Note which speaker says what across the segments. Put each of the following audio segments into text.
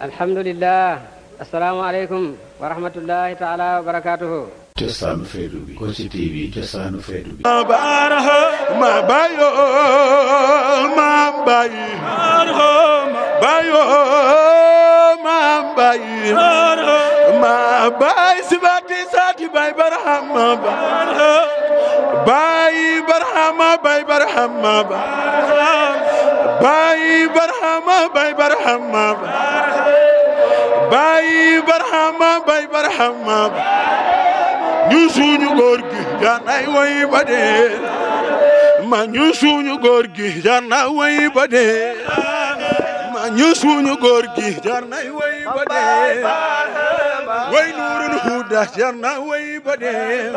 Speaker 1: alhamdulillah asalaamaaleykum wa rahmatullahi taala wa barakaatuhu
Speaker 2: cosaanu feetu bi Kossy TV cosaanu feetu bi
Speaker 1: ma baaraxa
Speaker 3: ma bayo ma bayi bayo ma bayi ma bayi sibati saati bay baraham ma bayi Baay Barhama Baay Barhama Baay Barhama Baay Barhama Baay Barhama Baay Barhama ñu suñu góor gi jar na way ba dee ma ñu suñu góor gi jar na way ba dee ma ñu suñu góor gi jar na way ba dee way nuurul huda jar na woy ba dee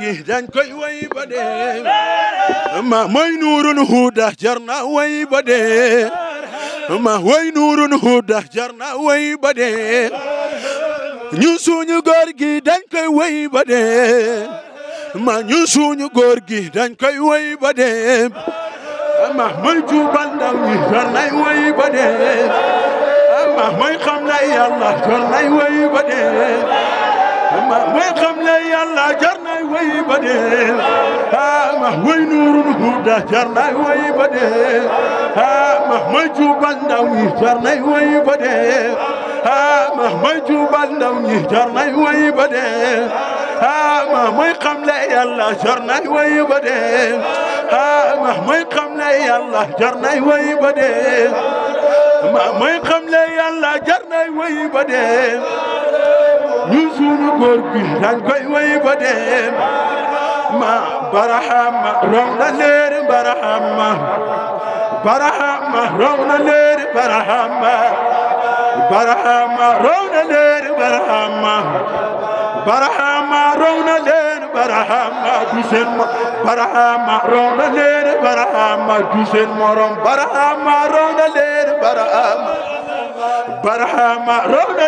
Speaker 3: gi dañ koy way ba ma mooy nuurul huda jar na way ba dee ma way nuurul huda jar na woy ba dee ñun gi dañ koy way ba dee ma ñun suñu góor gi dañ koy way ba dee ma mooy tuubal lay yàlla jar nay way ba way ba dee ah ma way nuurul huda jar nay way ba dee ah ma may jubal ndaw ñi way ba dee ah ma may jubal ndaw ñi way ba dee ah ndax muy xam ne yàlla jar nay way ba dee muy xam ne yàlla jar nay way ba dee ñu suñu góor gi dañ koy way ba dee ma barahama rong na leeri barahama barahama rong na leeri barahama barahama rong na leeri barahama barahama rong na leeri barahama du seen na leen barahama du morom barahama roon na leen barahama barahama morom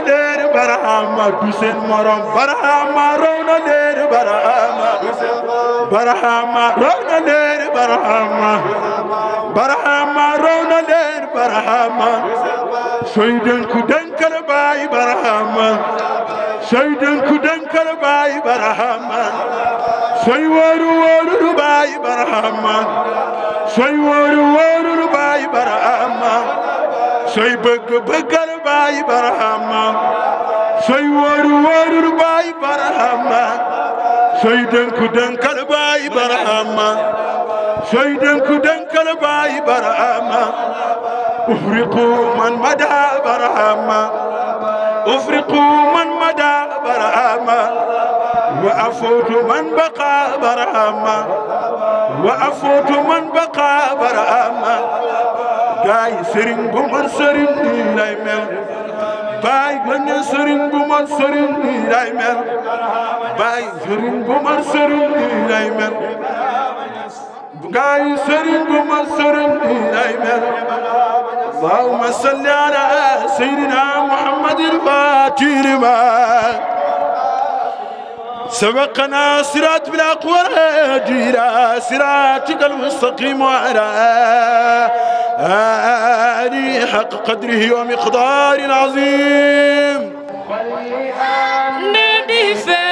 Speaker 3: barahama roon na leen barahama soy den ku denkal baay barahama soy dënku dënkal baay barahaman soy wóoru wóorulu baay barahaman soy wóoru wóorulu baay barahaman soy bëgg bëggal baay barahaman soy wóoru wóorulu baay barahaman soy dënku dënkal baay barahaman soy dënku dënkal baay barahaman أفرقوا من مدى برهما أفرقوا من مدى برهما وأفوت من بقى برهما وأفوت من بقى برهما gaay sëriñ bu بقاي سرنكم السرن أيمن اللهم صل على سيدنا محمد الفاتير ما سبقنا صراط بالأقوال إلى صراطك المستقيم على آله حق قدره ومقدار عظيم
Speaker 4: نبي فا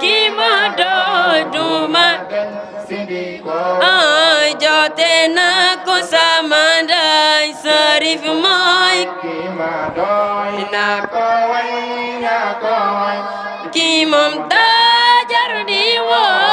Speaker 4: كيما
Speaker 5: a
Speaker 4: jote na ko sama nday Sërif mooy ki ma doy na ko way na ko way ki moom ta jaru di woo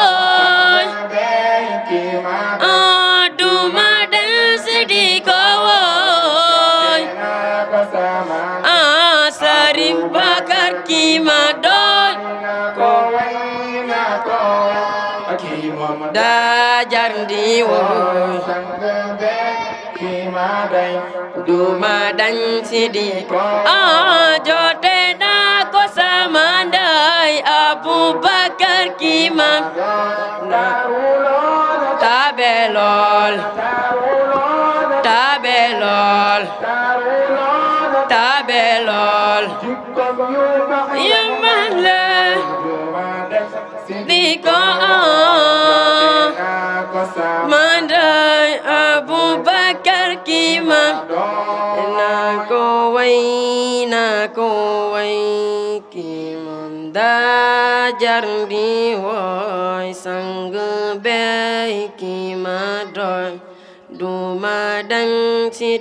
Speaker 4: Thanthi dumadan sidi ajo tena ko samandai Abu Bakar kima. وين كوي كيمن دا جردي وي سنگ بي كيما دوي du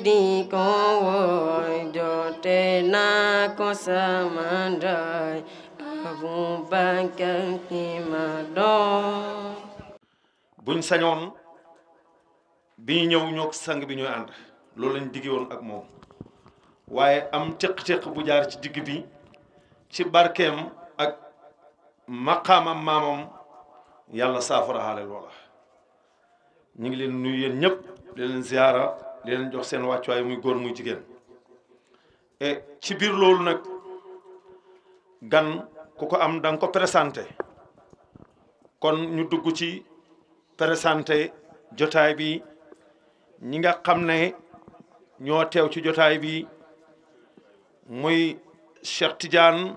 Speaker 4: đi có vội do
Speaker 6: buñ sañoon bi ñëw ñok sang bi ñoy and loolu lañ digi woon ak moom waaye am téq-téq bu jaar ci digg bi ci barkeem ak maqaamam maamam yàlla saafara xaaleel wala ñu ngi leen nuyu yéen ñëpp di leen ziyaara leen jox seen wàccuwaay muy góor mu jigéen e ci biir loolu nag gan ku ko am da ko présenté kon ñu dugg ci présenté jotaay bi ñi nga xam ne ñoo teew ci jotaay bi muy Cheikh ay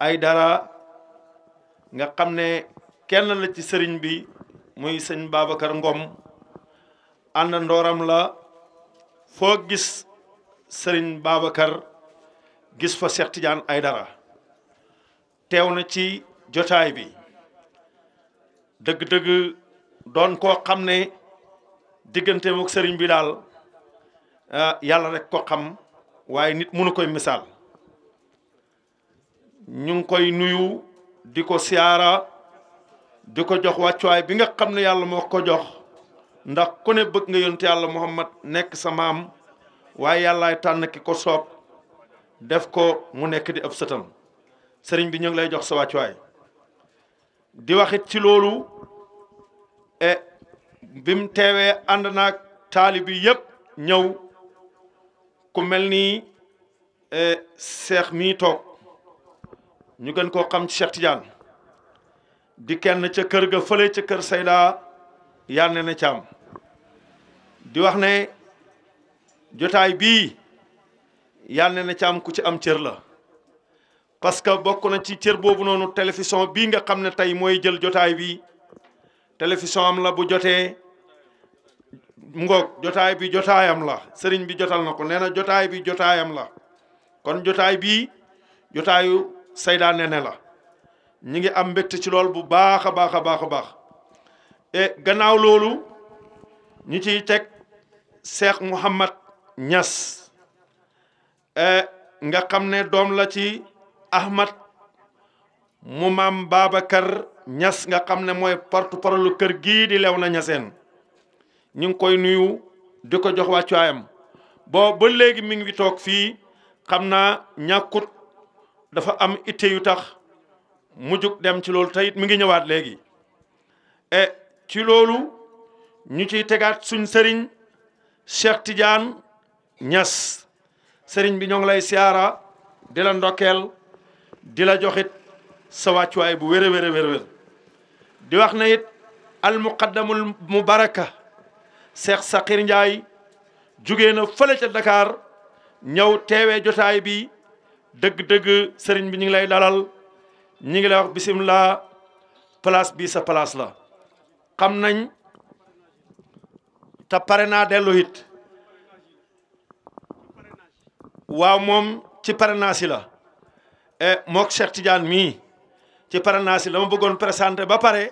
Speaker 6: Aydara nga xam ne kenn la ci sëriñ bi muy sëñ baabakar Ngom ànd ndooram la foo gis sëriñ baabakar gis fa Cheikh ay dara teew na ci jotaay bi dëgg-dëgg doon koo xam ne digganteem sëriñ bi daal ah, yàlla rek ko xam waaye nit mënu koy misaal ñu ngi koy nuyu di ko siyaara di ko jox wàccuwaay bi nga xam ne yàlla moo ko jox ndax ku ne bëgg nga yonent yàlla Muhammad nekk sa maam waaye yàllaay tànn ki ko soob def ko mu nekk di ab sëtam sëriñ bi ñu ngi lay jox sa wàccuwaay di waxit ci loolu e bi mu teewee ànd naag taalibi yëpp ñëw ku mel ni seex eh, mii toog ñu gën koo xam ci Cheikh Tidiane di kenn ca kër ga fële ca kër Sayda yànne na caam di wax ne jotaay bii yànne na caam ku ci am cër la parce que bokk na ci cër boobu noonu télévision bii nga xam ne tey mooy jël jotaay bi télévision am la bu jotee ngoog jotaay bi jotaayam la sëriñ bi jotal na ko nee na jotaay bi jotaayam la kon jotaay bii jotaayu saydaane ne la ñi ngi am mbégte ci lool bu baax a baax a baax a baax e gannaaw loolu ñu ciy teg Cheikh Mouhamad Niass e nga xam ne doom la ci Ahmad mu maam Babacar Niass nga xam ne mooy porte-parole kër gii di na ñaseen ñu ngi koy nuyu di ko jox wàccuwaayam boo ba léegi mi ngi toog fii xam naa ñàkkut dafa am itte yu tax mu jug dem ci loolu teyit mi ngi ñëwaat léegi e ci loolu ñu ciy tegaat suñ sëriñ Cheikh Tidiane Niass sëriñ bi ñoo ngi lay siyaara di la ndokkeel di la joxit sa wàccuwaay bu wér a wér di wax na it al muqaddamul mubaraka Cheikh Sakhir Ndiaye jugee na fële ca Dakar ñëw teewee jotaay bi dëgg-dëgg sëriñ bi ñu ngi lay dalal ñu ngi lay wax bisimilah place bi sa place la. xam nañ te pare naa dellu it waaw moom ci parrainage yi la e, mook Cheikh Tidiane mii ci parrainage yi la ma bëggoon présenté ba pare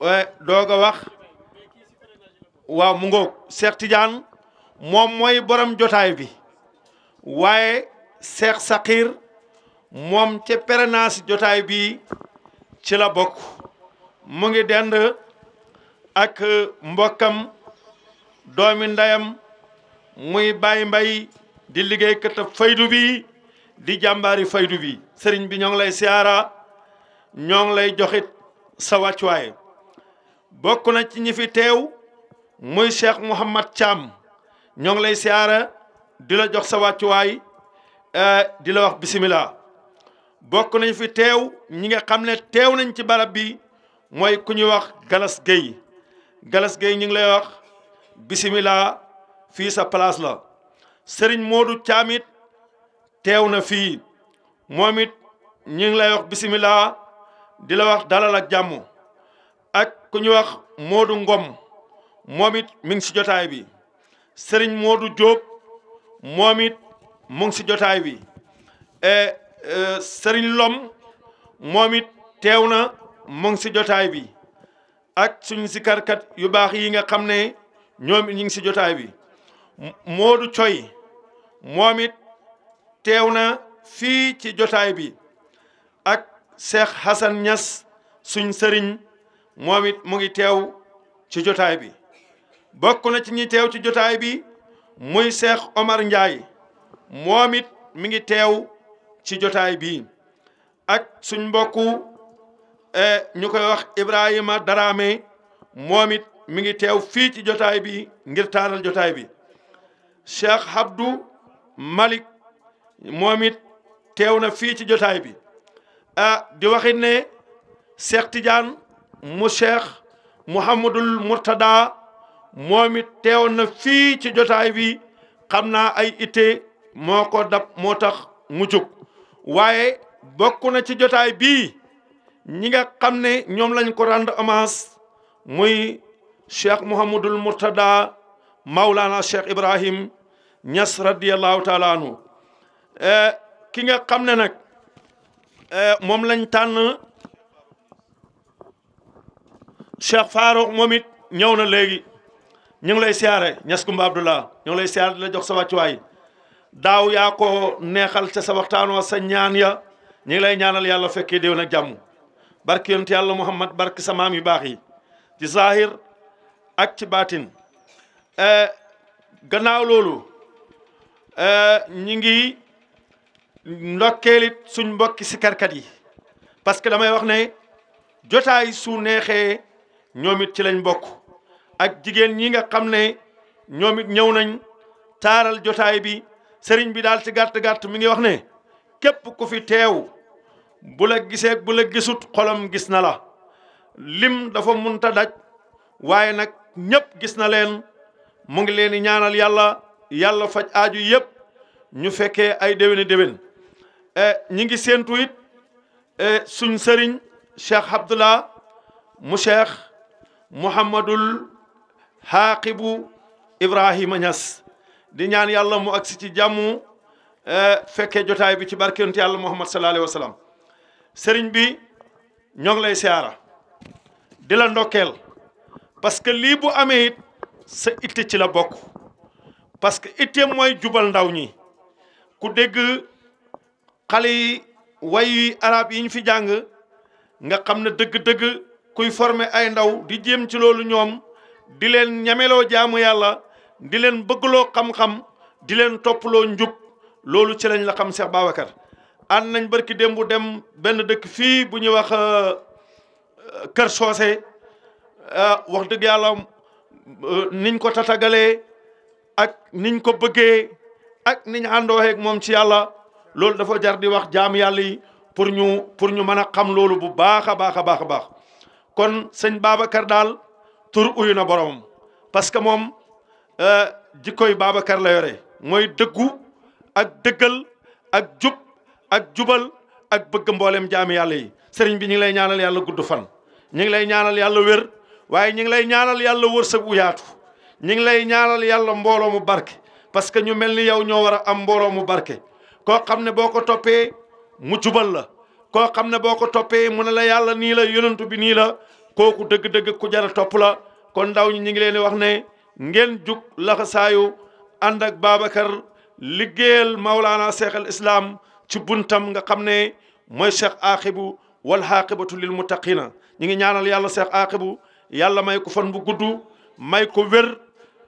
Speaker 6: e, doog a wax. waaw mu ngoog Cheikh Tidiane moom mooy borom jotaay bi waaye Cheikh Sakir moom ca permanence jotaay bi ci la bokk mu ngi dend ak mbokkam doomi ndeyam muy Baye mbay di liggéey kat faydu bi di jàmbaari faydu bi sëriñ bi ñoo ngi lay siyaara ñoo ngi lay joxit sa wàccuwaay bokk na ci ñi fi teew muy cheikh Mouhamad Thiam ñoo ngi lay siyaara di la jox sa wàccuwaay eh, di la wax bisimilah bokk nañ fi teew ñi nga xam ne teew nañ ci barab bi mooy ku ñuy wax Galas Gueye Galas Gueye ñu ngi lay wax bisimilah fii sa place la Serigne Modou Thiam it teew na fii moom it ñu ngi lay wax bisimilah di la wax dalal ak jàmm ak ku ñuy wax Modou Ngom. moom it mi ngi si jotaay bi sëriñ Modou Diop moom it mu ngi si jotaay bi e, e, sëriñ Lom moom it teew na mu ngi si jotaay bi ak suñu sikarkat yu baax yi nga xam ne ñoom it ñu ngi si jotaay bi Modou Coy moom it teew na fii ci jotaay bi ak Cheikh Hassan Niass suñ sëriñ moom it mu ngi teew ci jotaay bi bokk na ci ñi teew ci jotaay bi muy Cheikh Omar Ndiaye moom it mi ngi teew ci jotaay bi ak suñ mbokku e, ñu koy wax Ibrahima Darame moom it mi ngi teew fii ci jotaay bi ngir taaral jotaay bi Cheikh Abdou Malik moom it teew na fii ci jotaay bi ah di waxit ne Cheikh Tidiane mu Cheikh Mouhamadul Mourtada moom it teew na fii ci jotaay bi xam naa ay ite moo ko dab moo tax mu jóg waaye bokk na ci jotaay bii ñi nga xam ne ñoom lañ ko rand hommage muy cheikh mouhamadul mourtada maulana cheikh ibrahim ñas radiallahu taala eh, ki nga xam ne nag eh, moom lañ tànn cheikh farouk moom it ñëw na léegi ñu ngi lay siyaare ñas Kumba Abdullah ñu lay siyaare di la jox sa waay daaw yaa ko neexal ca sa waxtaanoo sa ñaan ya ñu ngi lay ñaanal yàlla fekkee dew na jàmm barki yonent yàlla Muhammad barki sa maam yu baax yi ci zahir ak ci baatin eh, gannaaw loolu eh, ñi ngi ndokkeelit suñ mbokki sikarkat yi parce que damay wax ne jotaay su neexee ñoom it ci lañ mbokk ak jigéen ñi nga xam ne ñoom it ñëw nañ taaral jotaay bi sëriñ bi daal ci gàtt gàtt mi ngi wax ne képp ku fi teew bula la gisee bu la gisut xolam gis na la lim dafa munta daj waaye nag ñëpp gis na leen mu ngi leen di ñaanal yàlla yàlla faj aaju yëpp ñu fekkee ay déwéni déwén e, ñi ngi séentu it e, suñ sëriñ cheikh abdullah mu cheikh mouhamadul xaaqibu Ibrahima Niass di ñaan yàlla mu agsi ci jàmm eh, fekkee jotaay bi ci barke yonent yàlla Muhammad sallallahu alayhi sëriñ bi ñoo ngi lay siyaara di la ndokkeel parce que lii bu amee it sa itte ci la bokk parce que itte mooy jubal ndaw ñi ku dégg xale yi wayu arab yi ñu fi jàng nga xam ne dëgg-dëgg kuy former ay ndaw di jéem ci loolu ñoom di leen ñameloo jaamu yàlla di leen bëggloo xam-xam di leen toppaloo njub loolu ci lañ la xam Cheikh Babacar ànd nañ barki bu dem benn dëkk fii bu ñuy wax euh, Kër Soose euh, wax dëgg yàlla euh, niñ ko tatagalee ak niñ ko bëggee ak niñ àndooxeeg moom ci yàlla loolu dafa jar di wax jaamu yàlla yi pour ñu pour ñu mën a xam loolu bu baax a baax a baax a baax kon sëñ Babacar daal tur uyu na boromam parce que moom euh, jikkoy Babacar la yore mooy dëggu ak dëggal ak jub ak jubal ak bëgg mboolem jaami yàlla yi sëriñ bi ñu lay ñaanal yàlla gudd fan ñu ngi lay ñaanal yàlla wér waaye ñu ngi lay ñaanal yàlla wërsëg wu yaatu ñu ngi lay ñaanal yàlla mbooloo mu barke parce que ñu mel ni yow ñoo war a am mbooloo mu barke koo xam ne boo ko toppee mu jubal la koo xam ne boo ko toppee mu ne la yàlla nii la yonantu bi nii la kooku dëgg-dëgg ku jara topp la kon ndaw ñi ñu ngi leen di wax ne ngeen jug laxasaayu ànd ak Babacar liggéeyal Maulana Cheikh al Islam ci buntam nga xam ne mooy Cheikh Aaxibu wal xaaqibatu lil muttaqina ñu ngi ñaanal yàlla Cheikh Aaxibu yàlla may ko fan bu gudd may ko wér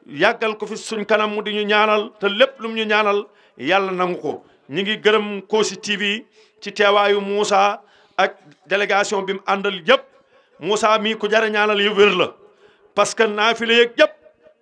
Speaker 6: yàggal ko fi suñ kanam mu di ñu ñaanal te lépp lum ñu ñaanal yàlla nangu ko ñu ngi gërëm Kossy TV ci teewaayu Moussa ak délégation bi mu àndal yëpp. Moussa mii ku jara ñaanal yu wér la parce que naafile yeeg yëpp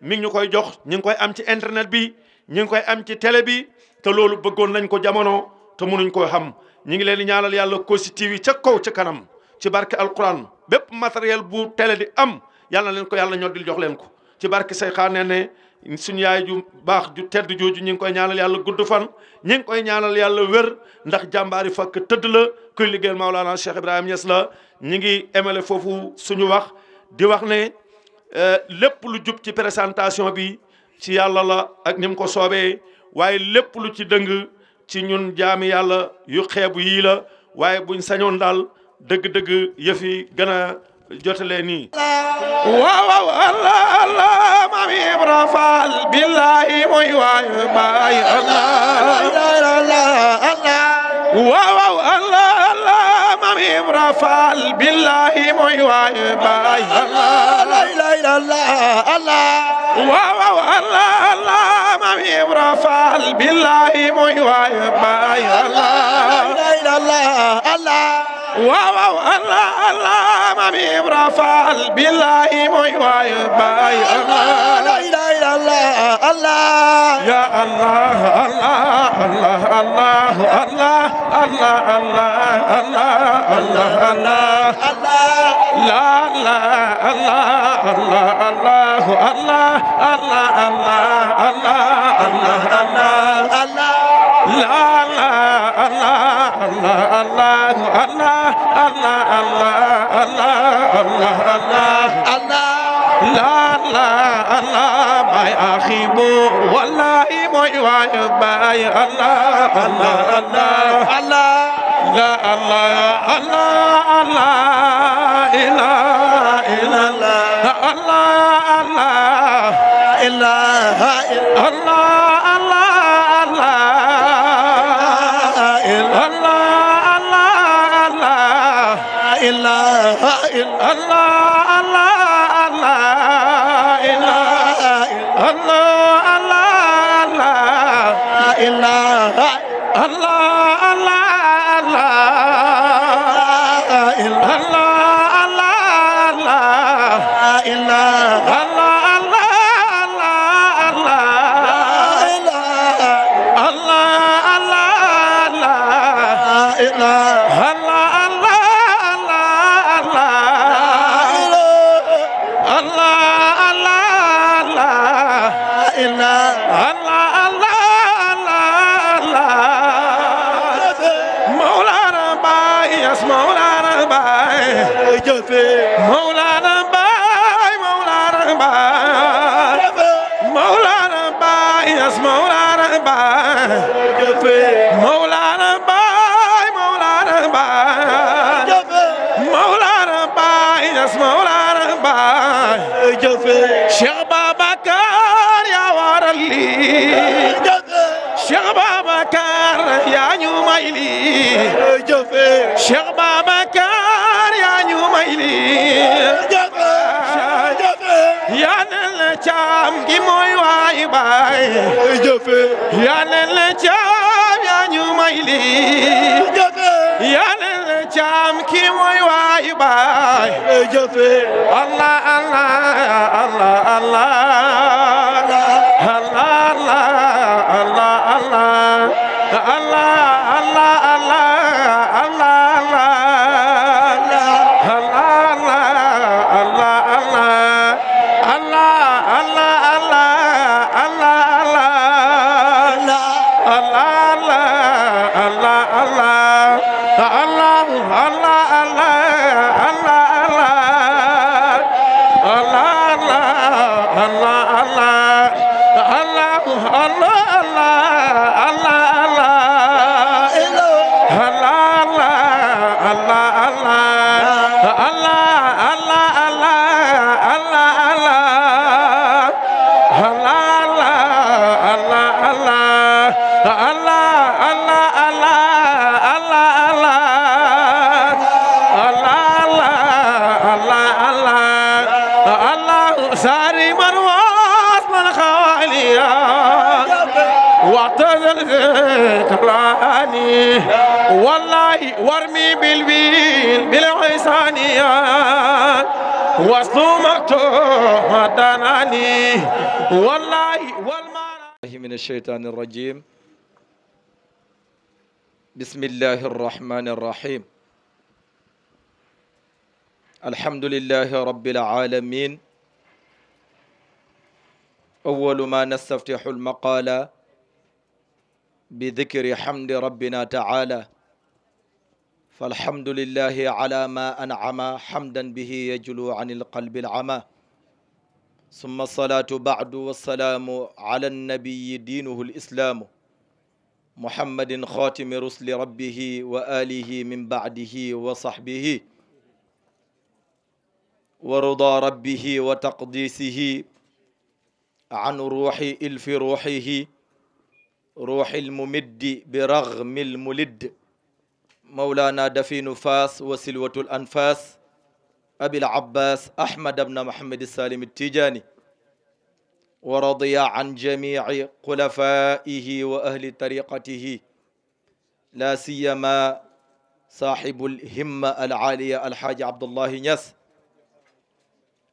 Speaker 6: mi ngi ñu koy jox ñu ngi koy am ci internet bi ñu ngi koy am ci tele bi te loolu bëggoon nañ ko jamono te mënuñ ko xam ñu ngi leen di ñaanal yàlla Kossy TV ca kaw ca kanam ci barke alquran bépp matériel bu télé di am yàlla leen ko yàlla ñoddil jox leen ko ci barke say xaane ne suñu yaay ju baax ju tedd jooju ñu ngi koy ñaanal yàlla gudd fan ñu ngi koy ñaanal yàlla wér ndax jàmbaari fakk tëdd la kuy liggéeyal Maolana Cheikh Ibrahima Niass la ñi ngi emale foofu suñu wax di wax ne euh, lépp lu jub ci présentation bi ci yàlla la ak ni ko soobee waaye lépp lu ci dëng ci ñun jaami yàlla yu xeebu yii la waaye buñ sañoon daal dëgg-dëgg yëf yi gën a
Speaker 4: jotale nii
Speaker 6: waaw waaw
Speaker 4: allah waaw waaw allah maam Ibra Faal billahi mooy waaye baay Allah la ilaha illallah Allah waaw waaw Allah Allah maam Ibra Faal billahi mooy waaye baay Allah la ilaha illallah Allah waaw allah allah ma mi Ibra Faal billahi mooy waayu baay allah la ilaha illallah allah ya allah allah allah allah allah allah allah allah allah allah la la allah allah allah allah allah allah allah allah allah la الله الله الله الله الله الله الله الله لا لا الله باي اخي بو والله موي واي باي الله الله الله الله لا الله الله الله Allah Mbaye Mawlana Mbaye Mawlana Mbaye Mawlana Mbaye yes Mawlana Mbaye Mawlana Mbaye Mawlana Mbaye Mawlana Mbaye yes Mawlana Mbaye Cheikh Babacar yaa waral lii Cheikh Babacar yaa ñu may lii Cheikh baay yaa leen la caam yaa ñu may lii yaa leen la caam kii mooy waay baay allah allah allah allah والله
Speaker 7: من الشيطان الرجيم بسم الله الرحمن الرحيم الحمد لله رب العالمين أول ما نستفتح المقالة بذكر حمد ربنا تعالى فالحمد لله على ما أنعم حمدا به يجلو عن القلب العمى ثم الصلاة بعد والسلام على النبي دينه الإسلام محمد خاتم رسل ربه وآله من بعده وصحبه ورضا ربه وتقديسه عن روح إلف روحه روح الممد برغم الملد مولانا دفين فاس وسلوة الأنفاس أبي العباس أحمد بن محمد السالم التيجاني ورضي عن جميع خلفائه وأهل طريقته لا سيما صاحب الهمة العالية الحاج عبد الله نس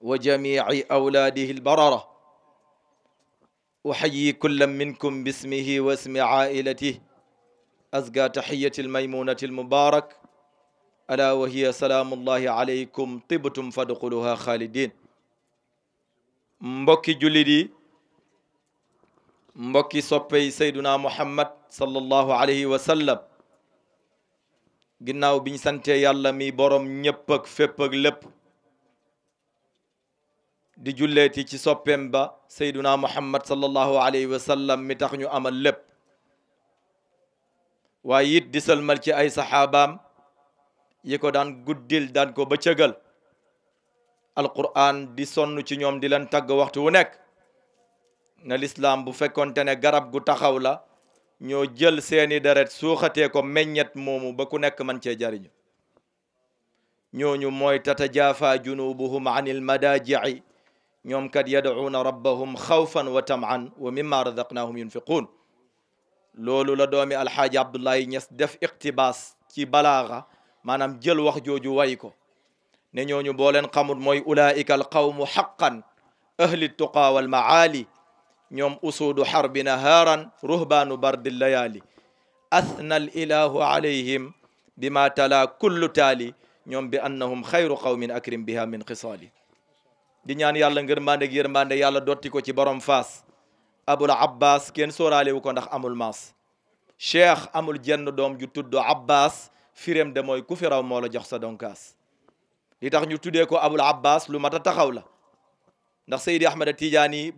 Speaker 7: وجميع أولاده البررة أحيي كل منكم باسمه واسم عائلته أزكى تحية الميمونة المبارك ألا وهي سلام الله عليكم طبتم فادخلوها خالدين mbokki jullit yi mbokki soppey sayduna muhammad sallallahu alayhi wa sallam ginnaaw biñ sante yàlla mi borom ñëpp ak fépp ak lépp di julleeti ci soppeem ba sayduna muhammad sallallahu alayhi wa sallam mi tax ñu amal lépp waaye it di salmal ci ay saxaabaam yi ko daan guddil daan ko bëccëgal alquran di sonn ci ñoom di leen tagg waxtu wu nekk na lislaam bu fekkonte ne garab gu taxaw la ñoo jël seeni deret suuxatee ko meññet moomu ba ku nekk man cee jariñu ñooñu mooy tatajaafa junubuhum an il madaajici ñoom kat yadcuuna rabbahum xawfan wa tamcan wa mimma razaqnaahum yunfiquun loolu la doomi alxaaji abdullahi ñes def iqtibaas ci balaaxa maanaam jël wax jooju way ko ne ñooñu boo leen xamul mooy ulaika al qawmu xaqan ahli tuqaa wal maali ñoom usuudu xarbi nahaaran ruhbaanu bardi layaali athna al ilahu bima tala kullu taali ñoom bi annahum xayru qawmin akrim biha min xisaali di ñaan yàlla ngërmande ak yërmande yàlla dotti ko ci borom faas abul abbas kenn sóoraalewu ko ndax amul maas cheikh amul jenn doom ju tudd abbas firem de mooy ku fi raw moo la jox sa donkaas li tax ñu tuddee ko abul abbas lu mat a taxaw la ndax seydi ahmad tijaani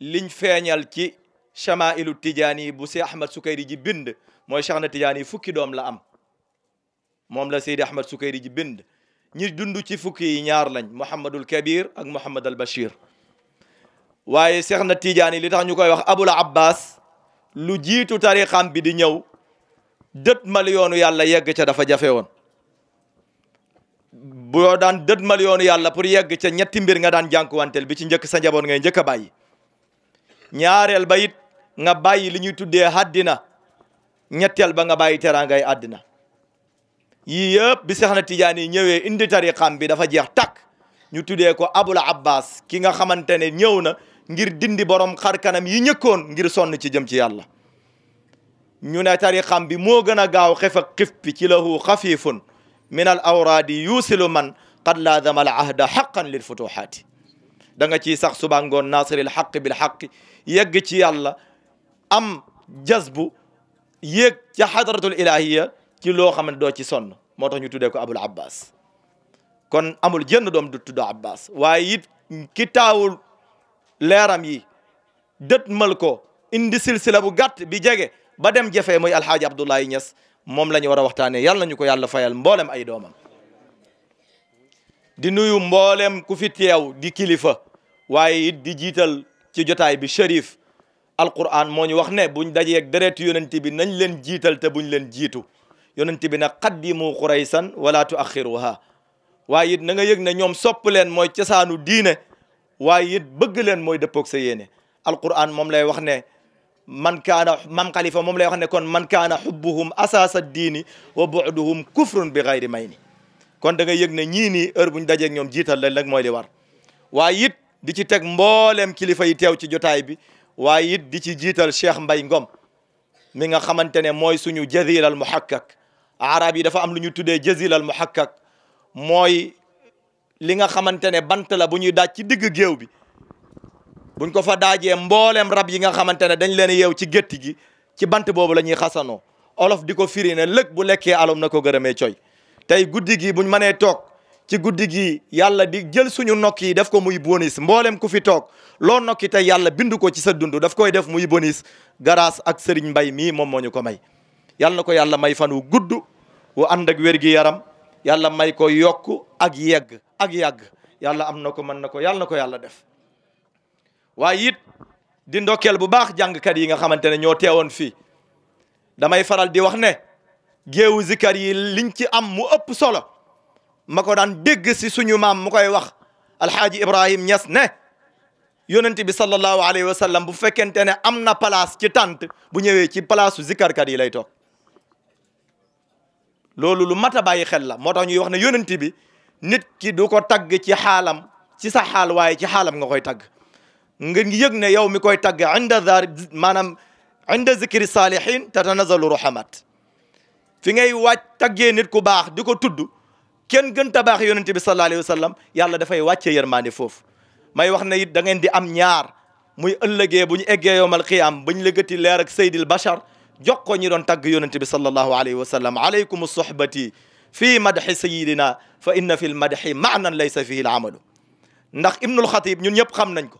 Speaker 7: liñ feeñal ci chamailu tijaani bu si ahmad sukayri ji bind mooy cheikh na tijaani fukki doom la am moom la seydi ahmad sukayri ji bind ñi dund ci fukki yi ñaar lañ mouhamadul kabir ak mouhamad al bachir waye Cheikh na Tidiane li tax ñukoy wax Abul Abbas lu jitu tariqam bi di ñew deut mal yoonu yalla yegg ci dafa won bu yo daan deut mal yoonu yalla pour yegg ci ñetti mbir nga daan jànkuwanteel bi ci ñeuk sa njaboot ngay ñeuk bayyi ñaarel bayit nga bayyi li ñuy tuddé hadina ñettel ba nga bayyi teraangay adina yi yeb bi Cheikh na Tidiane ñewé indi tariqam bi dafa jeex tak ñu tuddé ko Abul Abbas ki nga xamantene ne na ngir dindi borom xar kanam yi ñëkkoon ngir sonn ci jëm ci yàlla ñu ne tariqam bi moo gën a gaaw xef ak xif bi ci lahu xafifun min al awradi yuusilu man qad laazama al ahda xaqan lil futuhaati da nga ciy sax suba ngoon naasiril xaq bil xaq yegg ci yàlla am jazbu yéeg ca xadratul ilahiya ci loo xam ne doo ci sonn moo tax ñu tuddee ko abul abbas kon amul jënn doom du tudd abbas waaye it ki taawul leeram yi dëtmal ko indi silsila bu gàtt bi jege ba dem jafee muy alxaaji Abdoulaye Niass moom la ñu war a waxtaanee yàlla nañu ko yàlla fayal mboolem ay doomam di nuyu mboolem ku teew di kilifa waaye it di jiital ci jotaay bi shérif alquran moo ñu wax ne buñ dajeeg deret yonent bi nañ leen jiital te buñ leen jiitu yonent bi nag qaddimu quraysan wala tuaxiruha waaye it na nga yëg ne ñoom sopp leen mooy cosaanu diine waaye it bëgg leen mooy dëppoog sa yéene alquran moom lay wax ne man kaana mam xalifa moom lay wax ne kon man kaana xubbuhum asaasa diini wa buduhum kufrun bi xayri may ni kon da nga yëg ne ñii nii heure buñ dajeeg ñoom jiital leen nag mooy li war waaye it di ci teg mbooleem kilifa yi teew ci jotaay bi waaye it di ci jiital Cheikh Mbay Ngom mi nga xamante ne mooy suñu jazilal muhakkak arab yi dafa am lu ñu tuddee jazilal muhakkak mooy li nga xamante ne bant la bu ñuy daaj ci digg géew bi buñ ko fa daajee mboolem rab yi nga xamante ne dañ leen yeew ci gétti gi ci bant boobu la ñuy xasanoo olof di ko firi ne lëg bu lekkee alom na ko gërëmee coy tey guddi gi buñ mënee toog ci guddi gi yàlla di jël suñu nokk yi def ko muy bonis mboolem ku fi toog loo nokki tey yàlla bind ko ci sa dund daf koy def muy bonis grâce ak Serigne mbay mii moom moo ko may yàlla na ko yàlla may fan wu gudd wu ànd ak wér yaram yàlla may ko yokk ak yegg ak yàgg yàlla am na ko mën na ko yàlla na ko yàlla def waaye it di ndokkeel bu baax jàngkat yi nga xamante ne ñoo teewoon fii damay faral di wax ne géewu zikar yi liñ ci am mu ëpp solo ma ko daan dégg si suñu maam mu koy wax alxaaji ibrahim ñas ne yonent bi sallallahu alayhi wa sallam bu fekkente ne am na place ci tant bu ñëwee ci place su yi lay toog loolu lu mat a bàyyi xel la moo tax ñuy wax ne yonent bi nit ki du ko tagg ci xaalam ci sa xaal waaye ci xaalam nga koy tagg nga yëg ne yow mi koy tagg inda zar maanaam inda zikri salihin tatanazalu rahamat fi ngay wàcc taggee nit ku baax di ko tudd kenn gën ta baax yonente bi sallallahu alayhi wa sallam yàlla dafay wàccee yërmaande foofu may wax ne it da ngeen di am ñaar muy ëllëgee bu ñu eggee yowmal qiyaam bañ lëgati leer ak saydil bachar jox ko ñi doon tagg yonente bi sallallahu alayhi wa sallam aleykum sohbati في madaxi sayidina fa inna fil madaxi maanan laysa fihi al amalu ndax ibnul xatib ñun ñëpp xam nañ ko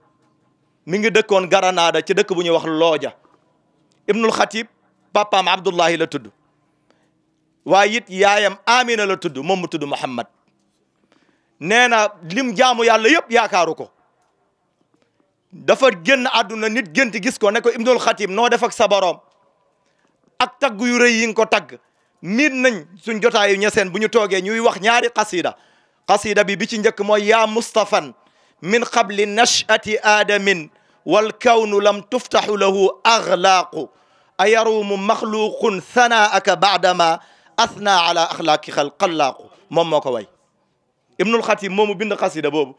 Speaker 7: mi ngi dëkkoon Granada ci dëkk bu ñuy wax looja ibnul xatib papaam abdullahi la tudd waaye it yaayam amina la tudd moom mu tudd muhammad nee na lim jaamu yàlla yëpp yaakaaru ko dafa génn àdduna nit gént gis ko ne ko ibnul xatib noo def ak sa boroom ak tagg yu rëy yi nga ko tagg nit nañ suñ jotaay ñe bu buñu toge ñuy wax ñaari qasida qasida bi bi ci ñeek moy ya mustafan min qabl nash'ati adam wal kawn lam tuftahu lahu axlaaqu ayaruumu maxluqun sanaaka ba'dama athna ala axlaaqi xal mom moko moo ko way ibnul xatim moomu bind qasida bobu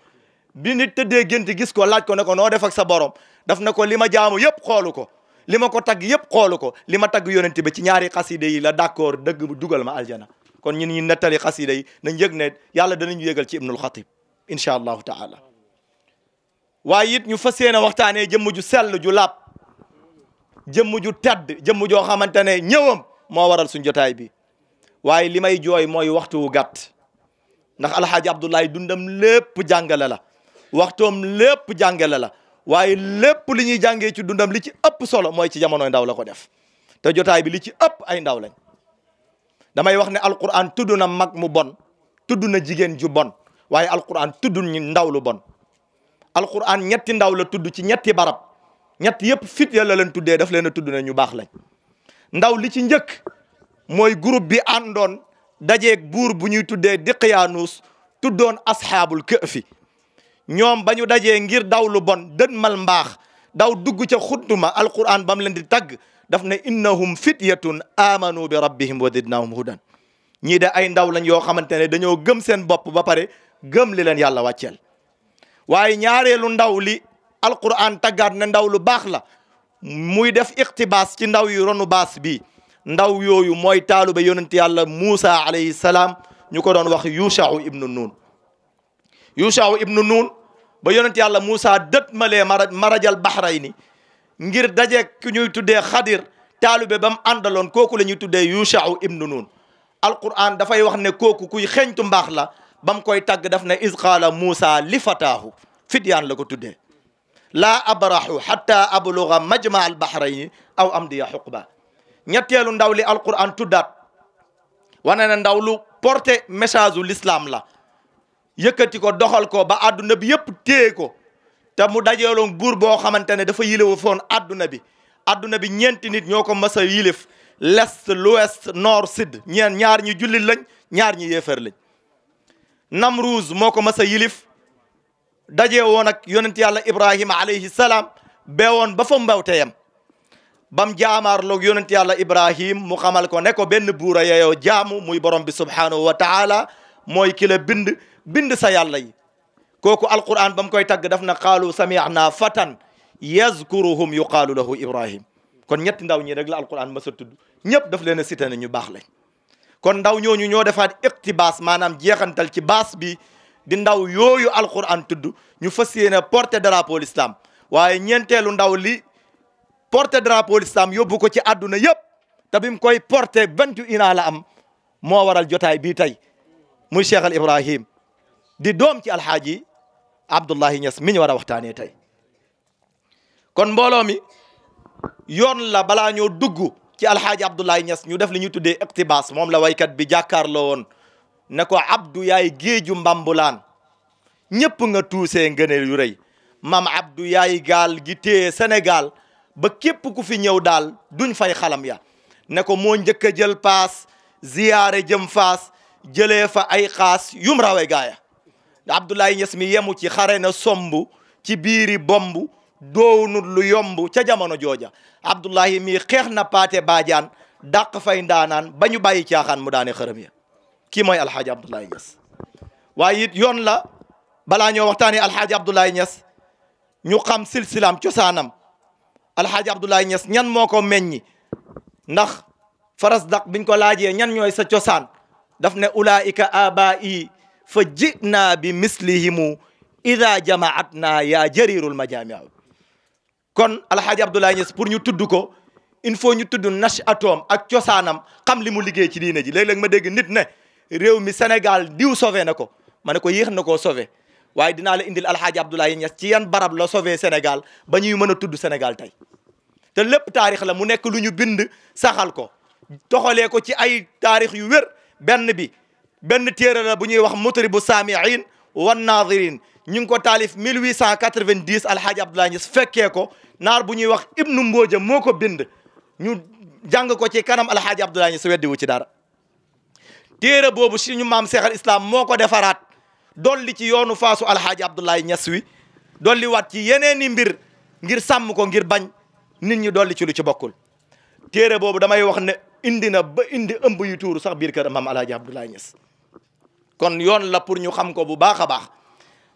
Speaker 7: bi nit tëddee genti gis ko laaj ko ne ko no def ak sa borom daf na ko lima jaamu yëpp xoluko li ma ko tagg yëpp xoolu ko li ma tagg yonente bi ci ñaari xasida yi la d'accord dëgg dugal ma aljana kon ñun ñi nettali xasida yi nañ yëg ne yàlla danañu yëgal ci ibnul xatib incha allahu taala waaye it ñu fas yéene waxtaanee jëmm ju sell ju laab jëmm ju tedd jëmm joo xamante ne ñëwam moo waral suñ jotaay bi waaye li may jooy mooy waxtu wu gàtt ndax alxaaji abdullahi dundam lépp jàngale la waxtoom lépp jàngale la waaye lépp li ñuy jàngee ci dundam li ci ëpp solo mooy ci jamonoy ndaw la ko def te jotaay bi li ci ëpp ay ndaw lañ damay wax ne alquran tuddu na mag mu bon tuddu na jigéen ju bon waaye alquran tudd ñu ndaw lu bon alquran ñetti ndaw la tudd ci ñetti barab ñett yëpp fit ya la leen tuddee daf leen a tudd na ñu baax lañ ndaw li ci njëkk mooy group bi àndoon dajeeg buur bu ñuy tuddee diqyaanuus tuddoon asxaabul këfi ñoom ba ñu dajee ngir daw lu bon dën mal mbaax daw dugg ca xudduma alquran ba mu leen di tagg daf ne innahum fityatun amanu bi rabbihim wa zidnahum hudan ñii de ay ndaw lañ yoo xamante ne dañoo gëm seen bopp ba pare gëm li leen yàlla wàcceel waaye ñaareelu ndaw li alquran taggaat na ndaw lu baax la muy def iqtibaas ci ndaw yu ronu baas bi ndaw yooyu mooy taaluba ti yàlla Muusa alayhi salaam ñu ko doon wax yushau ibnu nuun yushau ibnu nuun ba yonent yàlla Moussa dët malee marajal bahraini ngir daje ku ñuy tuddee xadir taalibe ba mu àndaloon kooku la ñuy tuddee yushau ibnu nun alquran dafay wax ne kooku kuy xeñtu mbaax la ba mu koy tàgg daf ne iz qaala li fataahu fidyaan la ko tuddee abrahu hatta abluga majma al bahrayni aw amdiya xuqba ñetteelu ndaw li alquran tuddaat wane ne ndaw porté message u l'islam la yëkkati ko doxal ko ba àdduna bi yëpp téye ko te mu dajeeloon buur boo xamante ne dafa yilewu foon àdduna bi àdduna bi ñeenti nit ñoo ko masa a yilif l'est l'ouest nord sud ñeen ñaar ñi jullit lañ ñaar ñi yéefar lañ Namruuz moo ko masa a yilif dajee woon ak yonent yàlla Ibrahima alayhi salaam beewoon ba fa mbawte yam bam jaamaar loog yonent yàlla Ibrahim mu xamal ko ne ko benn buura yeyoo jaamu muy borom bi subhanahu wa taala mooy kila bind bind sa yalla yi koku alquran bam koy tag daf na qaalu sami'na fatan yazkuruhum yuqalu lahu ibrahim kon ñet ndaw ñi rek la alquran ma sa tudd ñep daf leena a cité ne ñu bax lañ kon ndaw ñooñu ñoo defaat iqtibaas manam jeexantal ci bas bi di ndaw yooyu alquran tudd ñu fas porte drapeau l'islam waaye ñeenteelu ndaw li porte drapeau l'islam yóbbu ko ci àdduna yëpp te bi mu koy porté vingt et ans la am moo waral jotaay bii tey muy Cheikh al Ibrahim di doom ci alxaaji Abdullahi ñas miñ ñu war a waxtaanee tey kon mbooloo mi yoon la balaa ñoo dugg ci alxaaji Abdullahi ñas ñu def li ñuy tuddee iqtibaas moom la waykat bi jàkkaarloo woon ne ko Abdou yaay géeju mbambulaan ñëpp nga tuusee ngëneel yu rëy maam Abdou yaay gaal gi téye Sénégal ba képp ku fi ñëw daal duñ fay xalam ya ne ko moo njëkk a jël paas ziyaare jëm faas jëlee fa ay xaas yum rawe gaaya Abdoulaye Niass mi yemu ci xare na somb ci biiri bomb doonul lu yomb ca jamono jooja Abdoulaye mi xeex na paate baajaan dàq fay ndaanaan ba ñu bàyyi caaxaan mu daane xërëm ya kii mooy alxaaji Abdoulaye Niass waaye it yoon la balaa ñoo waxtaanee alxaaji Abdoulaye Niass ñu xam silsilaam cosaanam alxaaji Abdoulaye Niass ñan moo ko meññi ndax faras daq biñ ko laajee ñan ñooy sa cosaan daf ne ulaika abaa fa jinaa bi mislihimu ida jamaat naa yaa jarirul majamiu kon alhaaji Abdoulaye Niass pour ñu tudd ko il faut ñu tudd nash atom ak cosaanam xam li mu liggéey ci diine ji léeg-léeg ma dégg nit ne réew mi senegal diw sauvé na ko ma ne ko yéex na koo sauvé waaye dinaa la indil alhaaji Abdoulaye Niass ci yan barab la sauvé Sénégal ba ñuy mën a tudd Sénégal tey te lépp la mu nekk lu ñu bind saxal ko toxalee ko ci ay taarix yu wér benn bi benn téere la bu ñuy wax mutribu saamiin wan naadirin ñu ngi ko taalif 1890 alhaaji Abdoulaye Niass fekkee ko naar bu ñuy wax ibnu mbooja moo ko bind ñu jàng ko ci kanam alhaaji Abdoulaye Niass weddi wu ci dara téere boobu suñu maam Cheikh al Islam moo ko defaraat dool li ci yoonu fasu alhaaji Abdoulaye Niass wi dolli waat ci yeneeni mbir ngir sàmm ko ngir bañ nit ñi dolli ci lu ci bokkul téere boobu damay wax ne indi na ba indi ëmb yu tuuru sax biir kër maam alhaaji Abdoulaye Niass kon yon la pour ñu xam ko bu baax a al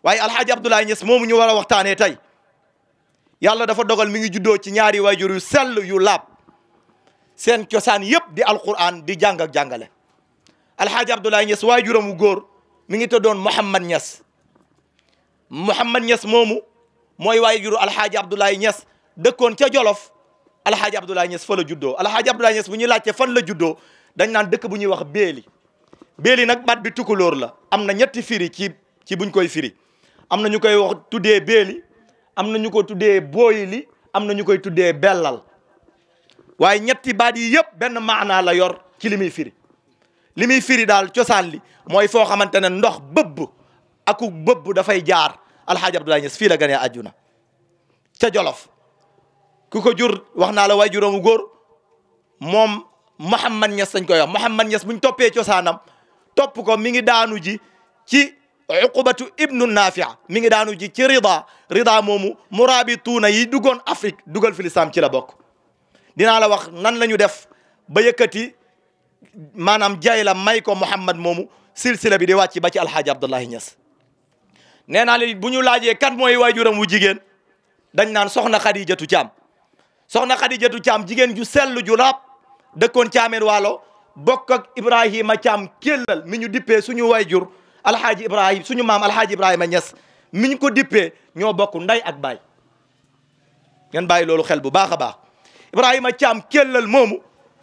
Speaker 7: waaye abdullah ñes Niass ñu wara waxtane tay yalla dafa dogal mi ngi juddoo ci ñaari Al yu yu lab sen ciosan yëpp di qur'an di jang ak al alxaaji abdullah ñes waajuram wu gor mi ngi muhammad ñes muhammad ñes momu moy mooy al alxaaji abdullah ñes dekkon ca Jolof alxaaji abdullah ñes fa la juddoo alxaaji abdullah ñes bu ñu laajte fan la juddoo dañ nan dekk bu ñuy wax beeli beeli nag baat bi tukulóor la am na ñetti firi ci ci buñ koy firi am na ñu koy wax tuddee beeli am na ñu ko tuddee li am na ñu koy tuddee bellal waaye ñetti baat yi yëpp benn maanaa la yor ci li muy firi li muy firi daal cosaan li mooy foo xamante ne ndox bëbb aku bëbb dafay jaar alxaaji Abdoulaye Niass fii la ganee àjjuna ca Jolof ku ko jur wax naa la waaye juróomu góor moom Mouhamad Niass dañ koy wax Mouhamad Niass buñ toppee cosaanam topp ko mi ngi daanu ji ci uqubatu ibnu nafia mi ngi daanu ji ci rida rida moomu murabituuna yi duggoon afrique dugal fi lislaam ci la bokk dinaa la wax nan la ñu def ba yëkkati maanaam jaay la may ko muhammad moomu silsila bi di wàcc ba ci alhaaji abdullahi ñas nee naa li bu ñu laajee kan mooy waajuram wu jigéen dañ naan soxna xadijatu caam soxna xadijatu caam jigéen ju sell ju laab dëkkoon caameen waalo bokk ak Ibrahima Thiam kéllal mi ñu dippee suñu wayjur alhaaji Ibrahima suñu maam alhaaji Ibrahima Niass mi ñu ko dippee ñoo bokk nday ak baay ngeen bàyyi loolu xel bu baax a baax Ibrahima Thiam kéllal moomu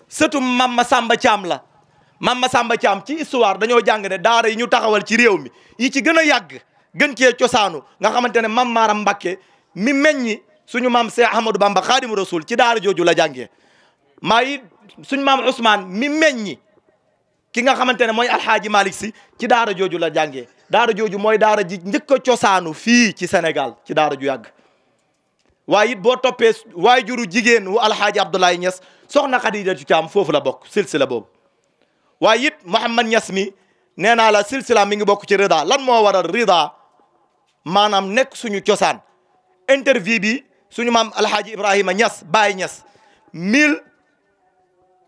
Speaker 7: setu maam Masamba Thiam la maam Masamba Thiam ci histoire dañoo jàng ne daara yi ñu taxawal ci réew mi yi ci gën a yàgg gën cee cosaanu nga xamante ne maam Maaram Mbakke mi meññi suñu maam se Ahmadou Bamba Xaadimu Rasul ci daara jooju la jàngee maa suñ maam Ousmane mi meññi ki nga xamante ne mooy alhaaji Malick si ci daara jooju la jàngee daara jooju mooy daara ji njëkk a cosaanu fii ci senegal ci daara ju yàgg waaye it boo toppee waajuru jigéen wu alxaaji Abdoulaye Niass soxna Khadija ci Caam foofu la bokk silsila boobu waaye it Mouhamad Niass mi nee naa la silsila mi ngi bokk ci rida lan moo waral rida maanaam nekk suñu cosaan interview bi suñu maam alxaaji Ibrahima Niass Baye Niass mille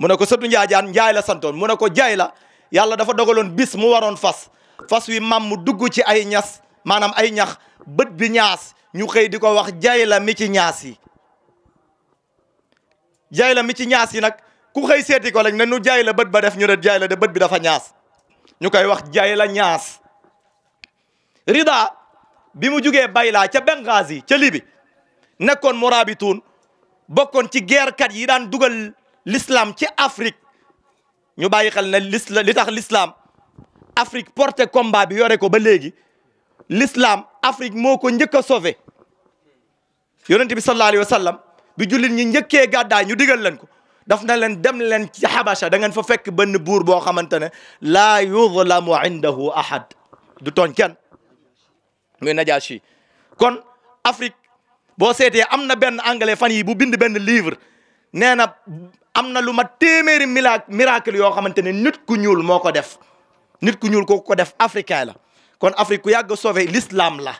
Speaker 7: mu ne ko sëtu njaajaan njaay la santone mu ko jaay la yalla dafa dogalon bis mu waron fas fas wi mam mu duggu ci ay ñass manam ay ñax beut bi ñass ñu xey di wax jaay la mi ci ñass yi jaay la mi ci ñass yi nak ku xey seti ko lañ ne nu jaay la beut ba def ñu ne jaay la de beut bi dafa ñass ñu koy wax jaay la ñass rida bi mu jugee bayla ca Benghazi ca Libi nekkon murabitun bokkon ci kat yi daan dugal l'islam ci Afrique ñu bàyyi xel ne li tax l'islam Afrique porté combat bi yore ko ba léegi l'islam Afrique moo ko njëkk a sauvé yonent bi sallallahu alayhi wa sallam bi jullit ñi njëkkee gàddaay ñu digal leen ko daf na leen dem leen ci Habasha da ngeen fa fekk benn buur boo xamante ne laa yuzlamu indahu ahad du tooñ kenn muy Najaashi kon Afrique boo seetee am na benn anglais fan yi bu bind benn livre nee na am na lu ma téeméeri mila miracle yoo xamante ne nit ku ñuul moo ko def nit ku ñuul kooku ko def africain la kon Afrique ku yàgg a sauvé l'islam la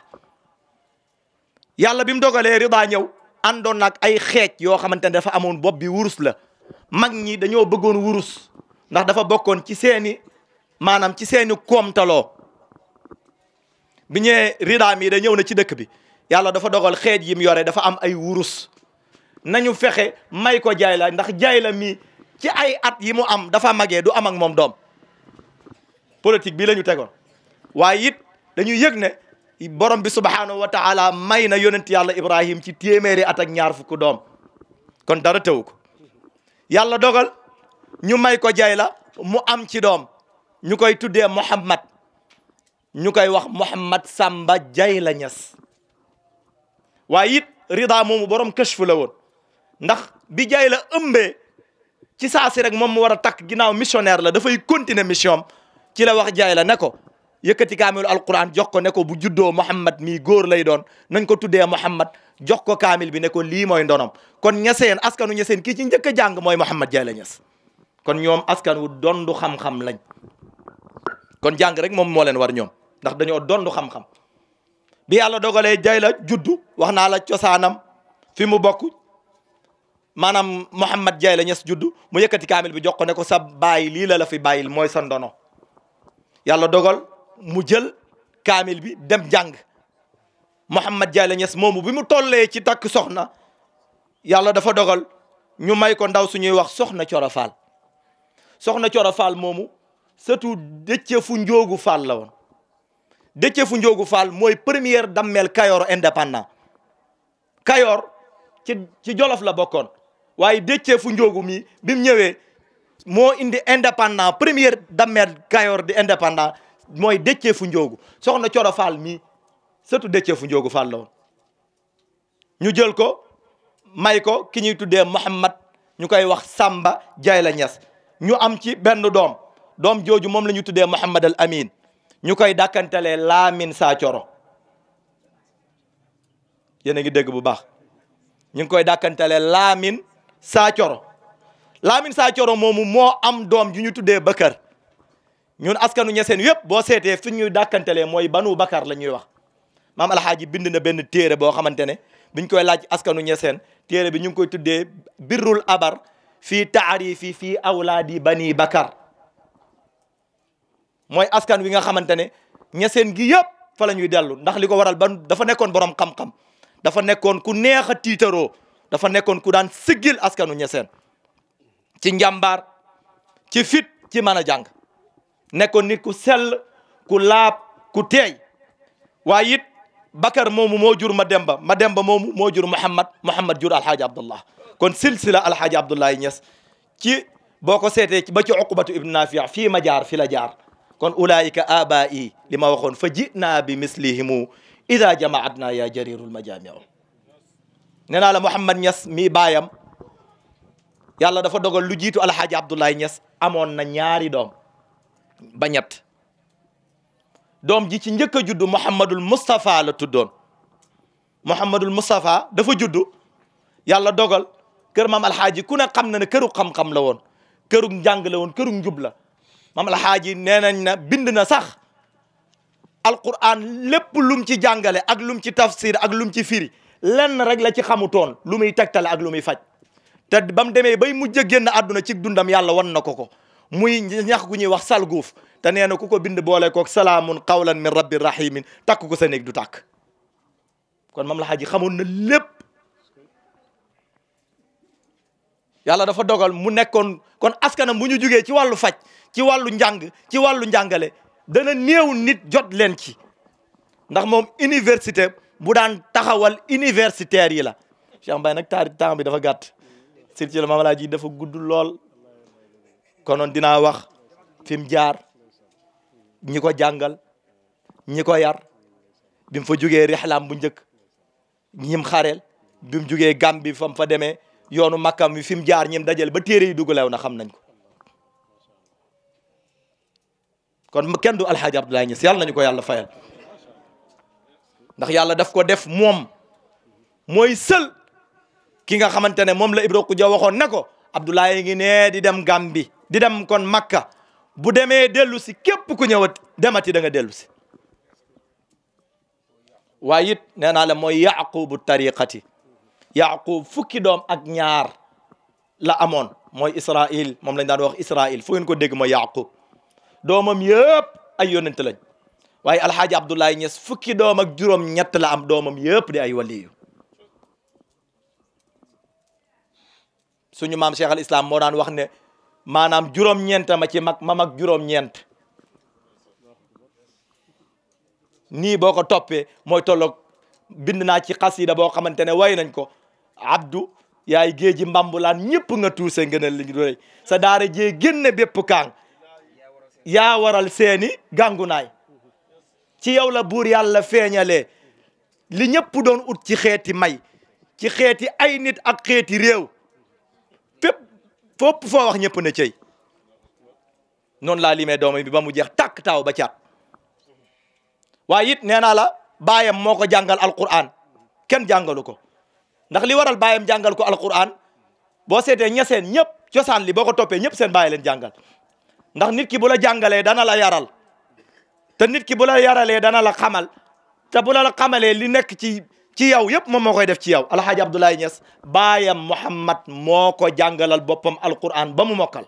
Speaker 7: yàlla bi mu dogalee ridaa ñëw àndoon nag ay xeej yoo xamante ne dafa amoon bopp bi wurus la mag ñi dañoo bëggoon wurus ndax dafa bokkoon ci seeni maanaam ci seeni koomtaloo bi ñëwee ridaa mi da ñëw na ci dëkk bi yàlla dafa dogal xeej yim yore dafa am ay wurus nañu fexe may ko jaay ndax jaay mi mii ci ay at yi mu am dafa magee du am ak moom doom politique bii la ñu tegoon waaye it dañu yëg ne borom bi subhaanahu wa taala may na yonent yàlla ibrahim ci téeméeri at ñaar fukk doom kon dara tëw ko yàlla dogal ñu may ko jay la mu am ci doom ñu koy tuddee muhammad ñu koy wax muhammad sàmba jay la ñes waaye it rida moomu borom kashfu la woon ndax bi jaay la ëmbee ci saa si rek moom mu war a takk ginnaaw missionnaire la dafay continuer mission ci la wax jaay la ne ko yëkkati kaamilu alquran jox ko ne ko bu juddoo Muhammad mii góor lay doon nañ ko tuddee Muhammad jox ko kaamil bi ne ko lii mooy ndonom kon ñeseen askanu ñeseen kii ci njëkk a jàng mooy Muhammad jaay la ñes kon ñoom askan wu dondu xam-xam lañ kon jàng rek moom moo leen war ñoom ndax dañoo dondu xam-xam bi yàlla dogalee jaay la juddu wax naa la cosaanam fi mu bokk maanaam Mouhamad Diaye la ñes juddu mu yëkkati kaamil bi jox ko ne ko sa bàyyi lii la la fi bàyyil mooy sa ndono yàlla dogal mu jël kaamil bi dem jàng Mouhamad Diaye la ñes moomu bi mu tollee ci takk soxna yàlla dafa dogal ñu may ko ndaw ñuy wax soxna Coro Fall soxna Coro Fall moomu surtout dëcce fu njoogu Fall la woon dëcce fu njoogu Fall mooy première dammel Kayor indépendant Kayor ci ci Jolof la bokkoon waaye déccee fu njóogu mi bi ñëwee moo indi indépendant première dammeer Kayoor di indépendant mooy déccee fu njóogu soxna Coro Fall mi surtout déccee fu njóogu Fall la ñu jël ko may ko ki ñuy tuddee Mouhamad ñu koy wax Samba Jaay la Ñas ñu am ci benn doom doom jooju moom la ñu tuddee Mouhamad al Amin ñu koy dàkkantelee Laamin sa Coro yéen a ngi dégg bu baax ñu ngi koy dàkkantelee Laamin saacoro lamin saacoro moomu moo am doom ju ñu tuddee Bakar ñun askanu ñeseen yëpp boo seetee fi ñuy dàkkantelee mooy banu Bakar la ñuy wax maam alxaaji bind na benn téere boo xamante ne biñ koy laaj askanu ñeseen téere bi ñu ngi koy tuddee birrul abar fii taarifi fii awlaadi bani Bakar mooy askan wi nga xamante ne ñeseen gi yëpp fa la ñuy dellu ndax li ko waral ban dafa nekkoon borom xam-xam dafa nekkoon ku neex a tiitaroo dafa nekkon ku daan siggil askanu ñeseen ci njambar ci fit ci mana jang nekkon nit ku sel ku lab ku tey bakar momu jur ma demba ma demba momu mo jur muhammad muhammad jur alhaaji abdullah kon silsila alhaaji abdullah ñes ci boko sété sete, ba ci uqbatu ibn nafi fi ma jaar fi la kon ulaika abai lima waxon fa jinaa bi mislihimu ida jamaatna ya jarirul majamiu nee naa la Mouhamad ñas mi baayam yàlla dafa dogal lu jiitu alxaaji Abdoulaye ñas amoon na ñaari doom ba ñett doom ji ci njëkk a juddu Mouhamadul Moustapha la tuddoon Mouhamadul Moustapha dafa juddu yàlla dogal kër maam alxaaji ku ne xam na ne këru xam la woon këru njàng woon këru njub la maam alxaaji nee nañ na bind na sax alquran lépp lum ci jàngale ak lum ci tafsir ak lum ci firi lenn rek la ci xamutoon lu muy tegtale ak lu muy faj te ba mu demee bay mujj a génn àdduna ci dundam yàlla wan na ko ko muy ñax gu ñuy wax salguuf te nee na ku ko bind boole koog salaamun qawlan min rabbi rahimin takk ko sa néeg du tàkk kon mam la xaji xamoon na lépp yàlla dafa dogal mu nekkoon kon askanam bu ñu jugee ci wàllu faj ci wàllu njàng ci wàllu njàngale dana néew nit jot leen ci ndax moom université bu daan taxawal universitaire yi la Cheikh mbay nak taari temps bi dafa gàtt Serigne mam Alhaji dafa gudd lool konon dina wax fim jaar ñiko jangal ñiko yar bim fa joge rihlam bu ñeuk ñim xarel bim joge jugee fam fa deme yoonu makam fi jaar ñim dajal ba téré yi dugalew na xam nañ ko kon kenn du Alhaji Abdoulaye Niass yalla nañ ko yalla fayal ndax yàlla def ko def moom mooy sël ki nga xamante ne moom la Ibra Khoudia waxoon ne ko Abdoulaye ngi nee di dem Gambi di dem kon Makka bu demee dellu si képp ku ñëwat demati da nga dellusi si waaye it nee naa la mooy yaqubu tariqati yaqub fukki doom ak ñaar la amoon mooy Israil moom lañ daan wax Israil fu ngeen ko dégg mooy yaqub doomam yëpp ay yonent waaye alhaji Abdoulaye Niass fukki dom ak jurom ñett la am domam yépp ya, di ay waliyu suñu mam Cheikh al Islam mo daan wax ne manam jurom ñeent ma ci mak mam ak jurom ñent ni boko topé moy tolok bind na ci qasida bo xamantene way nañ ko abdu yaay géeji mbambulaan ñepp nga tousé ngeenal li doy sa daara jee génne bépp kang ya waral seeni gangunaay ci yow la buur yàlla feeñalee li ñëpp doon ut ci xeeti may ci xeeti ay nit ak xeeti réew fépp fopp foo wax ñëpp na cey noonu laa limee doomam bi ba mu jeex tàkk taaw ba caat waaye it nee naa la baayam moo ko jàngal alquran kenn jàngalu ko ndax li waral baayam jàngal ko al alquran boo seetee ñeseen ñëpp cosaan li boo ko toppee ñëpp seen baay leen jàngal ndax nit ki bu la jàngalee dana la yaral te nit ki bu la yaralee dana la xamal te bu la la xamalee li nek ci ci yaw mom mokoy def ci yow Haji abdullah Niass bayam Muhammad moko jangalal bopam boppam alquran ba mu mokal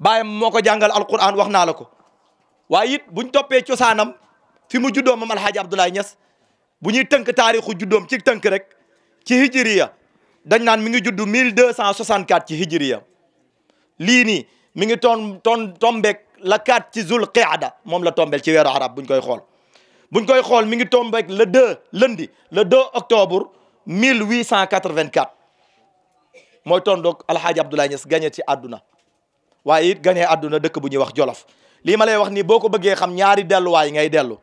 Speaker 7: bayam moko alquran wax naa la it buñ toppee cosaanam fi mu juddoo moom alhaaji abdullah Niass bu teunk Dan juddom ci teunk rek ci hijriya dañ nan mi ngi judd 1264 ci hijriya li ni mi ngi ton ton tombek la 4 ci zul qiada mom la tomber ci weeru arab buñ koy xol buñ koy xol mi ngi tomber tombeek le 2 lundi le 2 octobre 1884 mooy tondoog alhaaji Abdoulaye Niass gagné ci aduna waye it gagné aduna dëkk bu wax jolof li ma lay wax ni boko bëggé xam ñaari delu way ngay delu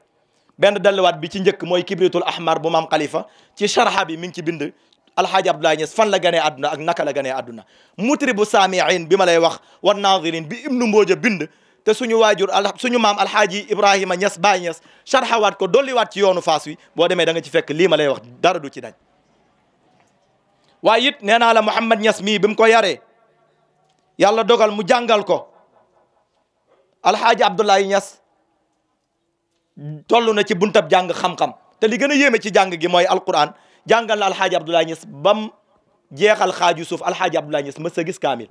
Speaker 7: ben delu wat bi ci ñëk moy kibritul ahmar bu mam khalifa ci sharha bi mi ngi ci bind alhaaji Abdoulaye Niass fan la ganee àdduna ak naka la ganee àdduna mutri bu saamiin bi ma lay wax wan naadirin bi ibnu mbooja bind te suñu waajur al suñu maam alxaaji Ibrahima Niass Baye Niass sarxawaat ko dolliwaat ci yoonu faas wi boo demee da nga ci fekk lii ma lay wax dara du ci dañ waaye it nee naa la Mouhamed Niass mii bi ko yare yàlla dogal mu jàngal ko alxaaji Abdoulaye Niass toll na ci buntab jàng xam-xam te li gën a yéeme ci jàng gi mooy alquran jàngal na alxaaji Abdoulaye Niass bam jeexal xaaju suuf alxaaji Abdoulaye Niass mës a gis kaamil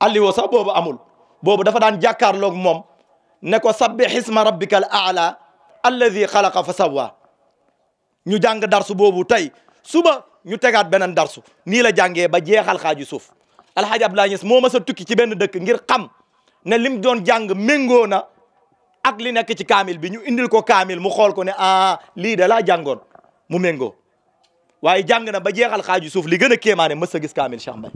Speaker 7: wo sax bobu amul bobu dafa jakar jàkkaarloog mom ne ko sabbih isma rabbikal a'la alladhi khalaqa fa sawwa ñu jàng darsu bobu tay suba ñu tegaat benen darsu ni la jange ba jeexal khadju suf alxaaji Abdoulaye Niass moo mës a tukki ci benn dëkk ngir xam ne lim doon jàng mengona ak li nek ci kamil bi ñu indil ko kamil mu xol ko ne ah li da la jangon mu mengo waye jàng na ba jeexal khadju suf li gën a ma sa gis kamil Cheikh Mbaye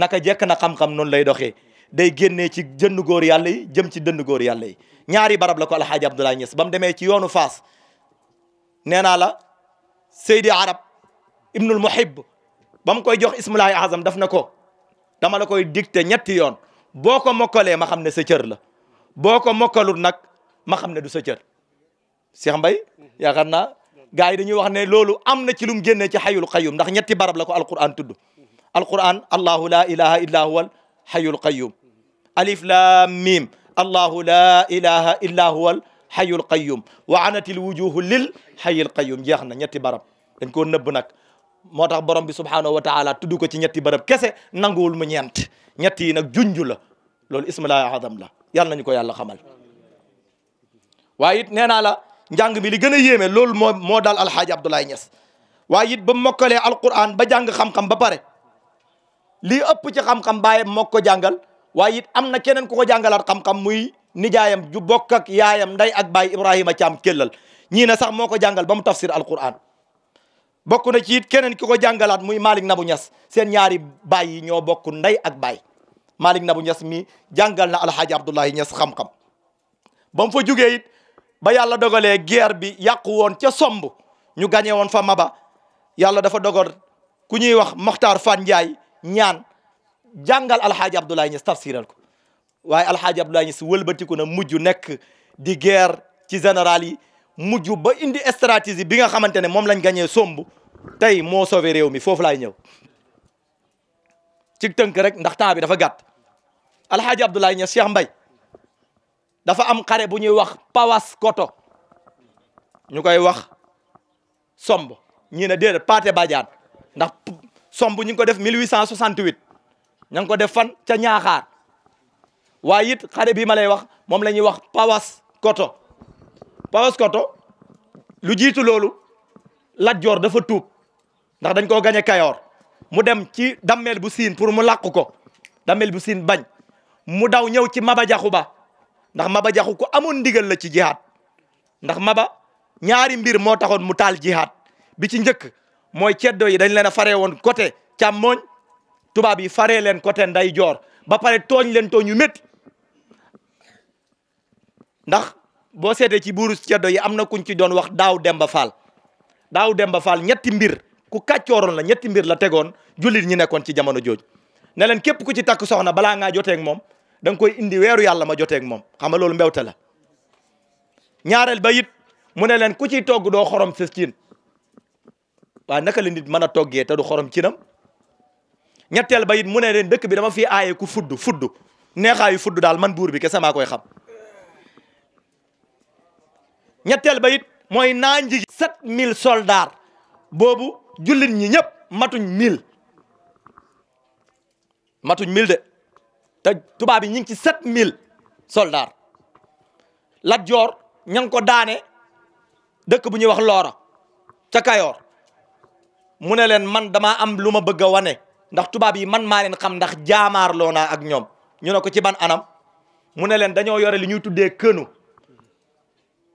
Speaker 7: naka jekk na xam-xam noonu lay doxee day génnee ci jënd góor yàlla yi jëm ci dënd góor yàlla yi ñaari barab la ko alxaaji Abdoulaye Niass ba mu demee ci yoonu Faas nee naa la Seydi Arab Ibnul Muhib ba koy jox Ismulaay Azam daf na ko dama la koy dicté ñetti yoon boo ko mokkalee ma xam ne sa cër la boo ko mokkalul nag ma xam ne du sa cër Cheikh Mbaye yaakaar naa gars yi dañuy wax ne loolu am na ci lum génnee ci xayul xayum ndax ñetti barab la ko alquran tudd القرآن الله لا إله إلا هو الحي القيوم ألف لام ميم الله لا إله إلا هو الحي القيوم وعنت الوجوه للحي القيوم jeexna ñetti barab dañ koo nëbb nag moo tax borom bi subhaanahu wa taala tudd ko ci ñetti barab kese nanguwul mu ñeent ñett yi nag junju la loolu ismulaahi adam la yàlla nañu ko yàlla xamal waaye it nee naa la njàng mi li gën a yéeme loolu moo moo daal alxaaji Abdoulaye Niass waaye it ba mokkalee alquran ba jàng xam-xam ba pare lii ëpp ci xam-xam baayam moo ko jàngal waaye it am na keneen ku ko jàngalaat xam muy nijaayam ju bokk ak yaayam nday ak baay Ibrahima Caam Kellal ñii na sax moo ko jàngal ba mu tafsir alquran bokk na ci it keneen ki ko jàngalaat muy Malick Nabou Niass seen ñaari baay yi ñoo bokk nday ak baay Malick Nabou Niass mi jàngal na alhaaji Abdoulaye Niass xam-xam ba mu fa jugee it ba yàlla dogalee guerre bi yàqu woon ca somb ñu gañe woon fa maba yàlla dafa dogal ku ñuy wax Mokhtar Fan Ndiaye ñaan jàngal alxaaji Abdoulaye Niass tafsiral ko waaye alxaaji Abdoulaye Niass wëlbatiku na mujj nekk di guerre ci général yi mujj ba indi stratégie bi nga xamante ne moom lañ gañee somb tey moo sauvé réew mi foofu laay ñëw ci tënk rek ndax temps bi dafa gàtt alxaaji Abdoulaye Niass Cheikh mbay dafa am xare bu ñuy wax Pawas Koto ñu koy wax somb ñii ne déedéet Paate Badiane ndax somb ñu ngi ko def 1868 ña ngi ko def fan ca ñaaxaar waaye it xare bii ma lay wax moom la ñuy wax Pawas Koto Pawas Koto lu jiitu loolu Lat Joor dafa tuub ndax dañ koo gañe Kayoor mu dem ci dammeel bu siin pour mu làq ko dammeel bu siin bañ mu daw ñëw ci Maba Jaxu Ba ndax Maba Jaxu ko amoon ndigal la ci jihaad ndax Maba ñaari mbir moo taxoon mu taal jihaad bi ci njëkk mooy ceddo yi dañ leen a faree woon côté càmmooñ tubaab yi faree leen côté nday joor ba pare tooñ leen tooñ yu métti ndax boo seetee ci buuru ceddo yi am na kuñ ci doon wax daaw Demba Fall daaw Demba Fall ñetti mbir ku kàccooroon la ñetti mbir la tegoon julit ñi nekkoon ci jamono jooju ne leen képp ku ci takk soxna balaa ngaa joteeg moom da koy indi weeru yàlla ma joteeg moom xam nga loolu mbewte la ñaareel ba it mu ne leen ku ciy togg doo xorom fifteen waaye naka la nit mën a toggee te du xorom cinam ñetteel ba it mu ne leen dëkk bi dama fi aaye ku fudd fudd neexaayu fudd daal man buur bi kese maa koy xam ñetteel ba it mooy naa njigi sept mille soldaar boobu jullit ñi ñëpp matuñ mil matuñ mille de te tubaab yi ñu ngi ci sept mille soldats Lat Joor ña ngi ko daane dëkk bu ñuy wax Loora ca mu ne leen man damaa am lu ma bëgg a wane ndax tubaab yi man maa leen xam ndax jaamaarloo naa ak ñoom ñu ne ko ci ban anam mu ne leen dañoo yore li ñuy tuddee kënu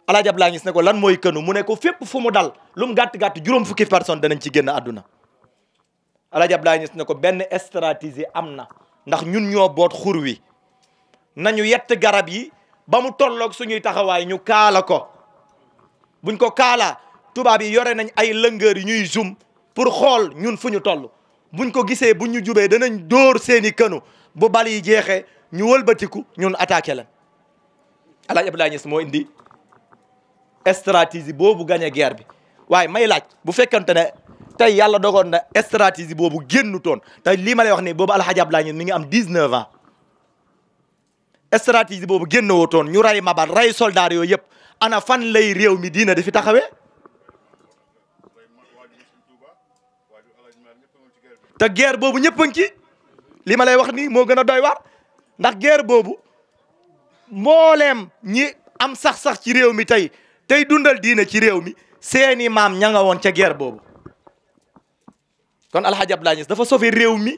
Speaker 7: alaajab laa gis ne ko lan mooy kënu mu ne ko fépp fu mu dal lu mu gàtt gàtt juróom fukki personne danañ ci génn àdduna alaajab laa gis ne ko benn stratégie am na ndax ñun ñoo boot xur wi nañu yett garab yi ba mu tolloog suñuy taxawaay ñu kaala ko buñ ko kaala tubaab yi yore nañ ay lëngër yu ñuy zoom pour xool ñun fu ñu toll buñ ko gisee bu ñu jubee danañ dóor seeni kënu bu bal yi jeexee ñu wëlbatiku ñun attaqué la alaaj Abdoulaye Niass moo indi stratégie boobu gagné guerre bi waaye may laaj bu fekkante ne tey yàlla dogoon na stratégie boobu génnu toon te lii ma lay wax ni boobu alxaaj Abdoulaye Niass mi ngi am 19 ans stratégie boobu génn woo toon ñu rey mabal rey soldaar yooyu yëpp ana fan lay réew mi diina di fi taxawee te guerre boobu ñëpp a ngi ci li ma lay wax nii moo gën a doy waar ndax guerre boobu mbooleem ñi am sax-sax ci réew mi tey tey dundal diine ci réew mi seeni maam ña nga woon ca guerre boobu kon alxaaj Abdoulaye Niass dafa sauver réew mi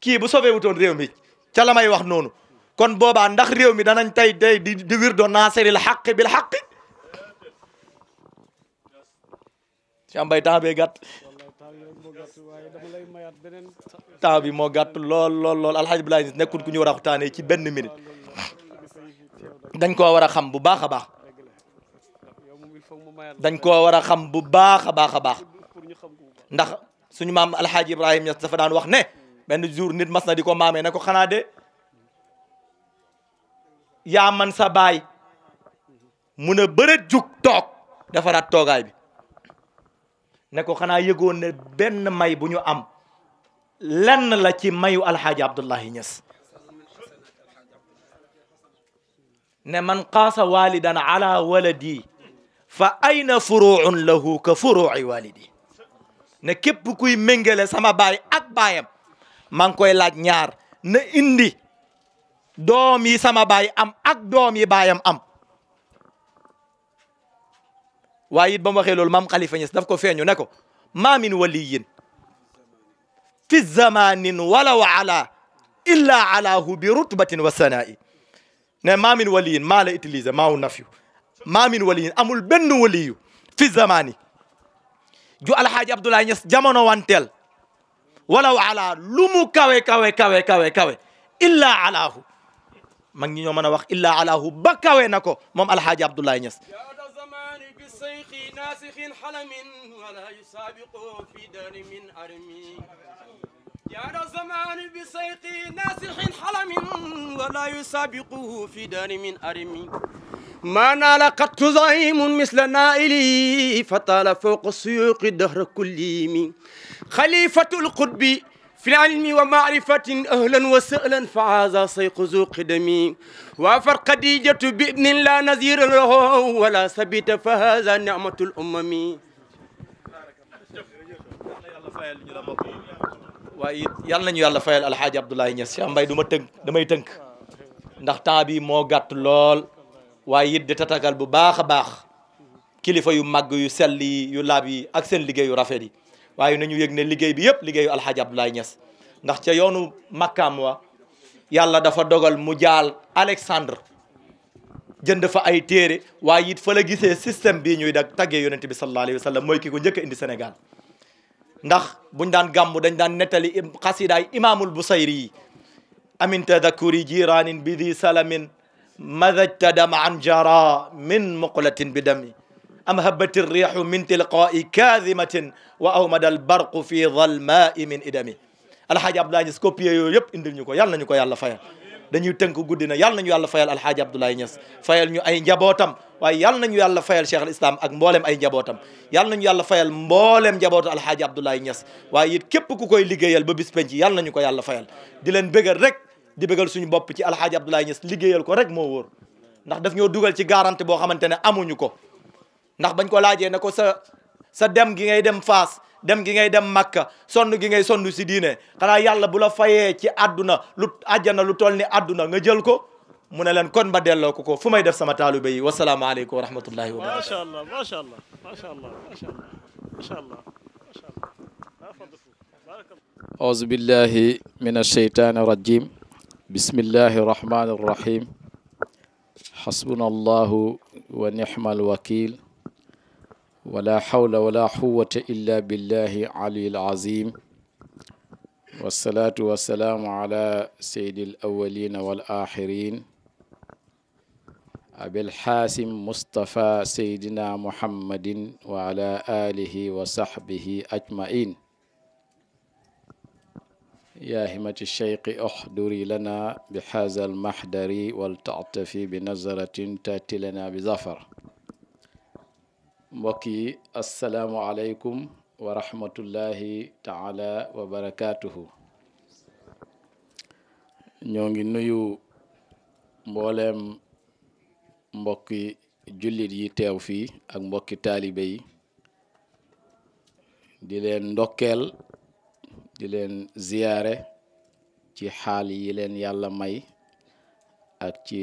Speaker 7: kii bu sauver wutoon réew mi ca la may wax noonu kon boobaa ndax réew mi danañ tey tey di di wir doo naasiril xaq bil xaq Cheikh Mbaye temps bi moo gàtt lool lool lool alxaaji Bilaay Ñas nekkul ku ñu war a ci benn minute dañ koo war a xam bu baax a baax dañ koo war a xam bu baax a baax a baax ndax suñu maam alxaaji Ibrahima Ñas dafa daan wax ne benn jour nit mas na di ko maamee ne ko xanaa de yaa man sa baay mun a bëreet jug toog defaraat toogaay bi ne ko xanaa yëgoon ne may buñu am lenn la ci mayu alxaaji abdullah ñes ne man qasa walidan ala waladi fa ayna furuun lahu ka furu'i walidi ne kep kuy méngale sama baye ak bayam mang koy laaj ñaar ne indi domi sama baye am ak domi bayam am وايد بما خيلو المام خليفة نيس دفكو فينيو نكو ما من وليين في الزمان ولا وعلى إلا على هو برتبة وسناء ما من وليين ما لا إتليزة ما هو نفيو ما من وليين أمو البن وليو في الزمان جو الحاج عبد الله نيس جامونو وانتل ولا وعلى لومو كاوي كاوي كاوي كاوي كاوي إلا على هو ما نيو مانا وخ إلا على هو بكاوي نكو مام الحاج عبد الله نيس
Speaker 2: السيق ناسخ حلم ولا يسابق في دار من أرمي يا زمان بسيق ناسخ حلم ولا يسابقه في دار من أرمي ما نال قط زعيم مثل نائلي فطال فوق السيوق الدهر كليمي خليفة القطب في العلم ومعرفة أهلا وسهلا فعازا سيقظ قدمي وافر قديجة بإذن لا نزير له ولا سبيت فهذا نعمة الأمم
Speaker 7: يلا نيو يلا فايل الحاج عبد الله نيس شام باي دوما تنك دماي تنك ndax taabi mo gatt lol waye de tatagal bu baakha baax kilifa yu mag yu sel waye nañu yëg ne liggéey bi yëpp liggéeyu alxaaji abdoulay Niass ndax ca yoonu makam wa yàlla dafa dogal mu jaal Alexandre jënd fa ay téré waye it fa la gisé système bi ñuy dag tagge yonnati bi sallallahu alayhi wasallam moy kiko ñëk indi Sénégal ndax buñ daan gamu dañ daan netali xasidaay imaamul Busayri yi amin tadhkuri jiranin bi di salamin madajtada ma an jara min muqlatin bidami أم هبت الريح من تلقاء كاذمة وأومد البرق في ظلماء من إدمه alxaaji Abdoulaye Niass copier yooyu yëpp indil ñu ko yàlla nañu ko yàlla fayal dañuy tënk guddi na yàlla nañu yàlla fayal alxaaji Abdoulaye Niass fayal ñu ay njabootam waaye yàlla nañu yàlla fayal Cheikh al Islam ak mboolem ay njabootam yàlla nañu yàlla fayal mboolem njabootu alxaaji Abdoulaye Niass waaye it képp ku koy liggéeyal ba bis penc yàlla nañu ko yàlla fayal di leen bëggal rek di bëggal suñu bopp ci alxaaji Abdoulaye Niass liggéeyal ko rek moo wóor ndax daf ñoo dugal ci garanti boo xamante ne amuñu ko ndax bañ ko laajee na ko sa dem gi ngay dem faas dem gi ngay dem makka sonn gi ngay sonn si diine xanaa yàlla bu la fayee ci àdduna lu àjjana lu toll ni àdduna nga jël ko mu ne leen kon ba delloo ko ko fu may def sama taalu yi wasalaamaaleykum wa rahmatullahi wa barakatu
Speaker 8: macha allah macha allah macha allah macha allah macha allah macha allah
Speaker 5: auzu billahi min asheytaani rajim bismillahi ولا حول ولا قوة إلا بالله علي العظيم والصلاة والسلام على سيد الأولين والآخرين أبي الحاسم مصطفى سيدنا محمد وعلى آله وصحبه أجمعين يا همة الشيخ احضري لنا بهذا المحضر ولتعطفي بنظرة تأتي لنا بظفر mbokki assalamu aleykum wa rahmatullahi taala wa barakatuhu ñoo ngi nuyu mboolem mbokki jullit yi teew fii ak mbokki taalibe yi di leen ndokkeel di leen ziyaare ci xaal yi leen yàlla may ak ci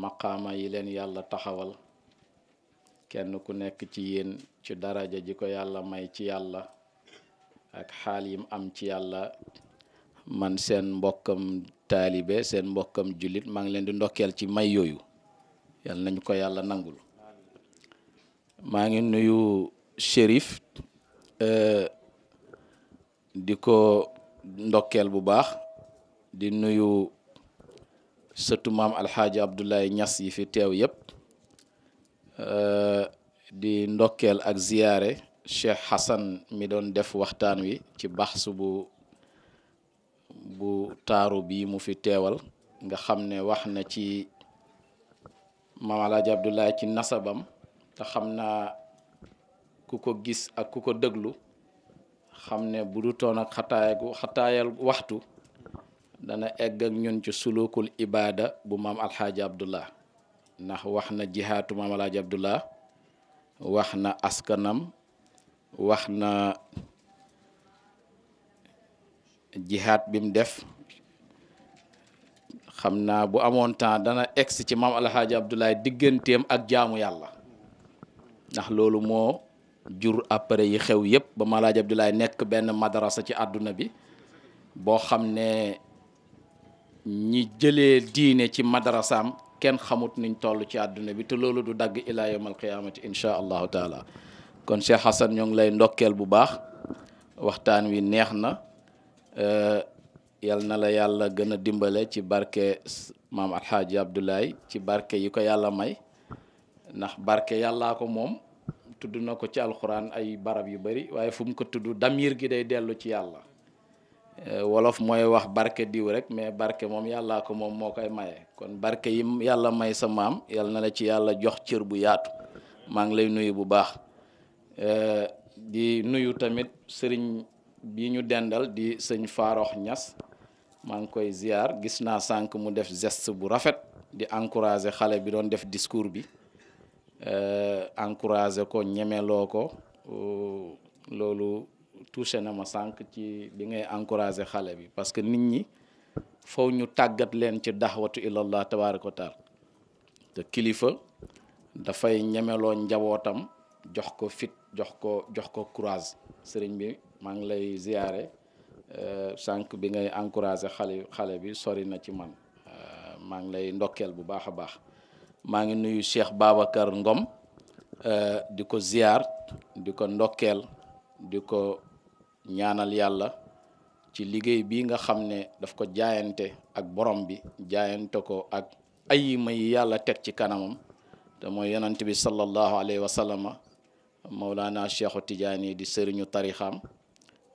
Speaker 5: maqaama yi leen yàlla taxawal kenn ku nekk ci yeen ci daraja ji ko yàlla may ci yàlla ak xaal yim am ci yàlla man seen mbokkam taalibe seen mbokkam julit maa ngi leen di ndokkeel ci may yooyu yàlla nañu ko yàlla nangul maa ngi nuyu shérif euh, di ko ndokkeel bu baax di nuyu sëtu maam alxaaji abdoulaye ñas yi fi teew yépp Euh, di ndokkeel ak ziyaare Cheikh Hassan mi doon def waxtaan wi ci baxsu bu taaru bi mu fi teewal nga xam ne wax na ci Maam Alaaji Abdoulaye ci nasabam ta xam naa ku ko gis ak ku ko déglu xam ne bu du toon waxtu dana egg ak ñun ci sulukul ibaada bu maam alxaaji abdullah ndax wax na jihaatu maamalaaji abdullah wax na askanam wax na jihaat bi mu def xam naa bu amoon temps dana egsi ci maam alhaaji abdoulaye digganteem ak jaamu yàlla ndax loolu moo jur après yi xew yépp ba maam alhaaji abdoulaye nekk benn madarasa ci àdduna bi boo xam ne ñi jëlee diine ci madarasam kenn xamut niñ toll ci àdduna bi te loolu du dagg ilaa yawmal qiyaamati insha allahu taala kon Cheikh Hassan ñoo ngi lay ndokkeel bu baax waxtaan wi neex na eh, yal na la yàlla gën a dimbale ci barke maam Alxaaji Abdoulaye ci barke yi ko yàlla may ndax barke yàllaa ko moom tudd na ko ci alkuraan ay barab yu bari waaye fu ko tudd damir gi day dellu ci yàlla Euh, wolof mooy wax barke diw rek mais barke moom yàllaa ko moom moo koy mayee kon barke yim yàlla may sa maam yàlla na la ci yàlla jox cër bu yaatu maa ngi lay nuyu bu baax euh, di nuyu tamit sëriñ bi ñu dendal di sëñ Faarox Ñas maa ngi koy ziar gis naa sànq mu def gest bu rafet di encourager xale bi doon def discours bi euh, encourager ko ñemeloo ko loolu touché na ma sànq ci li ngay encouragé xale bi parce que nit ñi fow ñu tàggat leen ci daxwatu ilallah tabaaraka wa taala te kilifa dafay ñemeloo njabootam jox ko fit jox ko jox ko courage sëriñ bi maa ngi lay ziyaare euh, sànq bi ngay encouragé xale xale bi sori na ci man euh, maa ngi lay ndokkeel bu baax a baax maa ngi nuyu Cheikh Babacar Ngom euh, di ko ziyaar di ko ndokkeel di ko ñaanal yàlla ci liggéey bi nga xam ne daf ko jaayante ak borom bi jaayante ko ak ayima may yàlla teg ci kanamam te mooy yonent bi sallallahu alayhi wa sallama Mawlana Cheikhu Tidiane di sëriñu tarixam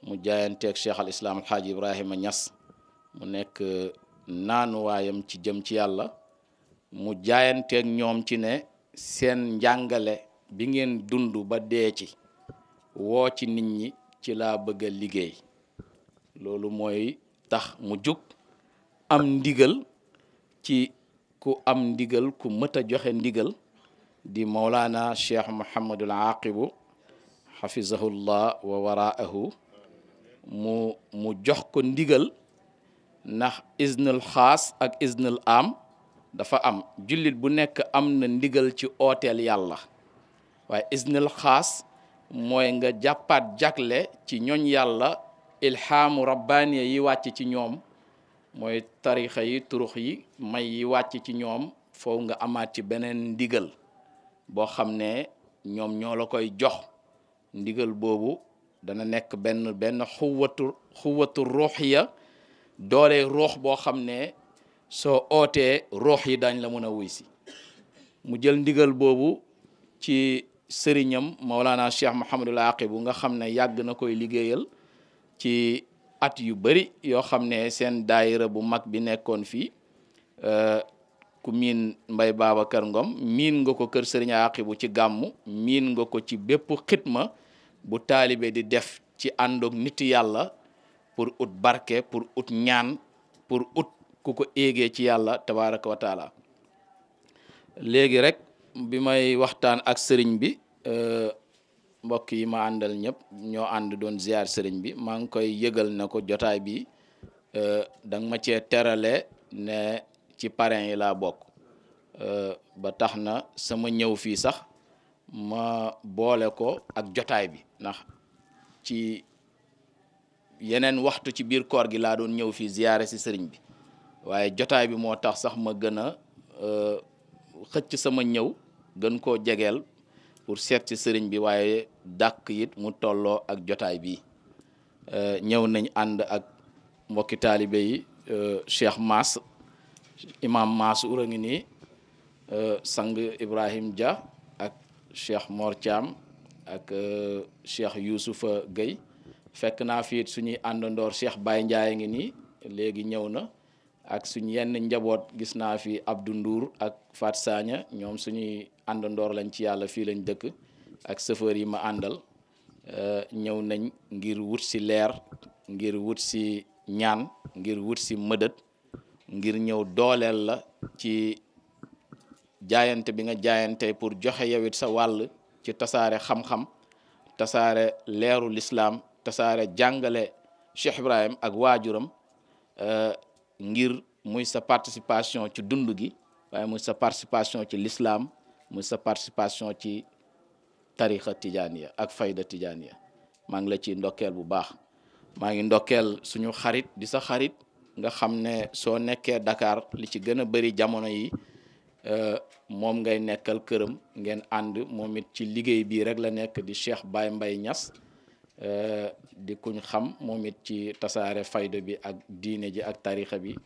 Speaker 5: mu jaayanteeg Cheikh al Islam Alxaaji Ibrahima Ñas mu nekk naanuwaayam ci jëm ci yàlla mu jaayanteeg ñoom ci ne seen njàngale bi ngeen dund ba dee ci ci nit ñi ci la bëgg liggéey loolu mooy tax mu jug am ndigal ci ku am ndigal ku mët a joxe ndigal di Mawlana Cheikh Mouhamadul Aqibu xafizahullah wa waraahu mu jox ko ndigal ndax isnul xaas ak isnul am dafa am jullit bu nekk am na ndigal ci ooteel yàlla waaye isnul xaas mooy nga jàppaat jagle ci ñooñ yàlla ilhaamu rabbaaniya yi wàcc ci ñoom mooy tarixa yi turux yi may yi wàcc ci ñoom foofu nga amaat ci beneen ndigal boo ne ñoom ñoo la koy jox ndigal boobu dana nekk benn benn xuwatu xuwatu ruuxiya doole ruux boo xam ne soo ootee ruux yi dañ la mën a wuy si mu jël ndigal boobu ci sëriñam Maulana Cheikh Mouhamadul Aqibu nga xam ne yàgg na koy liggéeyal ci at yu bari yoo xam ne seen daayira bu mag bi nekkoon fii ku miin Mbay kër Ngom miin nga ko kër sëriñ Aqibu ci gàmmu miin nga ko ci bépp xitma bu taalibe di def ci àndoog nit yàlla pour ut barke pour ut ñaan pour ut ku ko éegee ci yàlla tabaraka wa léegi rek bi may waxtaan ak sëriñ bi euh, mbokk yi ma àndal ñëpp ñoo ànd doon ziar sëriñ bi maa ngi koy yëgal na ko jotaay bi euh, danga ma cee terale ne ci parrain yi laa bokk euh, ba tax na sama ñëw fii sax ma boole ko ak jotaay bi ndax ci yeneen waxtu ci biir koor gi laa doon ñëw fii ziare si sëriñ bi waaye jotaay bi moo tax sax ma gën a xëcc sama ñëw gën koo jegeel pour seet ci sëriñ bi waaye dàkk it mu tolloo ak jotaay bi euh, ñëw nañ ànd ak mbokki taalibe yi euh, Cheikh Mass imam Mass ura ngi nii euh, sang Ibrahim Dia ak Cheikh Mor Thiam ak Cheikh Youssoufa Gueye fekk naa fiit suñuy àndandoor Cheikh Baye Ndiaye ngi nii léegi ñëw na ak suñu yenn njaboot gis naa fi Abdou Ndour ak Fat Sagna ñoom suñuy àndandoor lañ ci yàlla fii lañ dëkk ak chauffeur yi ma àndal euh, ñëw nañ ngir wut si leer ngir wut si ñaan ngir wut si mëdët ngir ñëw dooleel la ci jaayante bi nga jaayante pour joxe yowit sa wàll ci tasaare xam-xam tasaare leeru lislaam tasaare jàngale Cheikh Ibrahim ak waajuram euh, ngir muy sa participation ci dundu gi waye muy sa participation ci l'islam muy sa participation ci tariikha tijaniya ak fayda tijaniya maa ngi la ci ndokel bu baax maa ngi ndokel suñu xarit di sa xarit nga xamne ne nekké Dakar li ci gëna a bëri jamono yi euh, mom ngay nekkal kërëm ngeen and momit ci liggéey bi rek la nekk di Cheikh Baye Mbaye Euh, di kuñ xam moom it ci tasaare fayda bi ak diine ji ak tarixa bi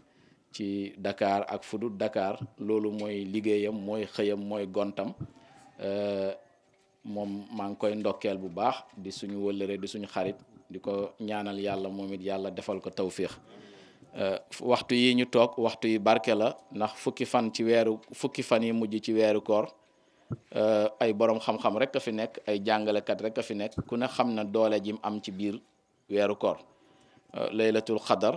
Speaker 5: ci dakaar ak fudut dakaar loolu mooy liggéeyam mooy xëyam mooy gontam euh, moom maa ngi koy ndokkeel bu baax di suñu wëllëre di suñu xarit di ko ñaanal yàlla moom it yàlla defal ko tawféex euh, waxtu yi ñu toog waxtu yi barke la ndax fukki fan ci weeru fukki fan yi mujj ci weeru koor Euh, ay boroom xam-xam rek a fi nekk ay jàngalekat rek a fi nekk ku ne xam na doole jim am ci biir weeru koor euh, laylatul xadar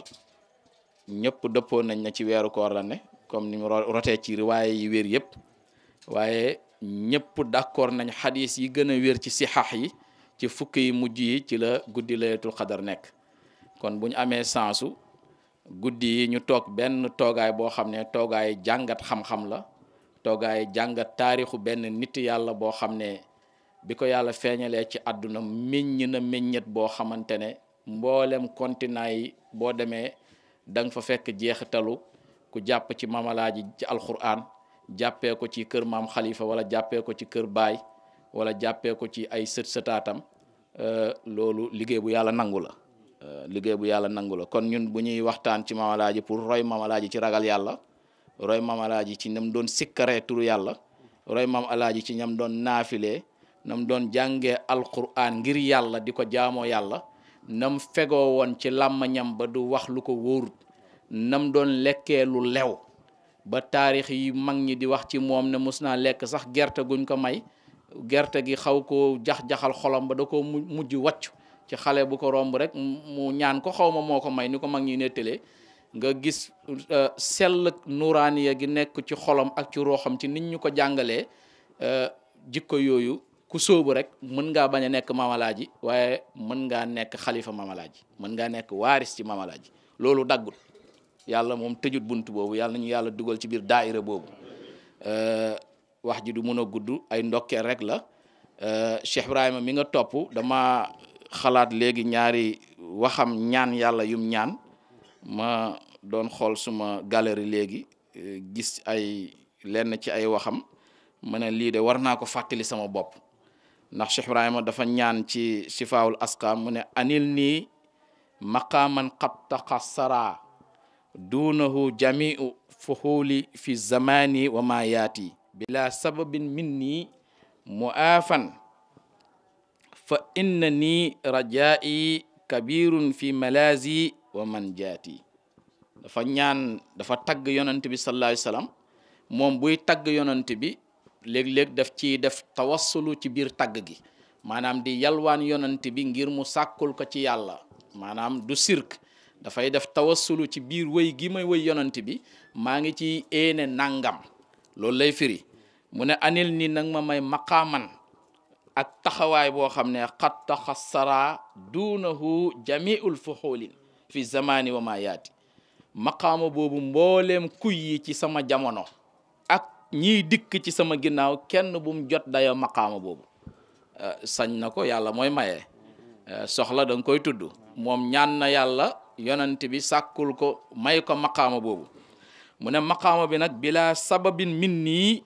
Speaker 5: ñëpp dëppoon nañ na ci weeru koor la ne comme ni mu rotee ci riwaaye yi wér yëpp waaye ñëpp d'accord nañ xadis yi gën a wér ci sixaax yi ci fukk yi mujj yi ci la guddi laylatul xadar nekk kon bu ñu amee sensu guddi yi ñu toog benn toogaay boo xam ne toogaay jàngat xam-xam la toogaay jàngat taarixu benn nit yàlla boo xam ne bi ko yàlla feeñalee ci àdduna meññ na meññet boo xamante ne mboolem continent yi boo demee da nga fa fekk jeextalu ku jàpp ci mamalaaji ci alquran jàppee ko ci kër maam xalifa wala jàppee ko ci kër baay wala jàppee ko ci ay sët sëtaatam euh, loolu liggéey bu yàlla nangu la euh, liggéey bu yàlla nangu la kon ñun bu ñuy waxtaan ci mamalaaji pour roy mamalaaji ci ragal yàlla roy maam alaaji ci nam doon sikkaree turu yàlla roy maam alaaji ci ñam doon naafilee nam doon jàngee alquran ngir yàlla di ko jaamoo yàlla nam fegoo woon ci làmmañam ba du wax lu ko wóorut nam doon lekkee lu lew ba taarix yi mag ñi di wax ci moom ne mos naa lekk sax gerte guñ ko may gerte gi xaw ko jax-jaxal xolom ba da ko mujj wàcc ci xale bu ko romb rek mu ñaan ko xawma moo ko may ni ko mag ñi nettalee nga gis euh, sell nuraaniya gi nekk ci xolam ak ci rooxam ci nit ñu ko jàngalee euh, jikko yooyu ku soobu rek mën ngaa bañ a nekk mamalaaji waaye mën ngaa nekk xalifa mamalaaji mën ngaa nekk waaris ci mamalaaji loolu daggul yàlla moom tëjut bunt boobu yàlla na ñu yàlla dugal ci biir daaira boobu euh, wax ji du mën a gudd ay ndokkeel rek la Cheikh Ibrahima mi nga topp dama xalaat léegi ñaari waxam ñaan yàlla yum ñaan ma doon xool suma galerie léegi gis ay lenn ci ay waxam ma ne lii de war naa ko fàttali sama bopp ndax Cheikh Ibrahima dafa ñaan ci sifaawul askaam mu ne anil nii maqaman qad taqassara duunahu jamiu fuxuuli fi zamani wa ma yaati bila sababin minni mu'aafan fa inna nii rajaa'i kabirun fi malaazi wa man jaati dafa ñaan dafa tagg yonent bi sallallahu alayhi moom buy tagg yonent bi léeg-léeg def ci def tawassulu ci biir tagg gi maanaam di yalwaan yonent bi ngir mu sàkkul ko ci yàlla maanaam du sirk dafay def tawassulu ci biir wëy gi may wëy yonent bi maa ngi ci éene nangam loolu lay firi mu ne anil ni nag ma may maqaaman ak taxawaay boo xam ne xat taxassara duunahu jamiul fuxoolin fi zamani wa ma bobo maqaama boobu mbooleem ci sama jamono ak ñiy dikk ci sama ginnaaw kenn bu mu jot dayoo maqaama boobu euh, sañ na ko yàlla maye euh, soxla da nga koy tudd moom ñaan na yàlla yonent bi sàkkul ko may ko maqaama boobu mu ne bi bila sababin min nii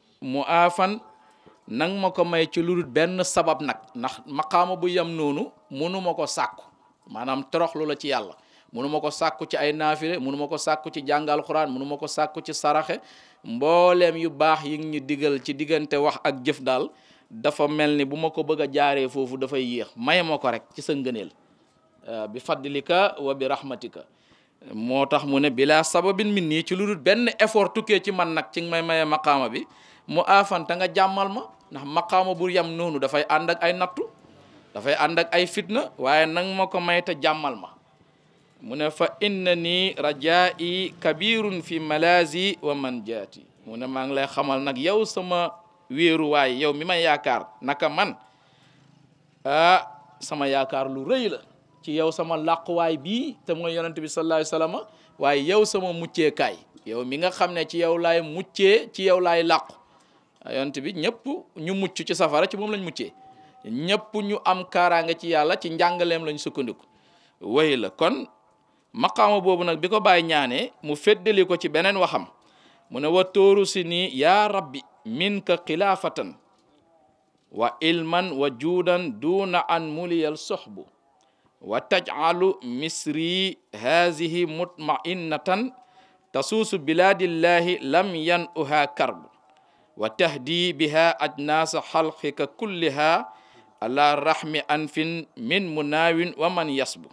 Speaker 5: nang ma ko may ci lu nak, benn sabab nag ndax maqaama bu yam noonu munu ma ko sàkku toroxlu la ci munuma ko sakku ci ay nafile munuma ko sakku ci jangal qur'an munuma ko sakku ci saraxe mbollem yu bax yi ñu digal ci digante wax ak jëf dal dafa melni ni bu ko bëgg a jaaree foofu yeex yéex rek ci sa bi fadlika wa bi rahmatika motax tax mu ne bila sababin minni ci lulut ben effort tuké ci man nak ci may maye maqama bi mu aafanta nga jamal ma ndax maqama bur yam nonu da fay andak ay nattu da fay andak ay fitna waye nang mako may ta jamal ma muna fa inna ni i kabirun fi malazi wa manjati muna ne maa ngi lay xamal nag yow sama wéeruwaay yow mi ma yakar naka man ah sama yakar lu rëy la ci yow sama làquwaay bii te mooy yonent bi sallallahu alayhi wasallam waaye yow sama mucceekaay yow mi nga chi yau ci yow lay yau ci yow A Yau nanti bi ñëpp ñu mucc ci safara ci moom lañ muccee ñëpp ñu am chi ci chi ci njàngaleem lañ sukkandiku wéy la kon maqaama boobu nag bi ko bàyyi ñaanee mu feddali ko ci beneen waxam mu ne wa tóoru si nii yaa rabbi minka xilaafatan wa ilman wa juudan duuna an muliyal soxbu wa tajcalu misri hazihi mutma'innatan tasuusu bilaadillahi lam yan uhaa karb wa tahdi biha ajnaasa xalqika kulliha ala rahmi anfin min munaawin wa man yasbu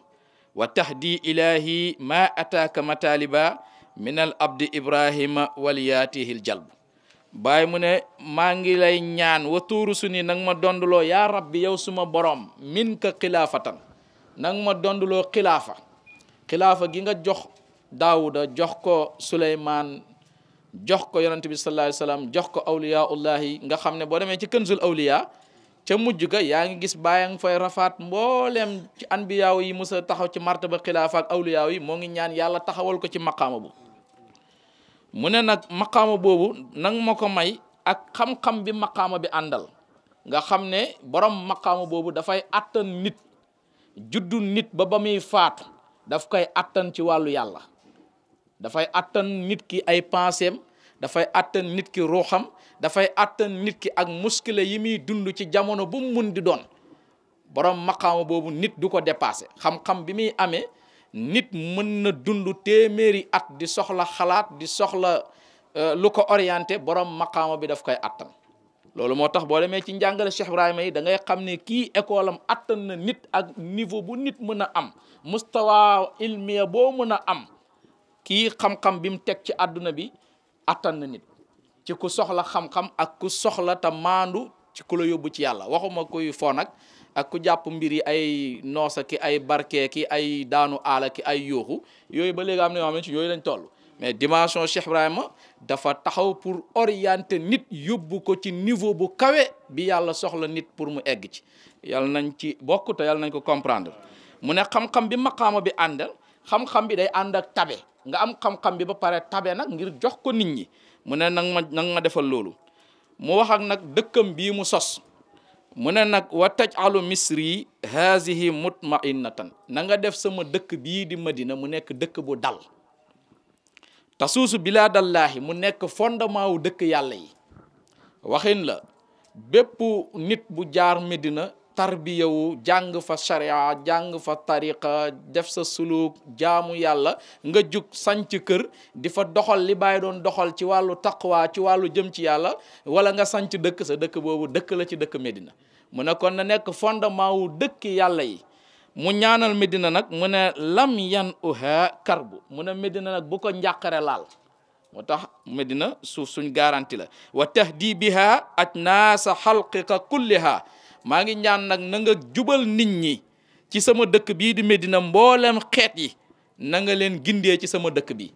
Speaker 5: وتهدي إلهي ما أتاك مطالبا من الأبد إبراهيم ولياته الجلب باي من مانغي لاي نيان وتورو سوني نغما دوندلو يا ربي يا سما بروم منك خلافة نغما دوندلو خلافة خلافة جيغا جوخ داوود جوخ كو سليمان jox ko yonante صلى الله عليه وسلم jox ko awliya ullahi nga xam ne boo demee ci kënzul awliya ca mujj ga yaa ngi gis bàyyi fay rafaat mbooleem ci anbiyaaw yi musa taxaw ci martaba xilaafa ak awliyaaw yi moo ngi ñaan yàlla taxawal ko ci maqaama bu mu ne nag maqaama nang ma ko may ak xam-xam bi maqaama bi àndal nga xam ne borom maqaama boobu dafay attan nit juddu nit ba ba muy faatu daf koy attan ci wàllu yàlla dafay attan nit ki ay penseem dafay attan nit ki ruuxam dafay àttan nit ki ak muskila yi muy dund ci jamono bu mu mun di doon borom maqaama boobu nit du ko dépasé xam-xam bi muy amee nit mën na dund téeméeri at di soxla xalaat di soxla euh, lu ko orienté borom maqaama bi daf koy attan loolu moo tax boo demee ci njàngale Cheikh Ibrahima yi da xam ne kii école am attan na nit ak niveau bu nit mën a am mustawa ilmiya boo mën a am kii xam-xam bi mu teg ci àdduna bi attan na nit ci ku soxla xam-xam ak ku soxla te maandu ci kula yóbbu ci yàlla waxuma koy fo nag ak ku jàpp mbir yi ay noosa ki ay barke ki ay daanu aala ki ay yooxu yooyu ba léegi am na yoo xam ne ci yooyu lañ toll mais dimension Cheikh dafa taxaw pour orienter nit yóbbu ko ci niveau bu kawe bi yàlla soxla nit pour mu egg ci yàlla nañ ci bokk yàlla nañ ko comprendre mu ne xam-xam bi maqaama bi àndal xam-xam bi day ànd ak tabe nga am xam-xam bi ba pare tabe nag ngir jox ko nit ñi mu ne nag ma nag ma defal loolu mu wax ak nag dëkkam bii mu sos mu ne nag wa tajalu misri hazihi mutmainatan na nga def sama dëkk bii di madina mu nekk dëkk bu dal tasuusu bilaadallaahi mu nekk fondement wu dëkk yàlla yi waxin la bépp nit bu jaar medina tarbiyawu jàng fa sharia jàng fa tariqa def sa suluk jaamu yàlla nga jug sanc kër di fa doxal li bàyyi doon doxal ci wàllu taqwa ci wàllu jëm ci yàlla wala nga sanc dëkk sa dëkk boobu dëkk la ci dëkk Medina mu ne kon na nekk fondement wu dëkk yàlla yi mu ñaanal Medina nag mu ne lam yan uha karbu mu ne Medina nag bu ko njàqare laal moo tax Medina suuf suñ garanti la wa tahdi biha ajnaasa xalqiqa maa ngi ñaan nag nanga jubal nit ñi ci sama dëkk bii di Medina mboolem xeet yi na nga leen gindee ci sama dëkk bi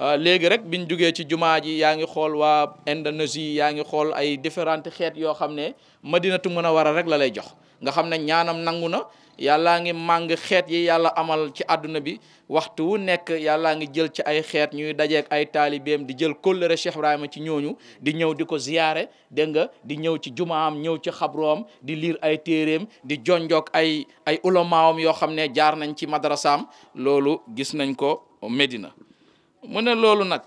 Speaker 5: ah, léegi rek biñ jugee ci jumaa ji yaa ngi xool waa Indonésie yaa ngi xool ay différentes xeet yoo xam ne mën a waral rek la lay jox nga xam ne ñaanam nangu na yàllaa ngi màng xeet yi yàlla amal ci àdduna bi waxtu wu nekk yàllaa ngi jël ci ay xeet ñuy dajeek ay taalibeem di jël kóllëre Cheikh Ibrahima ci ñooñu di ñëw di ko ziyaare dégg nga di ñëw ci jumaam ñëw ci xabroom di liir ay téereem di jonjook ay ay ulamaawam yoo xam ne jaar nañ ci madrasaam loolu gis nañ ko Medina mu ne loolu nag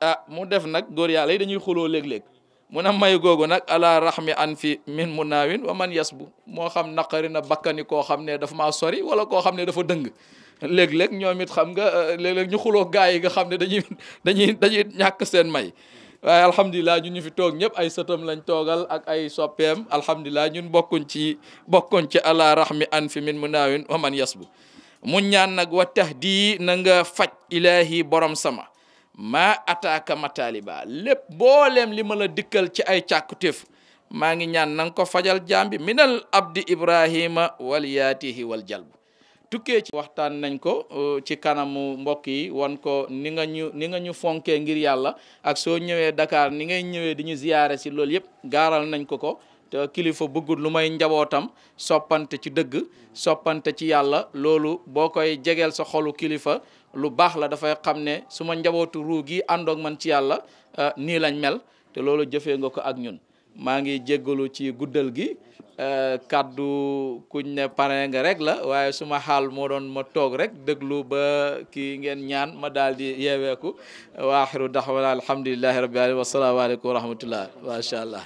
Speaker 5: ah mu def nag góor yàlla yi dañuy xuloo léeg-léeg mu may googu nag ala rahmi an fi min mu naawin wa man yas bu moo xam naqari na bakkani koo xam ne dafa maa sori wala koo xam ne dafa dëng léeg ñoom it xam nga euh, léeg-léeg ñu xuloo yi nga xam ne dañuy dañuy dañuy ñàkk seen may waaye alhamdulilah ñu fi toog ñëpp ay sëtam lañ toogal ak soppeem alhamdulilah ñun bokkuñ ci bokkuñ ci ala rahmi an fi min mu naawin wa bu mu ñaan nag wa tax di na nga faj ilaahi borom sama ma ataaka mataliba lépp booleem li ma la dikkal ci ay càkkutéef maa ngi ñaan nang ko fajal jambi minal abdi ibrahima wal yaatihi wal jalb tukkee ci waxtaan nañ ko uh, ci kanamu mbokk yi wan ko ni nga ñu ni nga ñu fonkee ngir yàlla ak soo ñëwee Dakar ni ngay ñëwee di ñu si loolu yëpp gaaral nañ ko ko kilifa bëggul lu may njabootam soppante ci dëgg soppante ci yàlla lolu boo koy jegeel sa xolu kilifa lu bax la da fay xamne suma njabootu ruu gi andok man ci yalla euh, ni lañ mel te lolu jëfee nga ko ak ñun ma ngi jéggolu ci guddal gi euh, kaddu kuñ ne paré nga rek la waye suma xal mo doon ma tok rek déglu ba ki ngeen ñaan ma daldi di wa akhiru daxwana alhamdulillahi rabbil alamin wasalaamu aleykum wa rahmatullah macha allah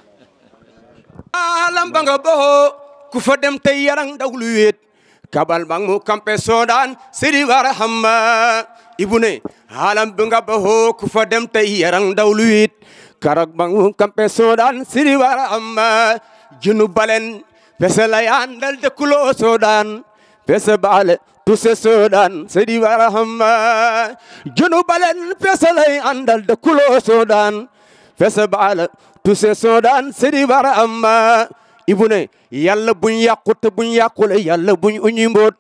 Speaker 2: alam ba nga bo ku fa dem tay yarang dawlu wet kabal bang mu kampe sodan sidi wara hamma ibune halam bunga baho kufa dem tay yarang dawluit karak bang mu kampe sodan sidi wara hamma junu balen pesela yandal de kulo sodan pese bale tuse sodan sidi wara hamma junu balen pesela yandal de kulo sodan pese bale tuse sodan sidi wara hamma ibu ne yàlla buñ yàqu te buñ yàqule yàlla buñ uñi mboot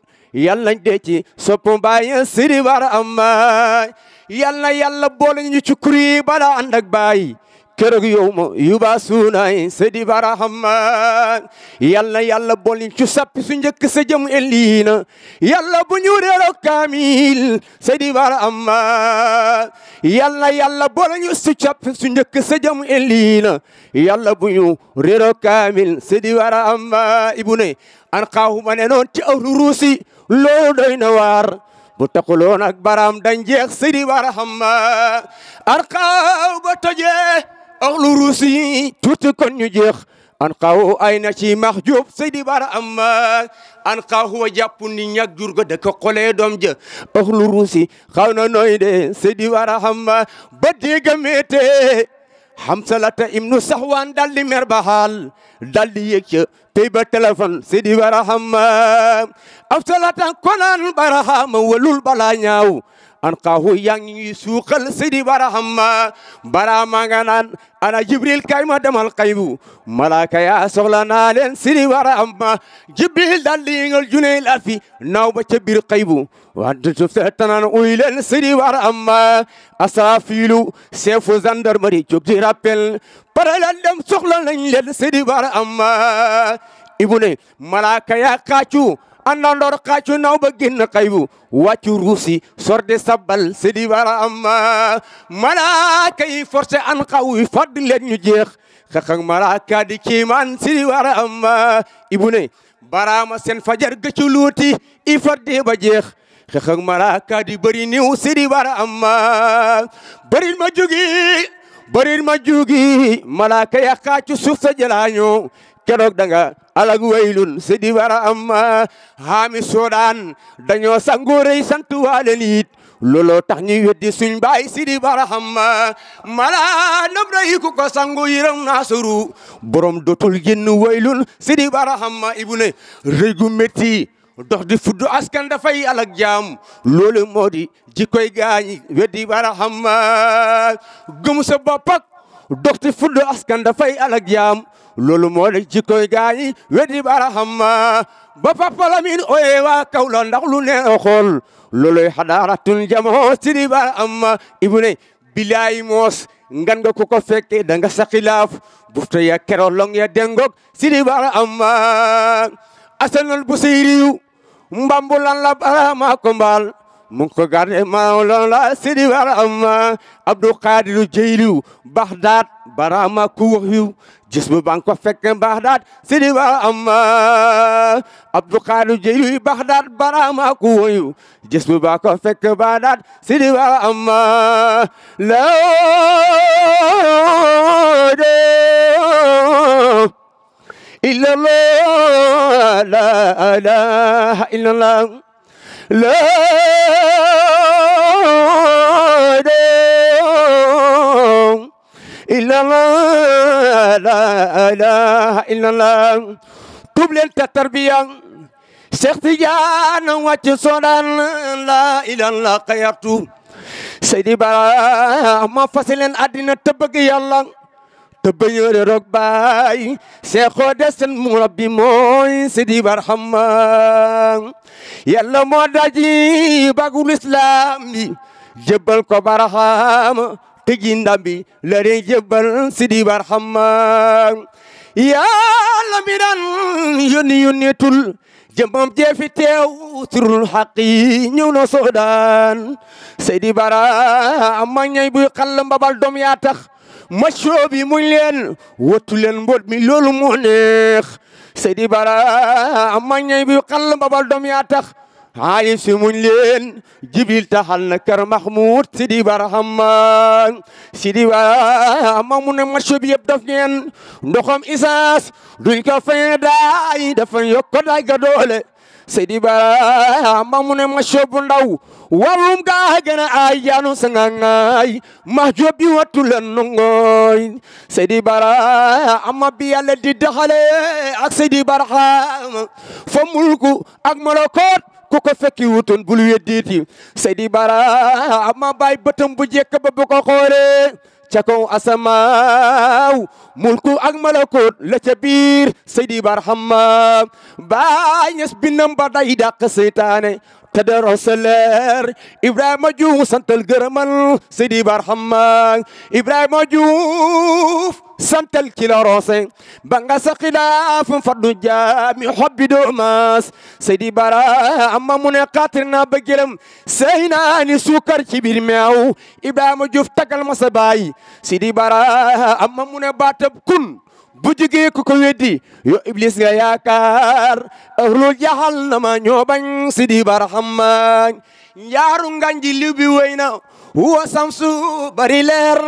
Speaker 2: yàlla nañ dee ci soppu baay sidi bara am yàlla yàlla boole ñu ci kuri bala ànd ak baay keroog yow ma yuba suunaay sedi barahama yàlla yàlla bolin cu sappi su njëkk sa jëm elina yàlla bu ñu reero kaamil sedi barahama yàlla yàlla boliñu su sappi su njëkk sa jëm elina yàlla bu ñu reero kaamil sedi barahama ibune an xaahuma ne noon ci awru ruusi loolu doy na waar bu taxuloon ak baram dañ jeex sedi barahama an xaaw tojee axlu ruusi tuuti kon ñu jeex an xaw ay na ci max jub seydi bara amma an xaw huwa jàpp ni ñag jur ga dëkk xoolee doom ja ruusi xaw na nooy de seydi bara amma ba dégga meete hamsalata ibnu sahwan daldi mer ba haal daldi yëg ca tey ba téléphone seydi bara amma afsalata konan barahama walul bala ñaaw an qaahu yang ñuy suuxal sidi bara maa nga naan ana jibril kay ma demal xaybu malaaka yaa soxla naa leen sidi barahama jibril dal liingal juney la fi naaw ba ca biir xaybu wadde to fettanan uy leen sidi barahama asrafilu seefu gendarmerie jóg di rappel para dem soxla nañ leen sidi barahama ibune malaaka yaa xaacu andandoor xaacu naw ba génn xaybu wàccu ruusi sorde sabbal sidi wara amma malaaka yi forcé an xaw yi fadd leen ñu jeex xaqang malaaka di kiimaan sidi wara amma ibu ne baraama seen fajar gëccu luuti i fadde ba jeex xaqang malaaka di bëri niw sidi wara amma bëril ma jugi bëril ma jugi malaaka ya xaacu suuf sa jalaañoo keroog danga alag waylun sidi wara am xaami ah, soodaan dañoo sangoorey santuwaale liit looloo tax ñuy weddi suñ baay sidi wara am ah, mala nabra yi sangu yiram naasuru borom dootul génn waylun sidi wara am ah, ibune rëy gu métti dox di fuddu askan dafay alak jaam loolu moo di jikkoy gaañi weddi wara am gëm sa bopp ak dox di fuddu alak jaam loolu moo de jikkoy gaañi weddi barahama ba Papa Lamine oye waa Kaolack ndax lu ne xool looloy xadaaratul jamoo sidi barahama ibu ne bilaay moos ngan nga ku ko fekke da nga sa xilaaf bufta ya kero long ya dengog sidi barahama asanal mbambulan la barahama ko mbaal mu ngi ko gàdde Mawlana Sidi Barama Abdou Qadir Jeyliw Baxdaad Barama ku wax yu gis bu ba nga ko Sidi Barama Abdou Qadir Jeyliw Baxdaad Barama ku wax yu gis bu ba ko fekke Baxdaad Sidi Barama laa ilaaha illallah la ilaha illallah tuub leen ta tarbiya Cheikh Tidiane wàcc soodaan la ilallah xayartu Seydi Bara ma fas leen àddina te te bañëre roog baay seexoo des seen murabbi mooy sidi barxama yàlla moo daji bagul islam bi jébbal ko barxama tëji ndambi la reen jébbal sidi barxama yàlla mi daan yónni yónneetul jëmmam jeefi teew turul xaqi ñëw na soodaan seydi bara am ma ñay buy xall mbabal doom yaa tax مشروع بي مولين وطولين بود مي مونيخ سيدي بارا اماني بي قلن بابال دومياتخ عايش مولين جبيل تحل نكر محمود سيدي بارا همان سيدي بارا امامون مشروع بي ابدفنين دخم إساس دوين كفين داي دفن يوكو داي قدولي Seydi Baraama mu ne ma soobu ndaw warum gaa gën a ay yaanu sangangaay ma joobi wattu leen nongoy Seydi Baraama bi Yàlla di daxale ak Seydi Baraama fa mulku ak malakoot ku ko fekki wutoon bul weddiiti Seydi Baraama bay bëtam bu jekk ba bu ko xoore ca kaw asamaaw mulku ak malakut la ca biir seydi barhama baa ñes binam ba day dàq seytaane te dero sa leer Ibrahima Diouf santal gërëmal Sidi Barhama Ibrahima Diouf santal ki la roose ba nga sa xilaaf faddu jaami xobbi doomaas Sidi Bara amma mu ne xaatir naa ba gërëm sey naa ni suukar ci biir meew a Diouf tagal ma sa Sidi Bara amma mu ne baatab kun bu jige ko ko weddi yo iblis nga yaakaar ahlul namanya bang bañ sidi barhamman yaaru nganji libi wayna wo samsu bari ler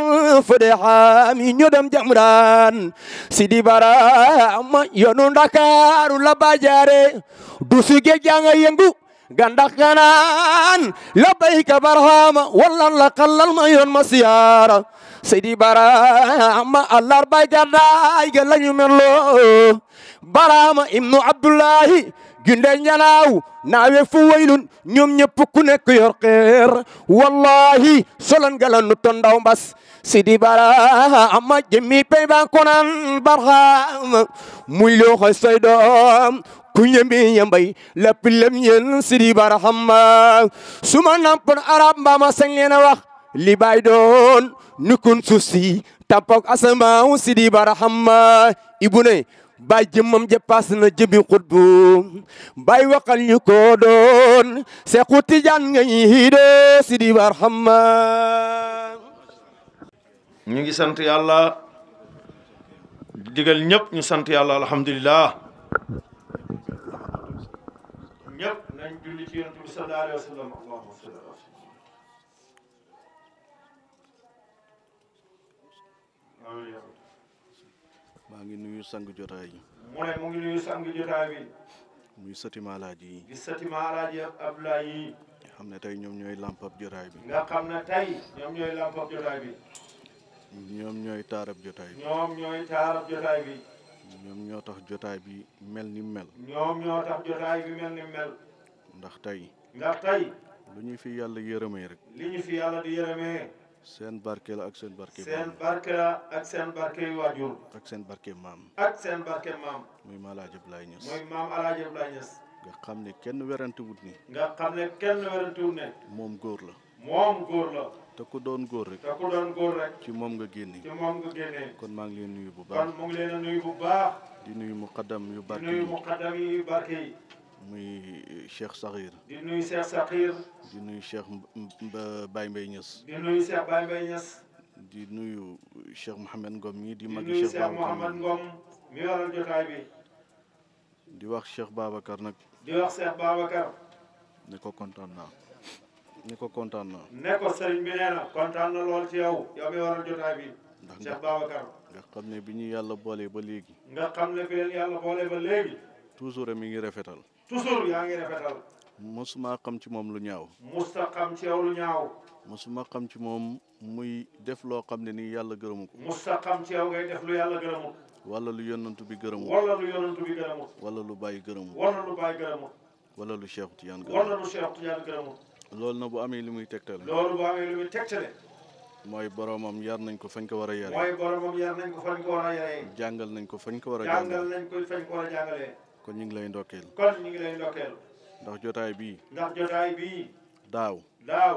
Speaker 2: fude xaami ñu dem jamran sidi barahama no dakaru la bajare du ge janga yëngu gandak ganaan labbayka barham wallan la qallal ma yon Seydi Barama àllarba gàddaay ga lañu merloo Barama ibnu Abdullahi gunde ñanaaw naawe fu waylun ñoom ñëpp ku nekk yor xeer wallahi solan galan nu ton ndaw mbas Seydi Barama jëmmi pey baa konan barxam muy loo xoy say doom ku ñembi ñembay lépp lem yéen Seydi Barama suma nampon arab mbaama sañ wax li baay doon nukun suuf si tampok asamaaw si di barahama ibu ne baay jëmmam ja paas na jëmmi xutbu baay waxal ñu ko doon seexu tijaan nga ñi de si di barahama
Speaker 6: ñu ngi sant yàlla digal ñëpp ñu sant yàlla alhamdulilah
Speaker 1: ngi nuyu sang jotaay
Speaker 6: mu ne mu ngi nuyu sang jotaay bi.
Speaker 1: muy sëti maalaaji yi.
Speaker 6: di sëti maalaaji Abdoulaye yi.
Speaker 1: nga xam ne tey ñoom ñooy lampab jotaay bi. nga xam
Speaker 6: ne tey ñoom ñooy lampab jotaay bi.
Speaker 1: ñoom ñooy taarab jotaay
Speaker 6: bi. ñoom ñooy jotaay bi.
Speaker 1: ñoom ñoo tax jotaay bi mel ni mel.
Speaker 6: ñoom ñoo tax jotaay bi mel ni mel.
Speaker 1: ndax tey. ndax tey. lu ñu fi yàlla yërëmee rek. li ñu fi yàlla di yërëmee. seen barke la ak seen barke. seen barke
Speaker 6: la ak seen barke
Speaker 1: waajur. ak seen barke maam.
Speaker 6: ak seen barke maam. muy maam El Hadj
Speaker 1: nga xam ne kenn werante wut ni
Speaker 6: nga xam ne kenn werante wut
Speaker 1: moom góor la. moom góor la. te ku doon góor rek. te doon góor rek. ci moom nga génne.
Speaker 6: ci moom nga génne.
Speaker 1: kon maa ngi leen nuyu bu baax. kon
Speaker 6: mu ngi leen nuyu bu baax. yu barke
Speaker 1: di nuyu
Speaker 6: muqaddam yu barke yi.
Speaker 1: muy Cheikh Sakhir.
Speaker 6: di nuyu Cheikh Sakhir.
Speaker 1: di nuyu Cheikh di nuyu Cheikh Baye Mbaye Niass. di nuyu Cheikh Mouhamed Ngom mii di. mag Cheikh Babacar
Speaker 6: Ngom mi waral jotaay bi.
Speaker 1: di wax Cheikh Babacar nag. di wax Cheikh Babacar. ne ko kontaan naa. ne ko kontaan
Speaker 6: ko sëriñ bi nee kontaan na lool ci yow. yow mi waral jotaay bi. ndax Cheikh
Speaker 1: nga xam ne bi ñu yàlla boole ba léegi.
Speaker 6: nga xam ne bi yàlla boole ba léegi.
Speaker 1: toujours mi ngi rafetal.
Speaker 6: toujours yaa ngi rafetal.
Speaker 1: mosuma xam ci moom lu ñaaw. musta
Speaker 6: xam ci yow lu ñaaw.
Speaker 1: mosuma xam ci moom muy def loo xam ne ni yàlla gërëmu ko. musta
Speaker 6: ci yow ngay def lu yàlla gërëmu.
Speaker 1: wala lu yonantu bi gërëmu. wala lu
Speaker 6: yonantu bi gërëmu.
Speaker 1: wala lu bàyyi gërëmu. wala
Speaker 6: lu bàyyi gërëmu.
Speaker 1: wala lu Cheikh Tidiane gërëmu.
Speaker 6: wala
Speaker 1: loolu na bu amee li muy tegtale. loolu bu
Speaker 6: amee li muy tegtale.
Speaker 1: mooy boromam yar nañ ko fañ ko war a yaree. mooy boromam
Speaker 6: yar nañ ko fañ ko war a yaree.
Speaker 1: jàngal nañ ko fañ ko war a jàngal
Speaker 6: nañ
Speaker 1: kon ñu ngi lay ndokkeel.
Speaker 6: kon ñu ngi lay ndokkeel.
Speaker 1: ndax jotaay bii. ndax
Speaker 6: jotaay bii. daaw. daaw.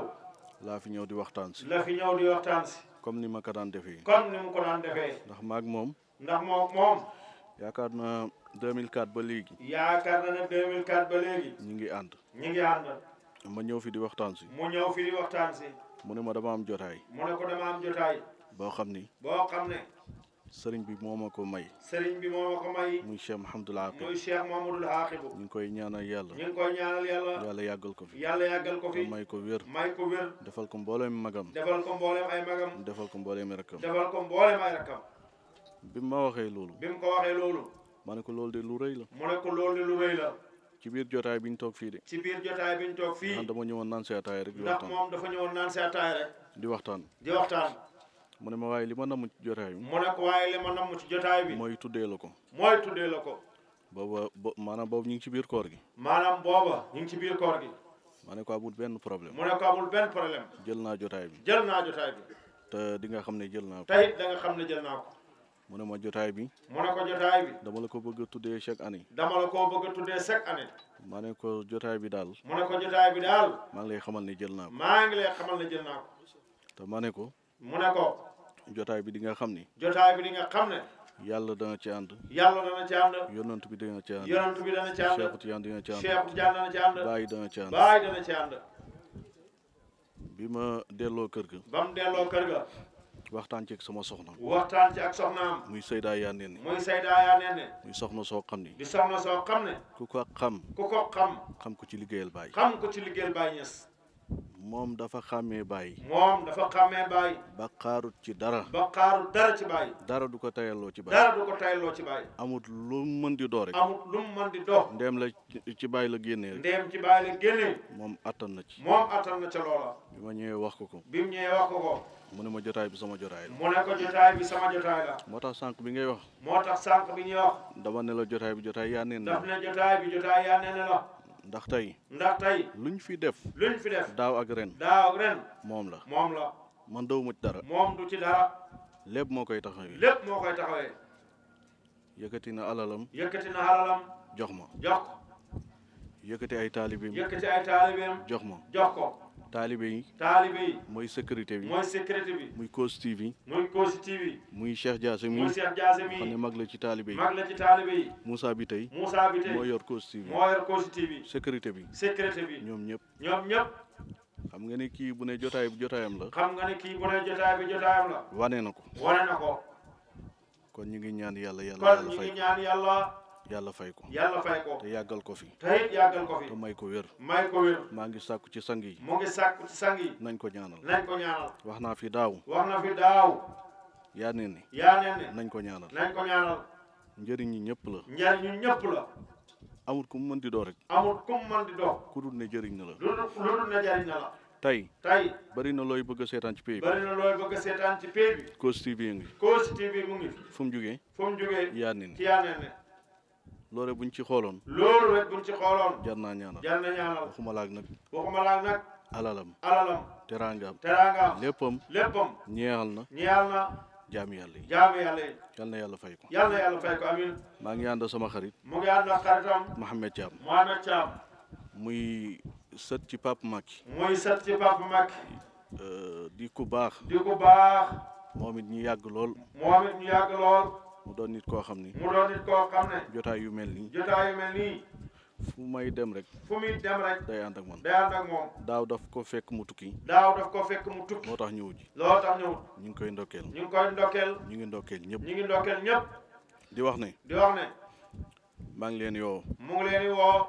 Speaker 1: laa fi ñëw di waxtaan si. la fi ñëw di waxtaan si. comme ni ma ko daan defee. comme
Speaker 6: ni mu ko daan defee.
Speaker 1: ndax maak moom.
Speaker 6: ndax moom moom.
Speaker 1: yaakaar na 2004 ba léegi.
Speaker 6: yaakaar na ne 2004 ba léegi. ñu ngi ànd. ñu ngi ànd.
Speaker 1: ma ñëw fi di waxtaan si.
Speaker 6: mu ñëw fi di waxtaan si.
Speaker 1: mu ne ma dama am jotaay.
Speaker 6: mu ne ko dama am jotaay.
Speaker 1: boo xam ni. boo xam ne. sëriñ bi moo ma ko may. sëriñ bi moo ma ko may. muy Cheikh Mouhamadul Aqib. muy
Speaker 6: Cheikh Mouhamadul Aqib. ñu
Speaker 1: ngi koy ñaanal yàlla. ñu
Speaker 6: ngi koy ñaanal yàlla.
Speaker 1: yàlla yàggal ko fi. yàlla yàggal ko fi. may ko wér. may ko wér. defal ko mbooleem magam. defal ko
Speaker 6: mbooleem ay magam.
Speaker 1: defal ko mbooleem ay rakkam. defal ko
Speaker 6: mbooleem ay rakkam.
Speaker 1: bi ma waxee loolu.
Speaker 6: bi mu ko waxee loolu.
Speaker 1: ma ne ko loolu de lu rëy la. mu ne
Speaker 6: ko loolu de lu rëy la.
Speaker 1: ci biir jotaay bi ñu toog fii de. ci biir jotaay bi ñu toog fii. ndax dama ñëwoon naan si ataay rek. di waxtaan ndax
Speaker 6: moom dafa ñëwoon naan si ataay rek.
Speaker 1: di waxtaan. di waxtaan. mu ne ma waaye li ma na ci jotaay bi mu ne ko waaye li ma
Speaker 6: namm ci jotaay bi
Speaker 1: mooy tuddee la ko
Speaker 6: mooy tuddee la ko
Speaker 1: booba bo maanaam boobu ñu ngi ci biir koor gi
Speaker 6: maanaam booba ñu ngi ci biir koor gi
Speaker 1: ko amul benn problème mu ne benn problème jël naa jotaay bi
Speaker 6: jël naa jotaay
Speaker 1: te di xam ne jël naa ko xam ne jël naa mu ne ma jotaay bi mu ne ko la ko bëgg a tuddee chaque année dama
Speaker 6: la ko bëgg tuddee année
Speaker 1: ma ko jotaay bi daal mu ne ko maa ngi lay xamal ne jël naa ko maa
Speaker 6: ngi lay xamal ne jël naa ko
Speaker 1: te ma ne ko jotaay bi di nga xam ni.
Speaker 6: jotaay bi di nga xam ne.
Speaker 1: yàlla dana ci ànd.
Speaker 6: yàlla dana ci ànd.
Speaker 1: yonant bi dana ci ànd. Baay dana ci ànd. bi ma delloo kër ga. ba mu
Speaker 6: delloo kër ga.
Speaker 1: waxtaan ci ak sama soxna. waxtaan ci
Speaker 6: ak soxnaam.
Speaker 1: muy Seyda yaa nenne. muy Seyda yaa nenne. muy soxna soo xam ni. di ne. ku ko xam. ku ko xam. xam ko ci liggéeyal Baay. xam ko ci liggéeyal Baay Ñas. moom dafa xàmmee bàyyi.
Speaker 6: moom dafa xàmmee bàyyi.
Speaker 1: xaarut ci dara.
Speaker 6: baqaarut dara ci bàyyi.
Speaker 1: dara du ko tayaloo ci bàyyi. dara du
Speaker 6: ko tayaloo ci bàyyi.
Speaker 1: amut lu mën di doo rek. amut lu mu mën di doo. ndéem la ci bàyyi la génnee rek. ci bàyyi la génnee. moom attan na ci. moom
Speaker 6: attan na ca loola.
Speaker 1: bi ma ñëwee wax ko ko. bi
Speaker 6: mu ñëwee wax ko
Speaker 1: mu ne ma jotaay bi sama jotaay la. mu ne ko
Speaker 6: jotaay bi sama jotaay la.
Speaker 1: moo tax sànq bi ngay wax. moo
Speaker 6: tax sànq bi ñuy wax.
Speaker 1: dama ne la jotaay bi jotaay yaa ndax tey. ndax tey. luñ fi def. luñ fi def daw ak ren. daw ak ren. mom la. mom la. man daw ma ci dara. mom du ci dara. lépp mo koy taxawé
Speaker 6: lépp mo koy taxawé
Speaker 1: yëkëti na alalam. yëkëti na alalam. jox ma. jox ko. yëkëti ay talibim yëkëti ay talibim jox ma. jox ko. talibé yi talibé yi moy sécurité bi moy sécurité bi muy cause TV muy cause TV muy Cheikh Diassé muy Cheikh Diassé mi xamné mag la ci talibé yi mag la ci talibé yi Moussa bi tay Moussa bi tay moy yor cause TV moy yor cause TV sécurité bi sécurité bi ñom ñep ñom ñep xam nga ne ki bu ne jotay bu jotayam la xam
Speaker 6: nga ne ki bu ne jotay bu jotayam la wané nako wané nako
Speaker 1: kon ñu ngi ñaan yalla yalla kon ñu ngi
Speaker 6: ñaan yalla
Speaker 1: yàlla fay ko te yàggal ko fi te ko may ko wér maa ngi sàkku ci sang yi mu ngi sàkku ci sang yi nañ ko ñaanal nañ ko ñaanal wax naa fi daaw wax na ko ñaanal nañ ko ñëpp la njëriñ ñi ñëpp la amul ku mën di doo rek amul
Speaker 6: ku mën di doo
Speaker 1: ku ne jëriñ na la lu
Speaker 6: dul ne jëriñ la
Speaker 1: tey tey bari na looy bëgg a seetaan ci pays bi bari na
Speaker 6: looy ngi
Speaker 1: Kossy TV mu ngi fu mu jugee fu mu jugee yaa nee ni loolu rek buñ ci xooloon. loolu rek
Speaker 6: buñ ci xooloon. jar naa ñaanal jar na ñaanal.
Speaker 1: waxuma laag nag.
Speaker 6: waxuma laag nag. alalam. alalam.
Speaker 1: teraangaam. teraangaam léppam. léppam. ñeexal na. ñeexal na. jaami yàlla yi jaami yàlla yi. yal na yàlla fay ko. yal na yàlla fay ko amiin. maa ngi ànd sama xarit.
Speaker 6: mu ngi ànd ak xaritam. Mouhamed Thiam. Mouhamed Thiam.
Speaker 1: muy sët ci Pape Macky.
Speaker 6: muy sët ci Pape Macky.
Speaker 1: Euh, di ku baax. di ku baax. moom it ñu yàgg lool. moom it
Speaker 6: ñu yàgg lool.
Speaker 1: mu doon nit koo xam ne. jotaay yu mel nii. jotaay yu mel nii. fu may dem rek. fu muy dem rek. day ànd ak man moom. daaw daf ko fekk mu tukki. daaw daf ko fekk mu tukki. moo tax ñëw ji. loo tax ñëw. ñu ngi koy ndokkeel. ñu ngi ndokkeel. ñu ngi ndokkeel ñëpp. ñu ngi ndokkeel ñëpp. di wax ne. di wax ne. maa ngi leen yoo.
Speaker 6: mu ngi leen yoo.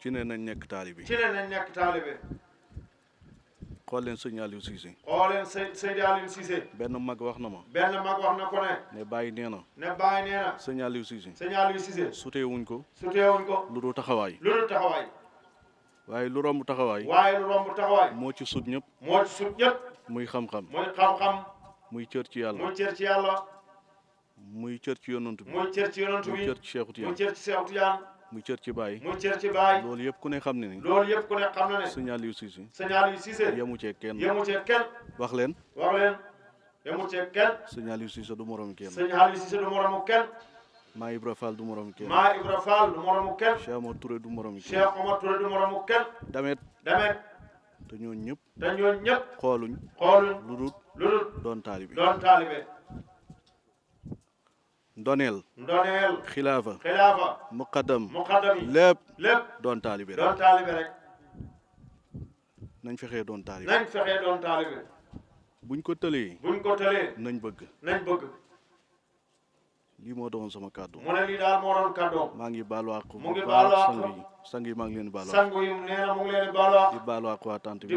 Speaker 1: ci ne nañ nekk taalibe. ci
Speaker 6: ne
Speaker 1: xool leen sëñ Aliou Cissé. xool leen sëñ sëñ benn mag wax na ma.
Speaker 6: benn mag wax na ko ne.
Speaker 1: ne bàyyi nee na. ne bàyyi nee na. sëñ Aliou Cissé. sëñ Aliou Cissé. sutee wuñ ko. sutee wuñ ko. lu dul taxawaay. lu dul taxawaay. waaye lu romb taxawaay. taxawaay. moo ci sut ñëpp. moo ci sut ñëpp. muy xam-xam. muy xam-xam. muy cër ci yàlla. muy cër ci yàlla. muy cër ci yonent bi. muy cër ci yonent bi. muy cër ci baay muy cër ku ne xam ne ni loolu yëpp ku ne xam na ne sëñ Aliou Cissé sëñ Aliou Cissé yemu cee kenn yemu cee kenn wax leen wax
Speaker 6: leen yemu cee kenn
Speaker 1: sëñ Aliou du morom kenn sëñ Aliou Cissé du moromu kenn maa Ibra Fall du morom kenn maa Ibra Fall du moromu kenn Cheikh Omar du morom kenn Cheikh Omar
Speaker 6: Touré du
Speaker 1: damet damet te ñooñu ñëpp te ñooñu ñëpp xooluñ xooluñ lu dul doon taalibe ndoneel ndoneel xilaafa xilaafa muqaddam muqaddam lépp lépp doon taalibe rek doon taalibe rek nañ fexee doon taalibe nañ
Speaker 6: fexee doon taalibe
Speaker 1: buñ ko tëlee buñ ko tëlee nañ bëgg doon sama kàddu mu ne lii daal doon kàddoom maa ngi baalu àq mu ngi baalu àq sangi yi sang ngi ngi di
Speaker 6: balu àq waa
Speaker 1: di balu àq waa tante bi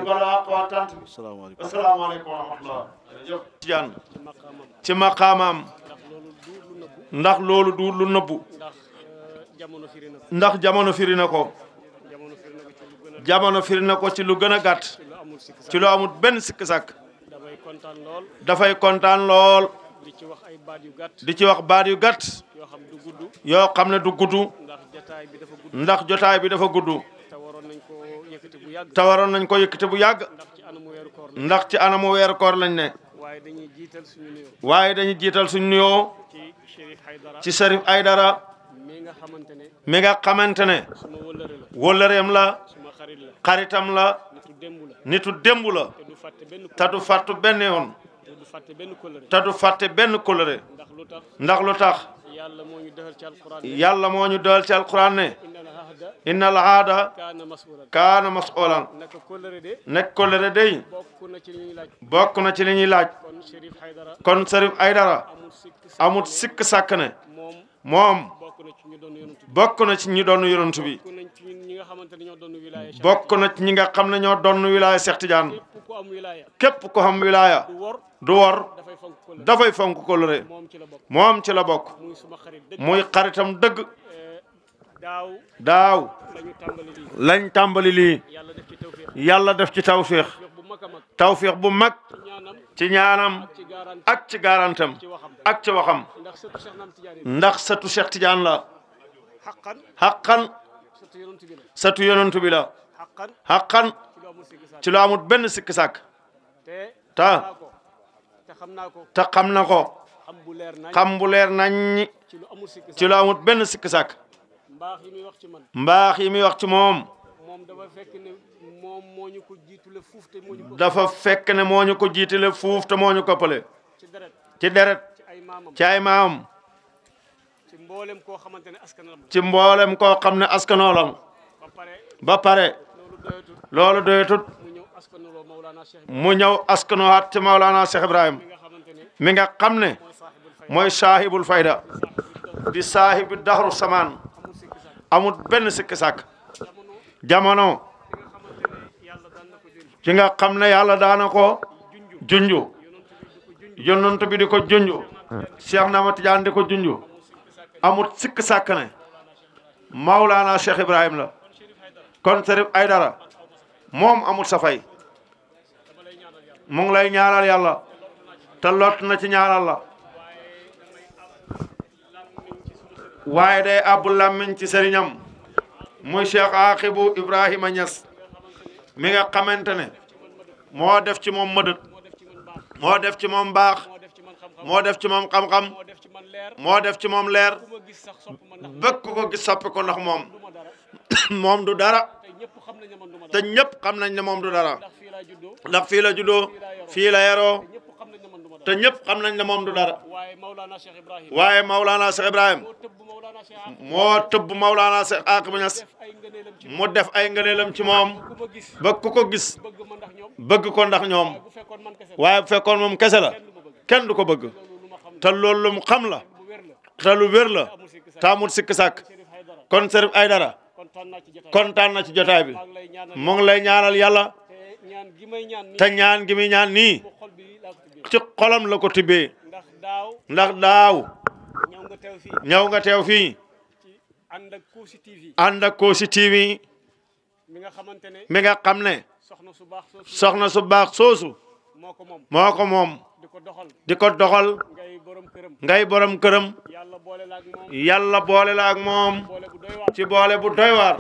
Speaker 1: asalaamaaleykum Jangan, wa rahmatullah ci
Speaker 6: ndax loolu du lu nëbbu ndax eh, jamono firi na ko jamono firi na ko ci lu gën a gàtt ci lu amul benn sikk sàkk dafay kontaan lool
Speaker 8: di ci wax ay baat yu gàtt di ci wax baat yu gàtt
Speaker 6: yoo xam ne du gudd ndax jotaay bi dafa gudd te waroon nañ ko yëkkati bu yàgg ndax ci anamu weeru koor lañ ne
Speaker 8: waaye dañuy jiital suñu nuyoo
Speaker 6: waaye dañuy jiital suñu ci Cherif Aidara mi nga xamante ne mi nga xamante ne wóllëreem la xaritam la nitu démb la te du fàttu benn yoon
Speaker 8: te du fàtte benn kóllëre ndax lu tax yàlla
Speaker 6: moo ñu dëxal ci alquran ne inna al aada kaana masulan nekk kóllëre day bokk na ci li ñuy laaj kon Cherif Aidara amut sikk sàkk ne moom bokk na ci ñi doon yonent bi bokk na ci ñi nga xam ne ñoo doon wilaaya Cheikh Tidiane képp ko am wilaaya du wor dafay fonk kóllëre moom ci la bokk muy xaritam dëgg daaw lañ tàmbali lii yàlla def ci tawféex tawféex bu mag ci ñaanam ak ci garantam ak ci waxam ndax satu Cheikh Tidiane la xaqan satu yonantu bi la xaqan ci lu amut benn sikki sàkk ta te xam na ko xam bu leer nañ ci lu amut benn sikki mbaax yi muy wax ci man. mbaax yi muy wax ci moom.
Speaker 8: moom dafa fekk ne moom moo ñu ko jiitule
Speaker 6: fuuf te moo ñu ko. dafa fekk ne moo ñu ko jiitule fuuf te moo ñu koppale. ci deret ci deret. ci ay maamam
Speaker 8: ci mboolem koo xamante ne askanolam.
Speaker 6: ci mboolem koo xam ne askanolam. ba pare ba pare. loolu doyatut. mu ñëw askanowaat ci Maulana Cheikh Ibrahim mi nga xam ne mooy saahibul fayda di saahibu daxru samaan amul benn sikk sàkk jamono ci nga xam ne yàlla daana ko junju yonent bi di ko junju Cheikh Nama Tidiane di ko junju amul sikk sàkk ne Maulana Cheikh Ibrahim la kon Cherif Aidara moom amul safay mu ngi lay ñaanal yàlla te lot na ci ñaanal la waaye day àbbu làmmiñ ci sëriñam muy Cheikh Aaxibu Ibrahima Niass mi nga xamante ne moo def ci moom mëdët moo def ci moom baax moo def ci moom xam-xam moo def ci moom leer bëgg ko gis soppi ko ndax moom moom du dara te ñëpp xam nañ ne moom du dara ndax fii la juddoo fii te ñëpp xam nañ ne moom du dara waaye Maulana Cheikh Ibrahim waaye Maulana Cheikh Ibrahim moo tëbb Maulana Cheikh Aqib Niass mu def ay ngëneelam ci moom ba ku ko gis bëgg ko ndax ñoom waaye bu fekkoon moom kese la kenn du ko bëgg te loolu lu mu xam la te lu wér la te amul sikk sàkk kon Serif Aidara kontaan na ci jotaay bi mu ngi lay ñaanal yàlla te ñaan gi muy ñaan nii. ci xolam la ko tibbee ndax daaw ñëw nga teew fii ànd ak Kossy TV mi nga xamante ne mi nga xam ne soxna su baax soosu moo ko moom di ko doxal ngay borom këram yàlla boole la ak moom ci boole bu doy waar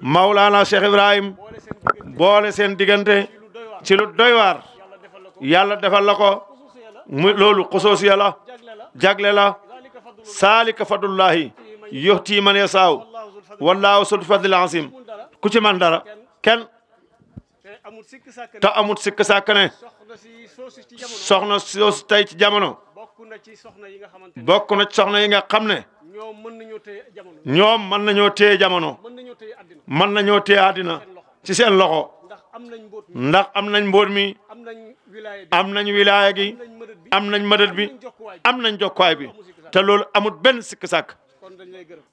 Speaker 6: Maulana Cheikh Ibrahim boole seen diggante ci lu doywaar yàlla defal la ko mu loolu xusoosiya la jagle la ka saalika fadlullahi yoxtii man yasaaw wallaahu sul fadlil asim ku ci man dara kenn
Speaker 8: te amut si sikk sàkk ne
Speaker 6: soxna soosu tey ci jamono bokk na ci soxna yi nga xam ne ñoom mën nañoo téye jamono mën nañoo téye àddina ci seen loxo ndax am nañ mbóot mi am nañ wilaaya gi am nañ madad bi am nañ jokkuwaay bi te loolu amut benn sikk sàkk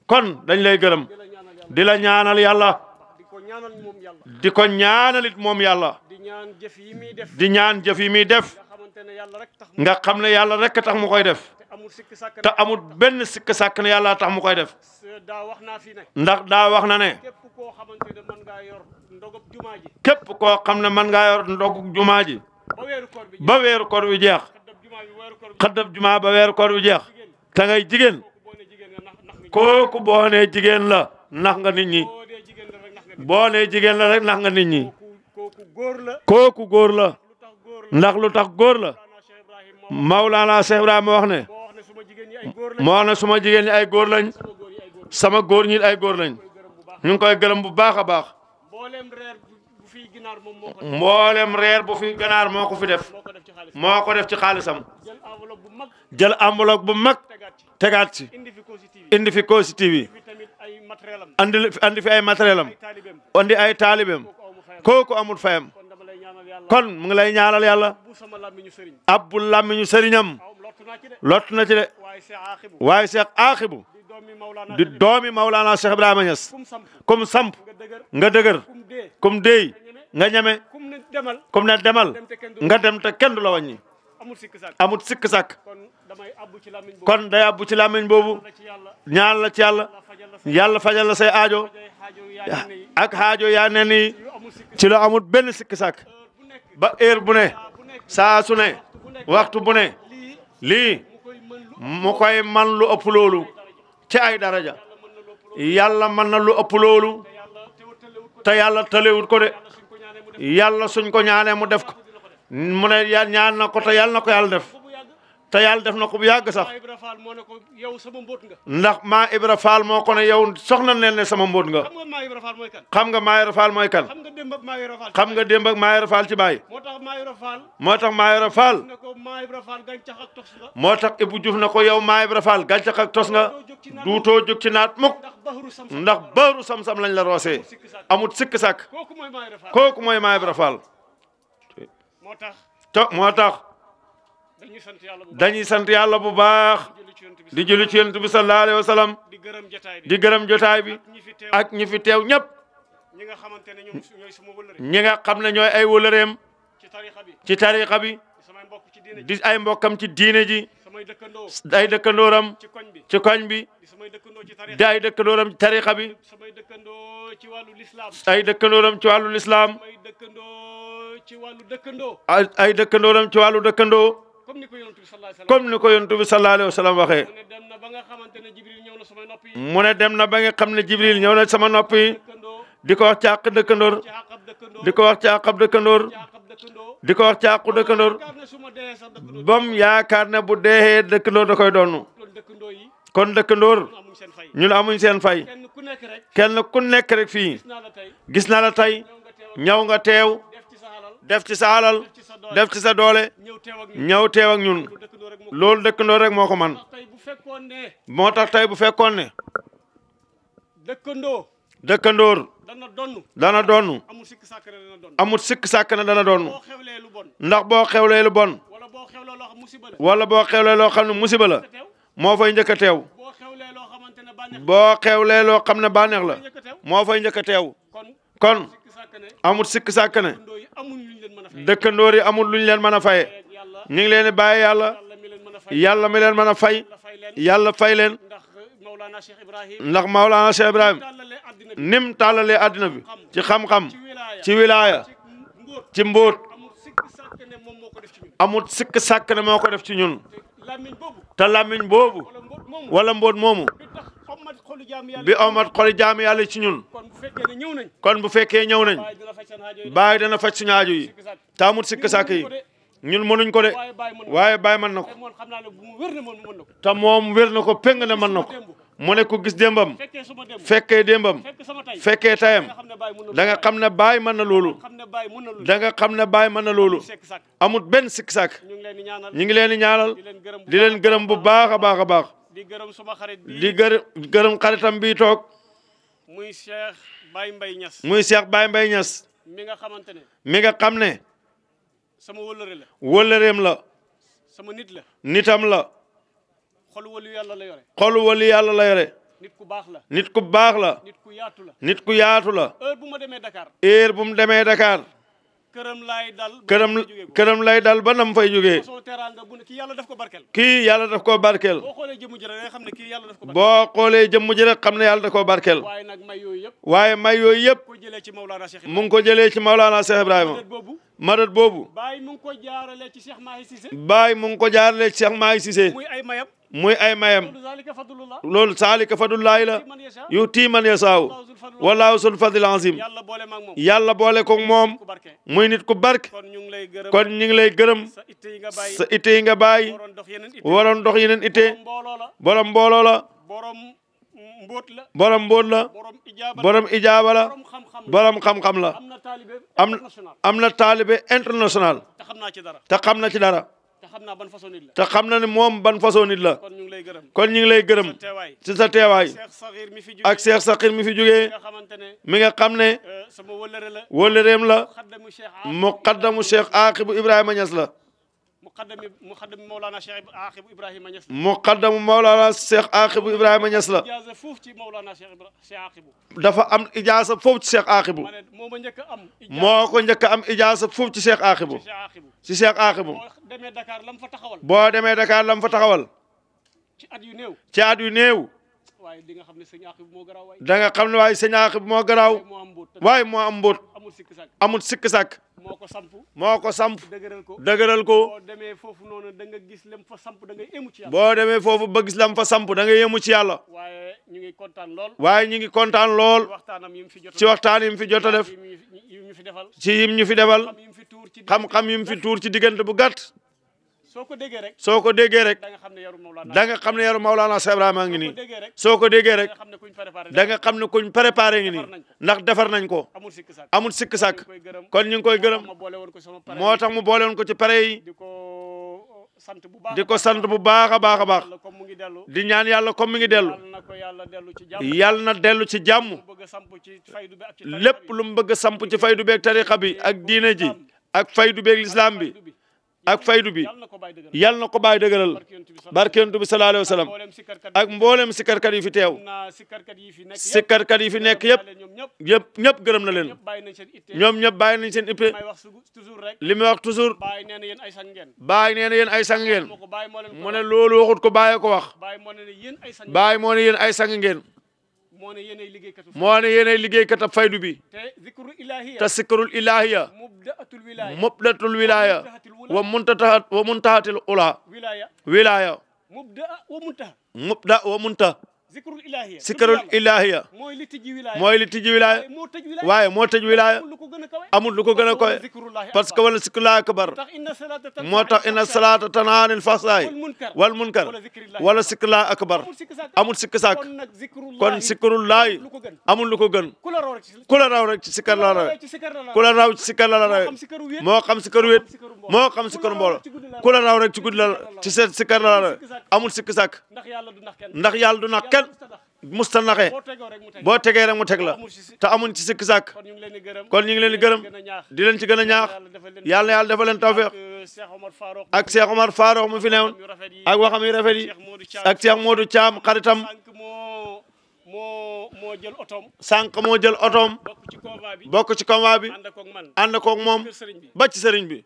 Speaker 6: kon dañ lay gërëm di la ñaanal yàlla di ko ñaanalit moom yàlla di ñaan jëf yi muy def nga xam ne yàlla rek tax mu koy def te amul benn sikk sàkk ne yàlla tax mu koy def ndax daa wax na ne képp koo xam ne man nga yor ndogub jumaa ji ba weeru koor wi jeex xaddab jumaa ba weeru koor wi jeex ta ngay jigéen kooku boo nee jigéen la nax nga nit ñi boo nee jigéen la rek nax nga nit ñi kooku góor la ndax lu tax góor la Mawlaana Cheikh Ibrahima wax ne moo wax ne suma jigéen ñi ay góor lañ sama góor ñi ay góor lañ ñu koy gërëm bu baax baax mboolem reer bu fi ganaar moo ko fi def moo ko def ci xaalisam jël enveloppe bu mag tegaat ci indi fi Kossy TV andi andi fi ay matériel am andi ay taalibeem kooku amul fayam kon mu ngi lay ñaanal yàlla abbu làmmiñu sëriñam lott na ci de waaye Cheikh Aaxibu di doomi Mawlaana Cheikh Ibrahima Niass kum samp nga dëgër kum deey nga ñeme comme ne demal nga dem te kenn du la wàññi amut sikk sàkk kon day abbu ci làmmiñ boobu ñaal la ci yàlla yàlla fajal la say aajo ak aajo yaa ne nii ci la amut benn sikk sàkk ba heure bu ne saa su ne waxtu bu ne lii mu koy man lu ëpp loolu ci ay daraja yàlla mën na lu ëpp loolu te yàlla tëlewut ko de yàlla suñ ko ñaanee mu def ko mu ne ñaan na ko te yàlla na ko yàlla def te yàlla def nako bu yag sax ndax ma Ibra fall mo ko ne yow soxna neel ne sama mbot nga xam nga ma Ibra fall moy kan xam nga demb ak ma Ibra fall ci motax ma ibra fall motax ma Ibra fall fall nako ma ibra ak tos nga motax ibu juf nako yow ma Ibra fall gàncax ak tos nga duutoo juk ci nat muk ndax bëru sam-sam lañ la rosé amut sik sak kooku moy ma Ibra fall moy ma ibra Faal moo motax da sant yàlla bu baax di julli ci yonent bi sallallahu di gërëm jotaay bi ak ñi fi teew ñëpp
Speaker 8: ñi nga xamante ne ñoom ñooy suma wëlëre
Speaker 6: ñi nga xam ne ñooy ay wëlëreem ci tarixa bi ci tarixa bi di ay mbokkam ci diine ji ay dëkkandooram ci koñ bi di ay dëkkandooram ci tarixa bi ay dëkkandooram ci wàllu lislaam ay dëkkandooram ci wàllu dëkkandoo comme ni ko yonent bi sallallahu alayhi comme ni ko mu ne dem na ba nga xamante ne Jibril ñëw na sama nopp yi. mu ne dem na ba nga xam ne Jibril ñëw sama nopp yi. di ko wax ci àq dëkkandoor. di ko wax ci àqab dëkkandoor. di ko wax ci àqu dëkkandoor. bam yaakaar ne bu deexee dëkkandoor da koy doonu. kon dëkkandoor ñun amuñ seen fay. kenn ku nekk rek fii. gis na la tey. ñëw nga teew. def ci sa alal def ci sa doole ñëw teew ak ñun loolu dëkkandoo rek moo ko man moo tax tey bu fekkoon ne dëkkandoo dëkkandoor dana donn amul sikk sàkk na dana donn ndax boo xewlee lu bon wala boo xewlee loo xam ne musiba la moo fay njëkk a teew boo xewlee loo xam ne bànneex la moo fay njëkk a teew kon amul sikk sàkk dëkkandoor yi amul lu ñu leen mën a faye ñu ngi leen di bàyyi yàlla yàlla mi leen mën a fay yàlla fay leen ndax Maulana Cheikh Ibrahim nim tàllalee àddina bi ci xam-xam ci wilaaya ci mbóot amul sikk sàkk ne moo ko def ci ñun te làmmiñ boobu wala mboot moomu bi omat xoli jaamu yàlla ci ñun kon bu fekkee ñëw nañ baay dana faj suñu aajo yi taamut sikk sàkk yi ñun mënuñ ko de waaye baay mën na ko te moom wér na ko péng na mën na ko mu ne ko gis démbam
Speaker 8: fekkee démbam fekkee
Speaker 6: tayam da nga xam ne baay mën na loolu da nga xam ne baay mën na loolu amut benn sikk sàkk ñu ngi leen di ñaanal di leen gërëm bu baax a baax a baax
Speaker 8: di gërëm suma xarit bi di
Speaker 6: gërëm xaritam bi toog.
Speaker 8: muy Cheikh Baye Mbaye Niass. muy
Speaker 6: Cheikh Baye Mbaye ñas
Speaker 8: mi nga xamante ne.
Speaker 6: mi nga xam ne.
Speaker 8: sama wëllëre la.
Speaker 6: wëllëreem la. sama nit la. nitam la.
Speaker 8: xolu wali yàlla la
Speaker 6: yore. xolu wali yàlla la yore. nit ku baax la. nit ku baax la. nit ku yaatu la. nit ku yaatu la. heure bu ma demee Dakar. heure këram lay dal këram këram lay dal ba nam fay jógee kii yàlla daf ko barkeel kii yàlla daf ko barkeel boo xoolee jëmm ji rek xam ne kii yàlla daf ko barkeel xoolee jëmm ji rek xam yàlla daf ko barkeel waaye nag may yooy yëpp waaye may yooyu yëpp ko jëlee ci Mawlana Cheikh mu ngi ko jëlee ci Mawlana Cheikh Ibrahima madat boobu
Speaker 8: baay mu ngi ko jaarale ci Cheikh Mahi
Speaker 6: Cissé baay mu ngi ko jaarale ci Cheikh Mahi Cissé muy ay mayam muy ay mayam loolu saalika fadlullaahi la yu tiiman yasaaw wallaahu sul fadlil azim yàlla boole ko moom muy nit ku barke kon ñu ngi lay gërëm sa itte yi nga bàyyi waroon dox yeneen itte borom mbooloo la borom mbóot la borom ijaaba la borom xam-xam la am am na taalibe international te xam na ci dara xam naa ban façon la te xam na ne moom ban façon la kon ñu ngi lay gërëm kon ñu ngi lay gërëm ci sa teewaay ak Cheikh Sakhir mi fi jógee mi nga xam ne euh, wëllëreem la muqaddamu Cheikh Aqibou Ibrahima Niass la
Speaker 8: muqaddami muqaddami mu Cheikh Axibu Ibrahima Niass
Speaker 6: la. muqaddamu Mawlana Cheikh Axibu Ibrahima Niass la.
Speaker 8: foofu ci Mawlana Cheikh Axibu.
Speaker 6: dafa am ijaaza foofu ci Cheikh Axibu. moo ma njëkk am. moo ko njëkk a am ijaaza foofu ci Cheikh Axibu. ci Cheikh Axibu. boo demee Dakar lam fa taxawal. boo demee Dakar lam fa taxawal. ci at yu néew. ci at yu néew. waaye di nga xam ne sëñ Axibu moo garaaw. da xam ne waaye sëñ Axibu moo garaaw. waaye moo am mbóot. amul sikk sàkk. moo ko samp moo ko samp dëgëral ko dëgëral ko boo demee foofu noonu da nga gis lam fa samp da nga yemu boo demee foofu ba gis lam fa samp da nga yemu ci yàlla waaye ñu ngi kontaan lool waaye ñu ngi kontaan lool ci waxtaan yi mu fi jot a def ci yim ñu fi defal xam-xam yim fi tuur ci diggante bu gàtt
Speaker 8: soo ko déggee rek
Speaker 6: soo ko déggee rek da nga xam ne yaru Mawlana Cheikh Ibrahima ngi nii soo ko déggee rek da nga xam ne kuñ préparé ngi nii ndax defar nañ ko amul sikk sàkk kon ñu ngi koy gërëm moo tax mu boole woon ko ci pare yi di ko uh, sant bu baax a baax a baax di ñaan yàlla comme mi ngi dellu yàlla na dellu ci jàmm lépp lu mu bëgg a samp ci faydu beeg tariqa bi ak diine ji ak faydu beeg lislaam bi ak faydu bi yal na ko bàyyi dëgëral barke yonent bi sallallahu alayhi wa sallam ak mboolem sikkarkat yi fi teew sikkarkat yi fi nekk yëpp yëpp ñëpp gërëm na leen ñoom ñëpp bàyyi nañ seen ippe
Speaker 8: li muy wax toujours bàyyi nee na yéen
Speaker 6: ay sang ngeen mu ne loolu waxut ko bàyyi ko wax
Speaker 8: bàyyi moo
Speaker 6: ne yéen ay sang ngeen moo ne yéenay liggéeykatu moo ne yéenay liggéeykatu faydu bi te zikrul ilahiya mubdatul wilaya wa muntahat wa muntahatil ula wilaya
Speaker 8: mubda wa muntaha
Speaker 6: mubda wa muntaha zikrul ilahiya mooy li tijji wilaaya waaye moo tëj wilaaya amul lu a koy parce que wala zikrullahi akbar moo tax inna salaata tanhaa anil fahshaa'i wal munkar wala zikrullahi akbar amul sikk sàkk kon zikrullahi amul lu
Speaker 8: ko
Speaker 6: raw rek sikkar
Speaker 8: la rawe moo
Speaker 6: xam sikkar wéet moo xam sikkar mboolo ku raw rek sikkar la rawe amul sikk ndax yàlla nax kenn kenn musta naxe boo tegee rek mu teg la te amuñ ci sikk sàkk kon ñu ngi leen di gërëm di leen ci gën a ñaax yàlla na yàlla dafa leen tawfeex euh, ak Cheikh Omar Farouk mu fi ak waxam yu ak Cheikh Modou Thiam xaritam moo moo jël otoom bokk ci combat bi ànd moom ba ci sëriñ bi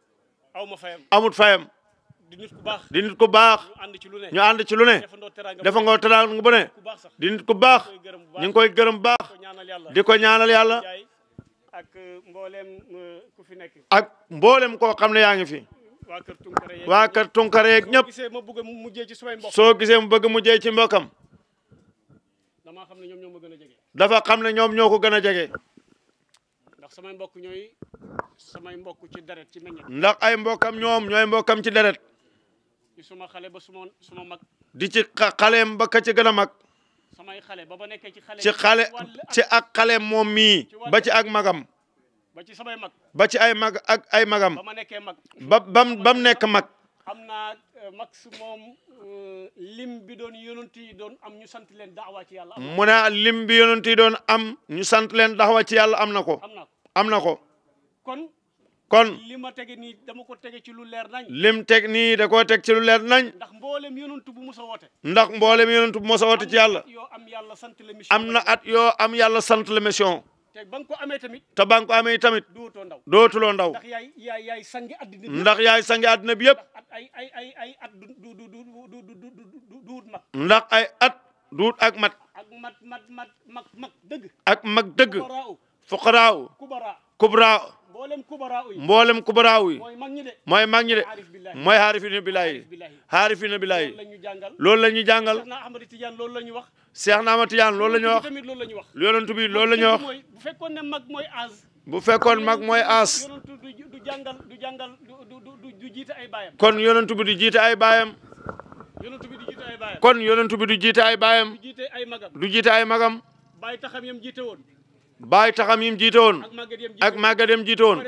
Speaker 6: amut fayam di nit ku baax di nit ku baax ñu ànd ci lu ne dafa ngoo teraanga bu ne di nit ku baax ñu ngi koy gërëm baax di ko ñaanal yàlla ak euh,
Speaker 8: mboolem euh, ku fi nekk
Speaker 6: ak mboolem koo xam ne yaa ngi fi waa kër Tunkara yeeg ñëpp soo gisee mu bëgg mu mujjee ci mbokkam dafa xam ne ñoom ñoo ko gën a jege
Speaker 8: ndax samay mbokk ñooy samay mbokk ci deret ci meññet
Speaker 6: ndax ay mbokkam ñoom ñooy mbokkam ci deret
Speaker 8: di suma xale ba suma suma mag.
Speaker 6: di ci xaleem ba ka ci gën a mag. samay
Speaker 8: xale ba ba nekkee ci xale.
Speaker 6: ci xale ak xaleem moom mii. ba ci ak magam. ba ci samay mag. ba ci ay mag ak ay magam. ba ma nekkee mag. ba bam bam nekk mag.
Speaker 8: am naa euh, maximum euh, lim bi doon yonent yi doon am ñu sant leen daawa ci yàlla. mu
Speaker 6: ne lim bi yonent yi doon am ñu sant leen daawa ci yàlla am na ko. am na ko am na ko. kon
Speaker 8: li ma tege nii dama ko tege ci lu leer
Speaker 6: nañ. lim teg nii da koo teg ci lu leer nañ. ndax
Speaker 8: mboolem yonent bu mos a woote.
Speaker 6: ndax mboolem yonent bu mos a woote ci yàlla. am na at yoo am yàlla sant la mission.
Speaker 8: te ba nga ko amee tamit.
Speaker 6: te ba ko amee tamit. dootuloo ndaw dootuloo ndaw. ndax
Speaker 8: yaay yaay sangi àddina bi. ndax yaay sangi àddina bi yëpp. ndax ay ay ay ay at du du du duut mat.
Speaker 6: ndax ay at duut ak mat.
Speaker 8: ak mat mat mat mag mag dëgg.
Speaker 6: ak mag dëgg. fuqaraaw fuqaraaw.
Speaker 8: mboolem kubaraaw yi mooy
Speaker 6: mag ñi de mooy xaarifina billaahi xaarifina billaahi loolu la ñuy jàngal Seex na Ahmad Tijaan loolu la ñu
Speaker 8: wax yonent bi loolu la ñu wax
Speaker 6: bu fekkoon mag mooy aas kon yonent bi du jiite ay baayam kon yonent bi du jiite ay baayam du jiite ay magam.
Speaker 8: bay taxam yam jiite woon
Speaker 6: baay taxam yim jiita woon ak màggat yam jiite woon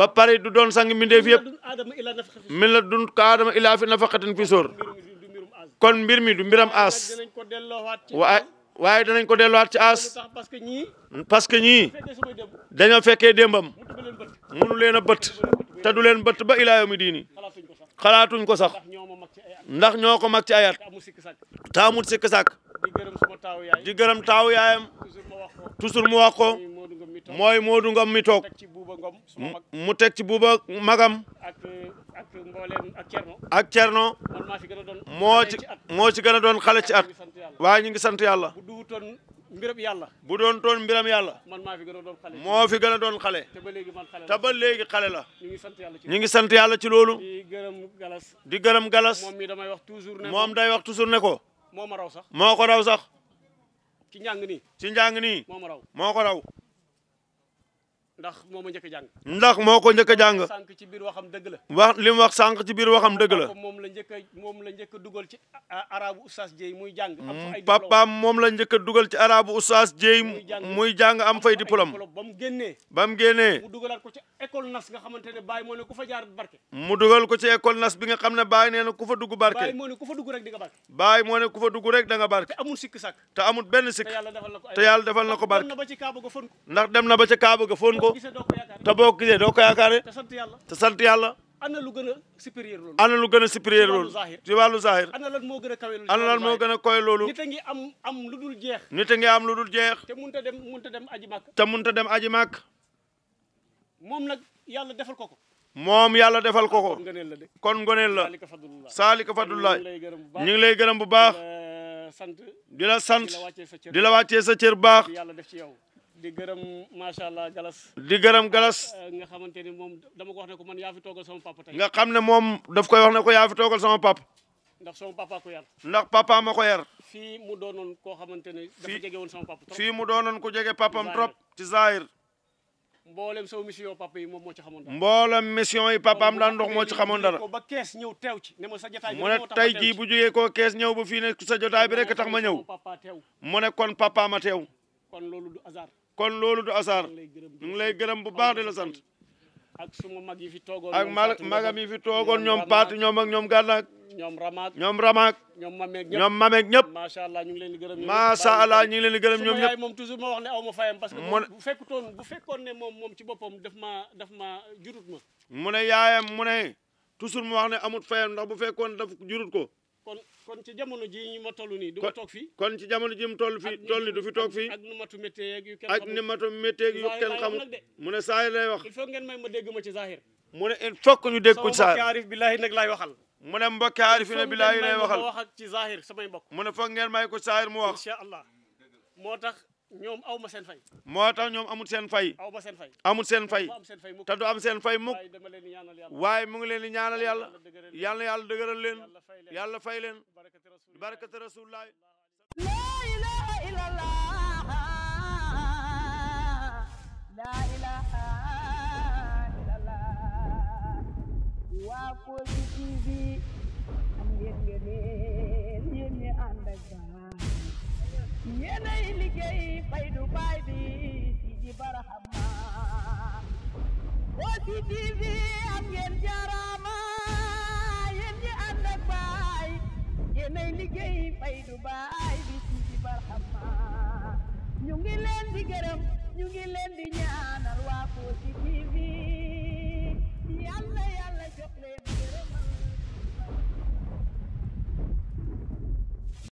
Speaker 6: ba pare du doon sang mbindeef yëpp min la dun ka aadama ilaa fi nafaqatin fi sóor kon mbir mi du mbiram aas waaye waaye danañ ko delluwaat ci aas parce que ñii dañoo fekkee démbam munu leen a bëtt te du leen bëtt ba ilaa yawmi diini xalaatuñ ko sax ndax ñoo ko mag ci ayat taamut sikk sàkk di gërëm taaw yaayam toujours mu wax ko mooy Modou Ngom mi toog mu teg ci buuba magam ak Cerno moo ci moo ci gën a doon xale ci at waaye ñu ngi sant yàlla mbirëm yàlla bu doon toon mbiram yàlla
Speaker 8: man maa fi gën a doon xale moo fi gën a doon xale te léegi man xale te ba léegi xale la ñu ngi sant yàlla
Speaker 6: ci ñu ngi sant yàlla ci loolu
Speaker 8: di gërëm galas di gërëm galas moom mi damay wax toujours ne moom
Speaker 6: day wax toujours ne ko moo ma sax moo ko raw sax. ci njàng nii. ci njàng nii. moo ma raw moo ko raw.
Speaker 8: ndax moo ma njëkk a jàng ndax moo ko njëkk a jàng sànq ci biir waxam dëgg la wax li mu wax sànq ci biir waxam dëgg la moom la njëkk a moom la njëkk a dugal ci arabu oustaz Dieye muy jàng am fa ay mm, papaam
Speaker 6: moom la njëkk a dugal ci arabu oustaz Dieye muy jàng am fay diplôme ba mu génnee ba mu génnee mu
Speaker 8: dugalaat ko ci école nas nga xamante ne Baye moo ne ku fa jaar barke
Speaker 6: mu dugal ko ci école nas bi nga xam ne ku fa dugg barke Baye moo
Speaker 8: ne ku fa dugg rek di nga barke
Speaker 6: Baye moo ne ku fa dugg rek da nga barke te amul sikk sàkk te amul benn sikk te yàlla defal na ko ndax dem na ba ci kaaba ga fon ko ko te boo ko gisee doo ko yaakaare
Speaker 8: te sant yàlla ana lu gën a supérieur loolu
Speaker 6: ana lu gën a supérieur loolu ci wàllu zahir
Speaker 8: ana lan moo gën a kawe loolu a koy loolu nit a am am lu dul jeex nit a am lu dul jeex te munta dem munta dem aji mak
Speaker 6: te munta dem aji màkk
Speaker 8: moom nag yàlla defal ko ko
Speaker 6: moom yàlla defal ko ko kon ngoneel la saalika fadlullah ñu ngi lay gërëm bu baax
Speaker 8: di la sant di la wàccee sa cër baax di gërëm macha allah Galas. di gërëm Galas. Euh, nga xamante ni moom dama ko wax ne ko man yaa fi toogal sama papa tey. nga
Speaker 6: xam ne moom daf koy wax ne ko yaa fi toogal sama papa. ndax sama papa ma ko yar.
Speaker 8: fii mu doonoon koo xamante ne. dafa jege woon sama papa trop fii mu doonoon ku jege papam trop. ci Zahir. mboolem sama mission papa yi moom moo ci xamoon
Speaker 6: dara. mboolem mission yi papaam daan dox moo ci xamoon dara. ba
Speaker 8: kees ñëw teew ci ne ma sa jotaay bi mu ne tey jii bu jógee
Speaker 6: koo kees ñëw ba fii ne sa jotaay bi rek tax ma ñëw. mu ne kon papa ma teew. kon loolu du kon loolu du asaar ñu ngi lay gërëm bu baax di la sant
Speaker 8: ak suma mag yi fi toogoon ak magam yi fi
Speaker 6: toogoon ñoom paati ñoom ak ñoom gànnaak ñoom ramaak ñoom ramaak
Speaker 8: ñoom mameeg ñëpp ñoom ñëpp macha allah ñu ngi leen di gërëm macha allah ñu ngi gërëm ñoom moom toujours ma wax ne aw ma fayam parce bu fekkutoon bu fekkoon ne moom moom ci boppam daf ma daf ma jurut ma
Speaker 6: mu ne yaayam mu ne toujours mu wax ne amut fayam ndax bu fekkoon def jurut ko kon kon ci jamono ji ñu ma toll ni du ma toog fii kon ci jamono ji mu toll fii toll nii du fi toog fii ak nu matu méttee yeeg yu kenn ak ni matu méttee yeeg yu kenn mu ne saahir lay wax il faut ngeen may ma dégg ma ci saahir mu ne il faut que ñu ko ci saahir arif billahi nag laay waxal mu ne mbokki arif ne billahi lay waxal wax
Speaker 8: ak ci saahir samay mbokk mu ne foog ngeen may ko saahir mu wax incha allah moo tax ñoom aw ma seen fay.
Speaker 6: moo tax ñoom amul seen fay. aw ma seen fay. amul seen fay. te du am seen fay mukk. waaye mu ngi leen di ñaanal yàlla. yàlla yàlla dëgëral leen. yàlla fay leen. barakati rasulullah.
Speaker 4: laa ilaha illallah.
Speaker 6: laa ilaha illallah.
Speaker 3: waa Kossy TV. am ngeen
Speaker 5: yéenay liggéey Faydu Baay bi Sidi
Speaker 4: ñu ngi leen di gërëm ñu ngi leen di ñaanal waa Kossy TV yàlla
Speaker 6: yàlla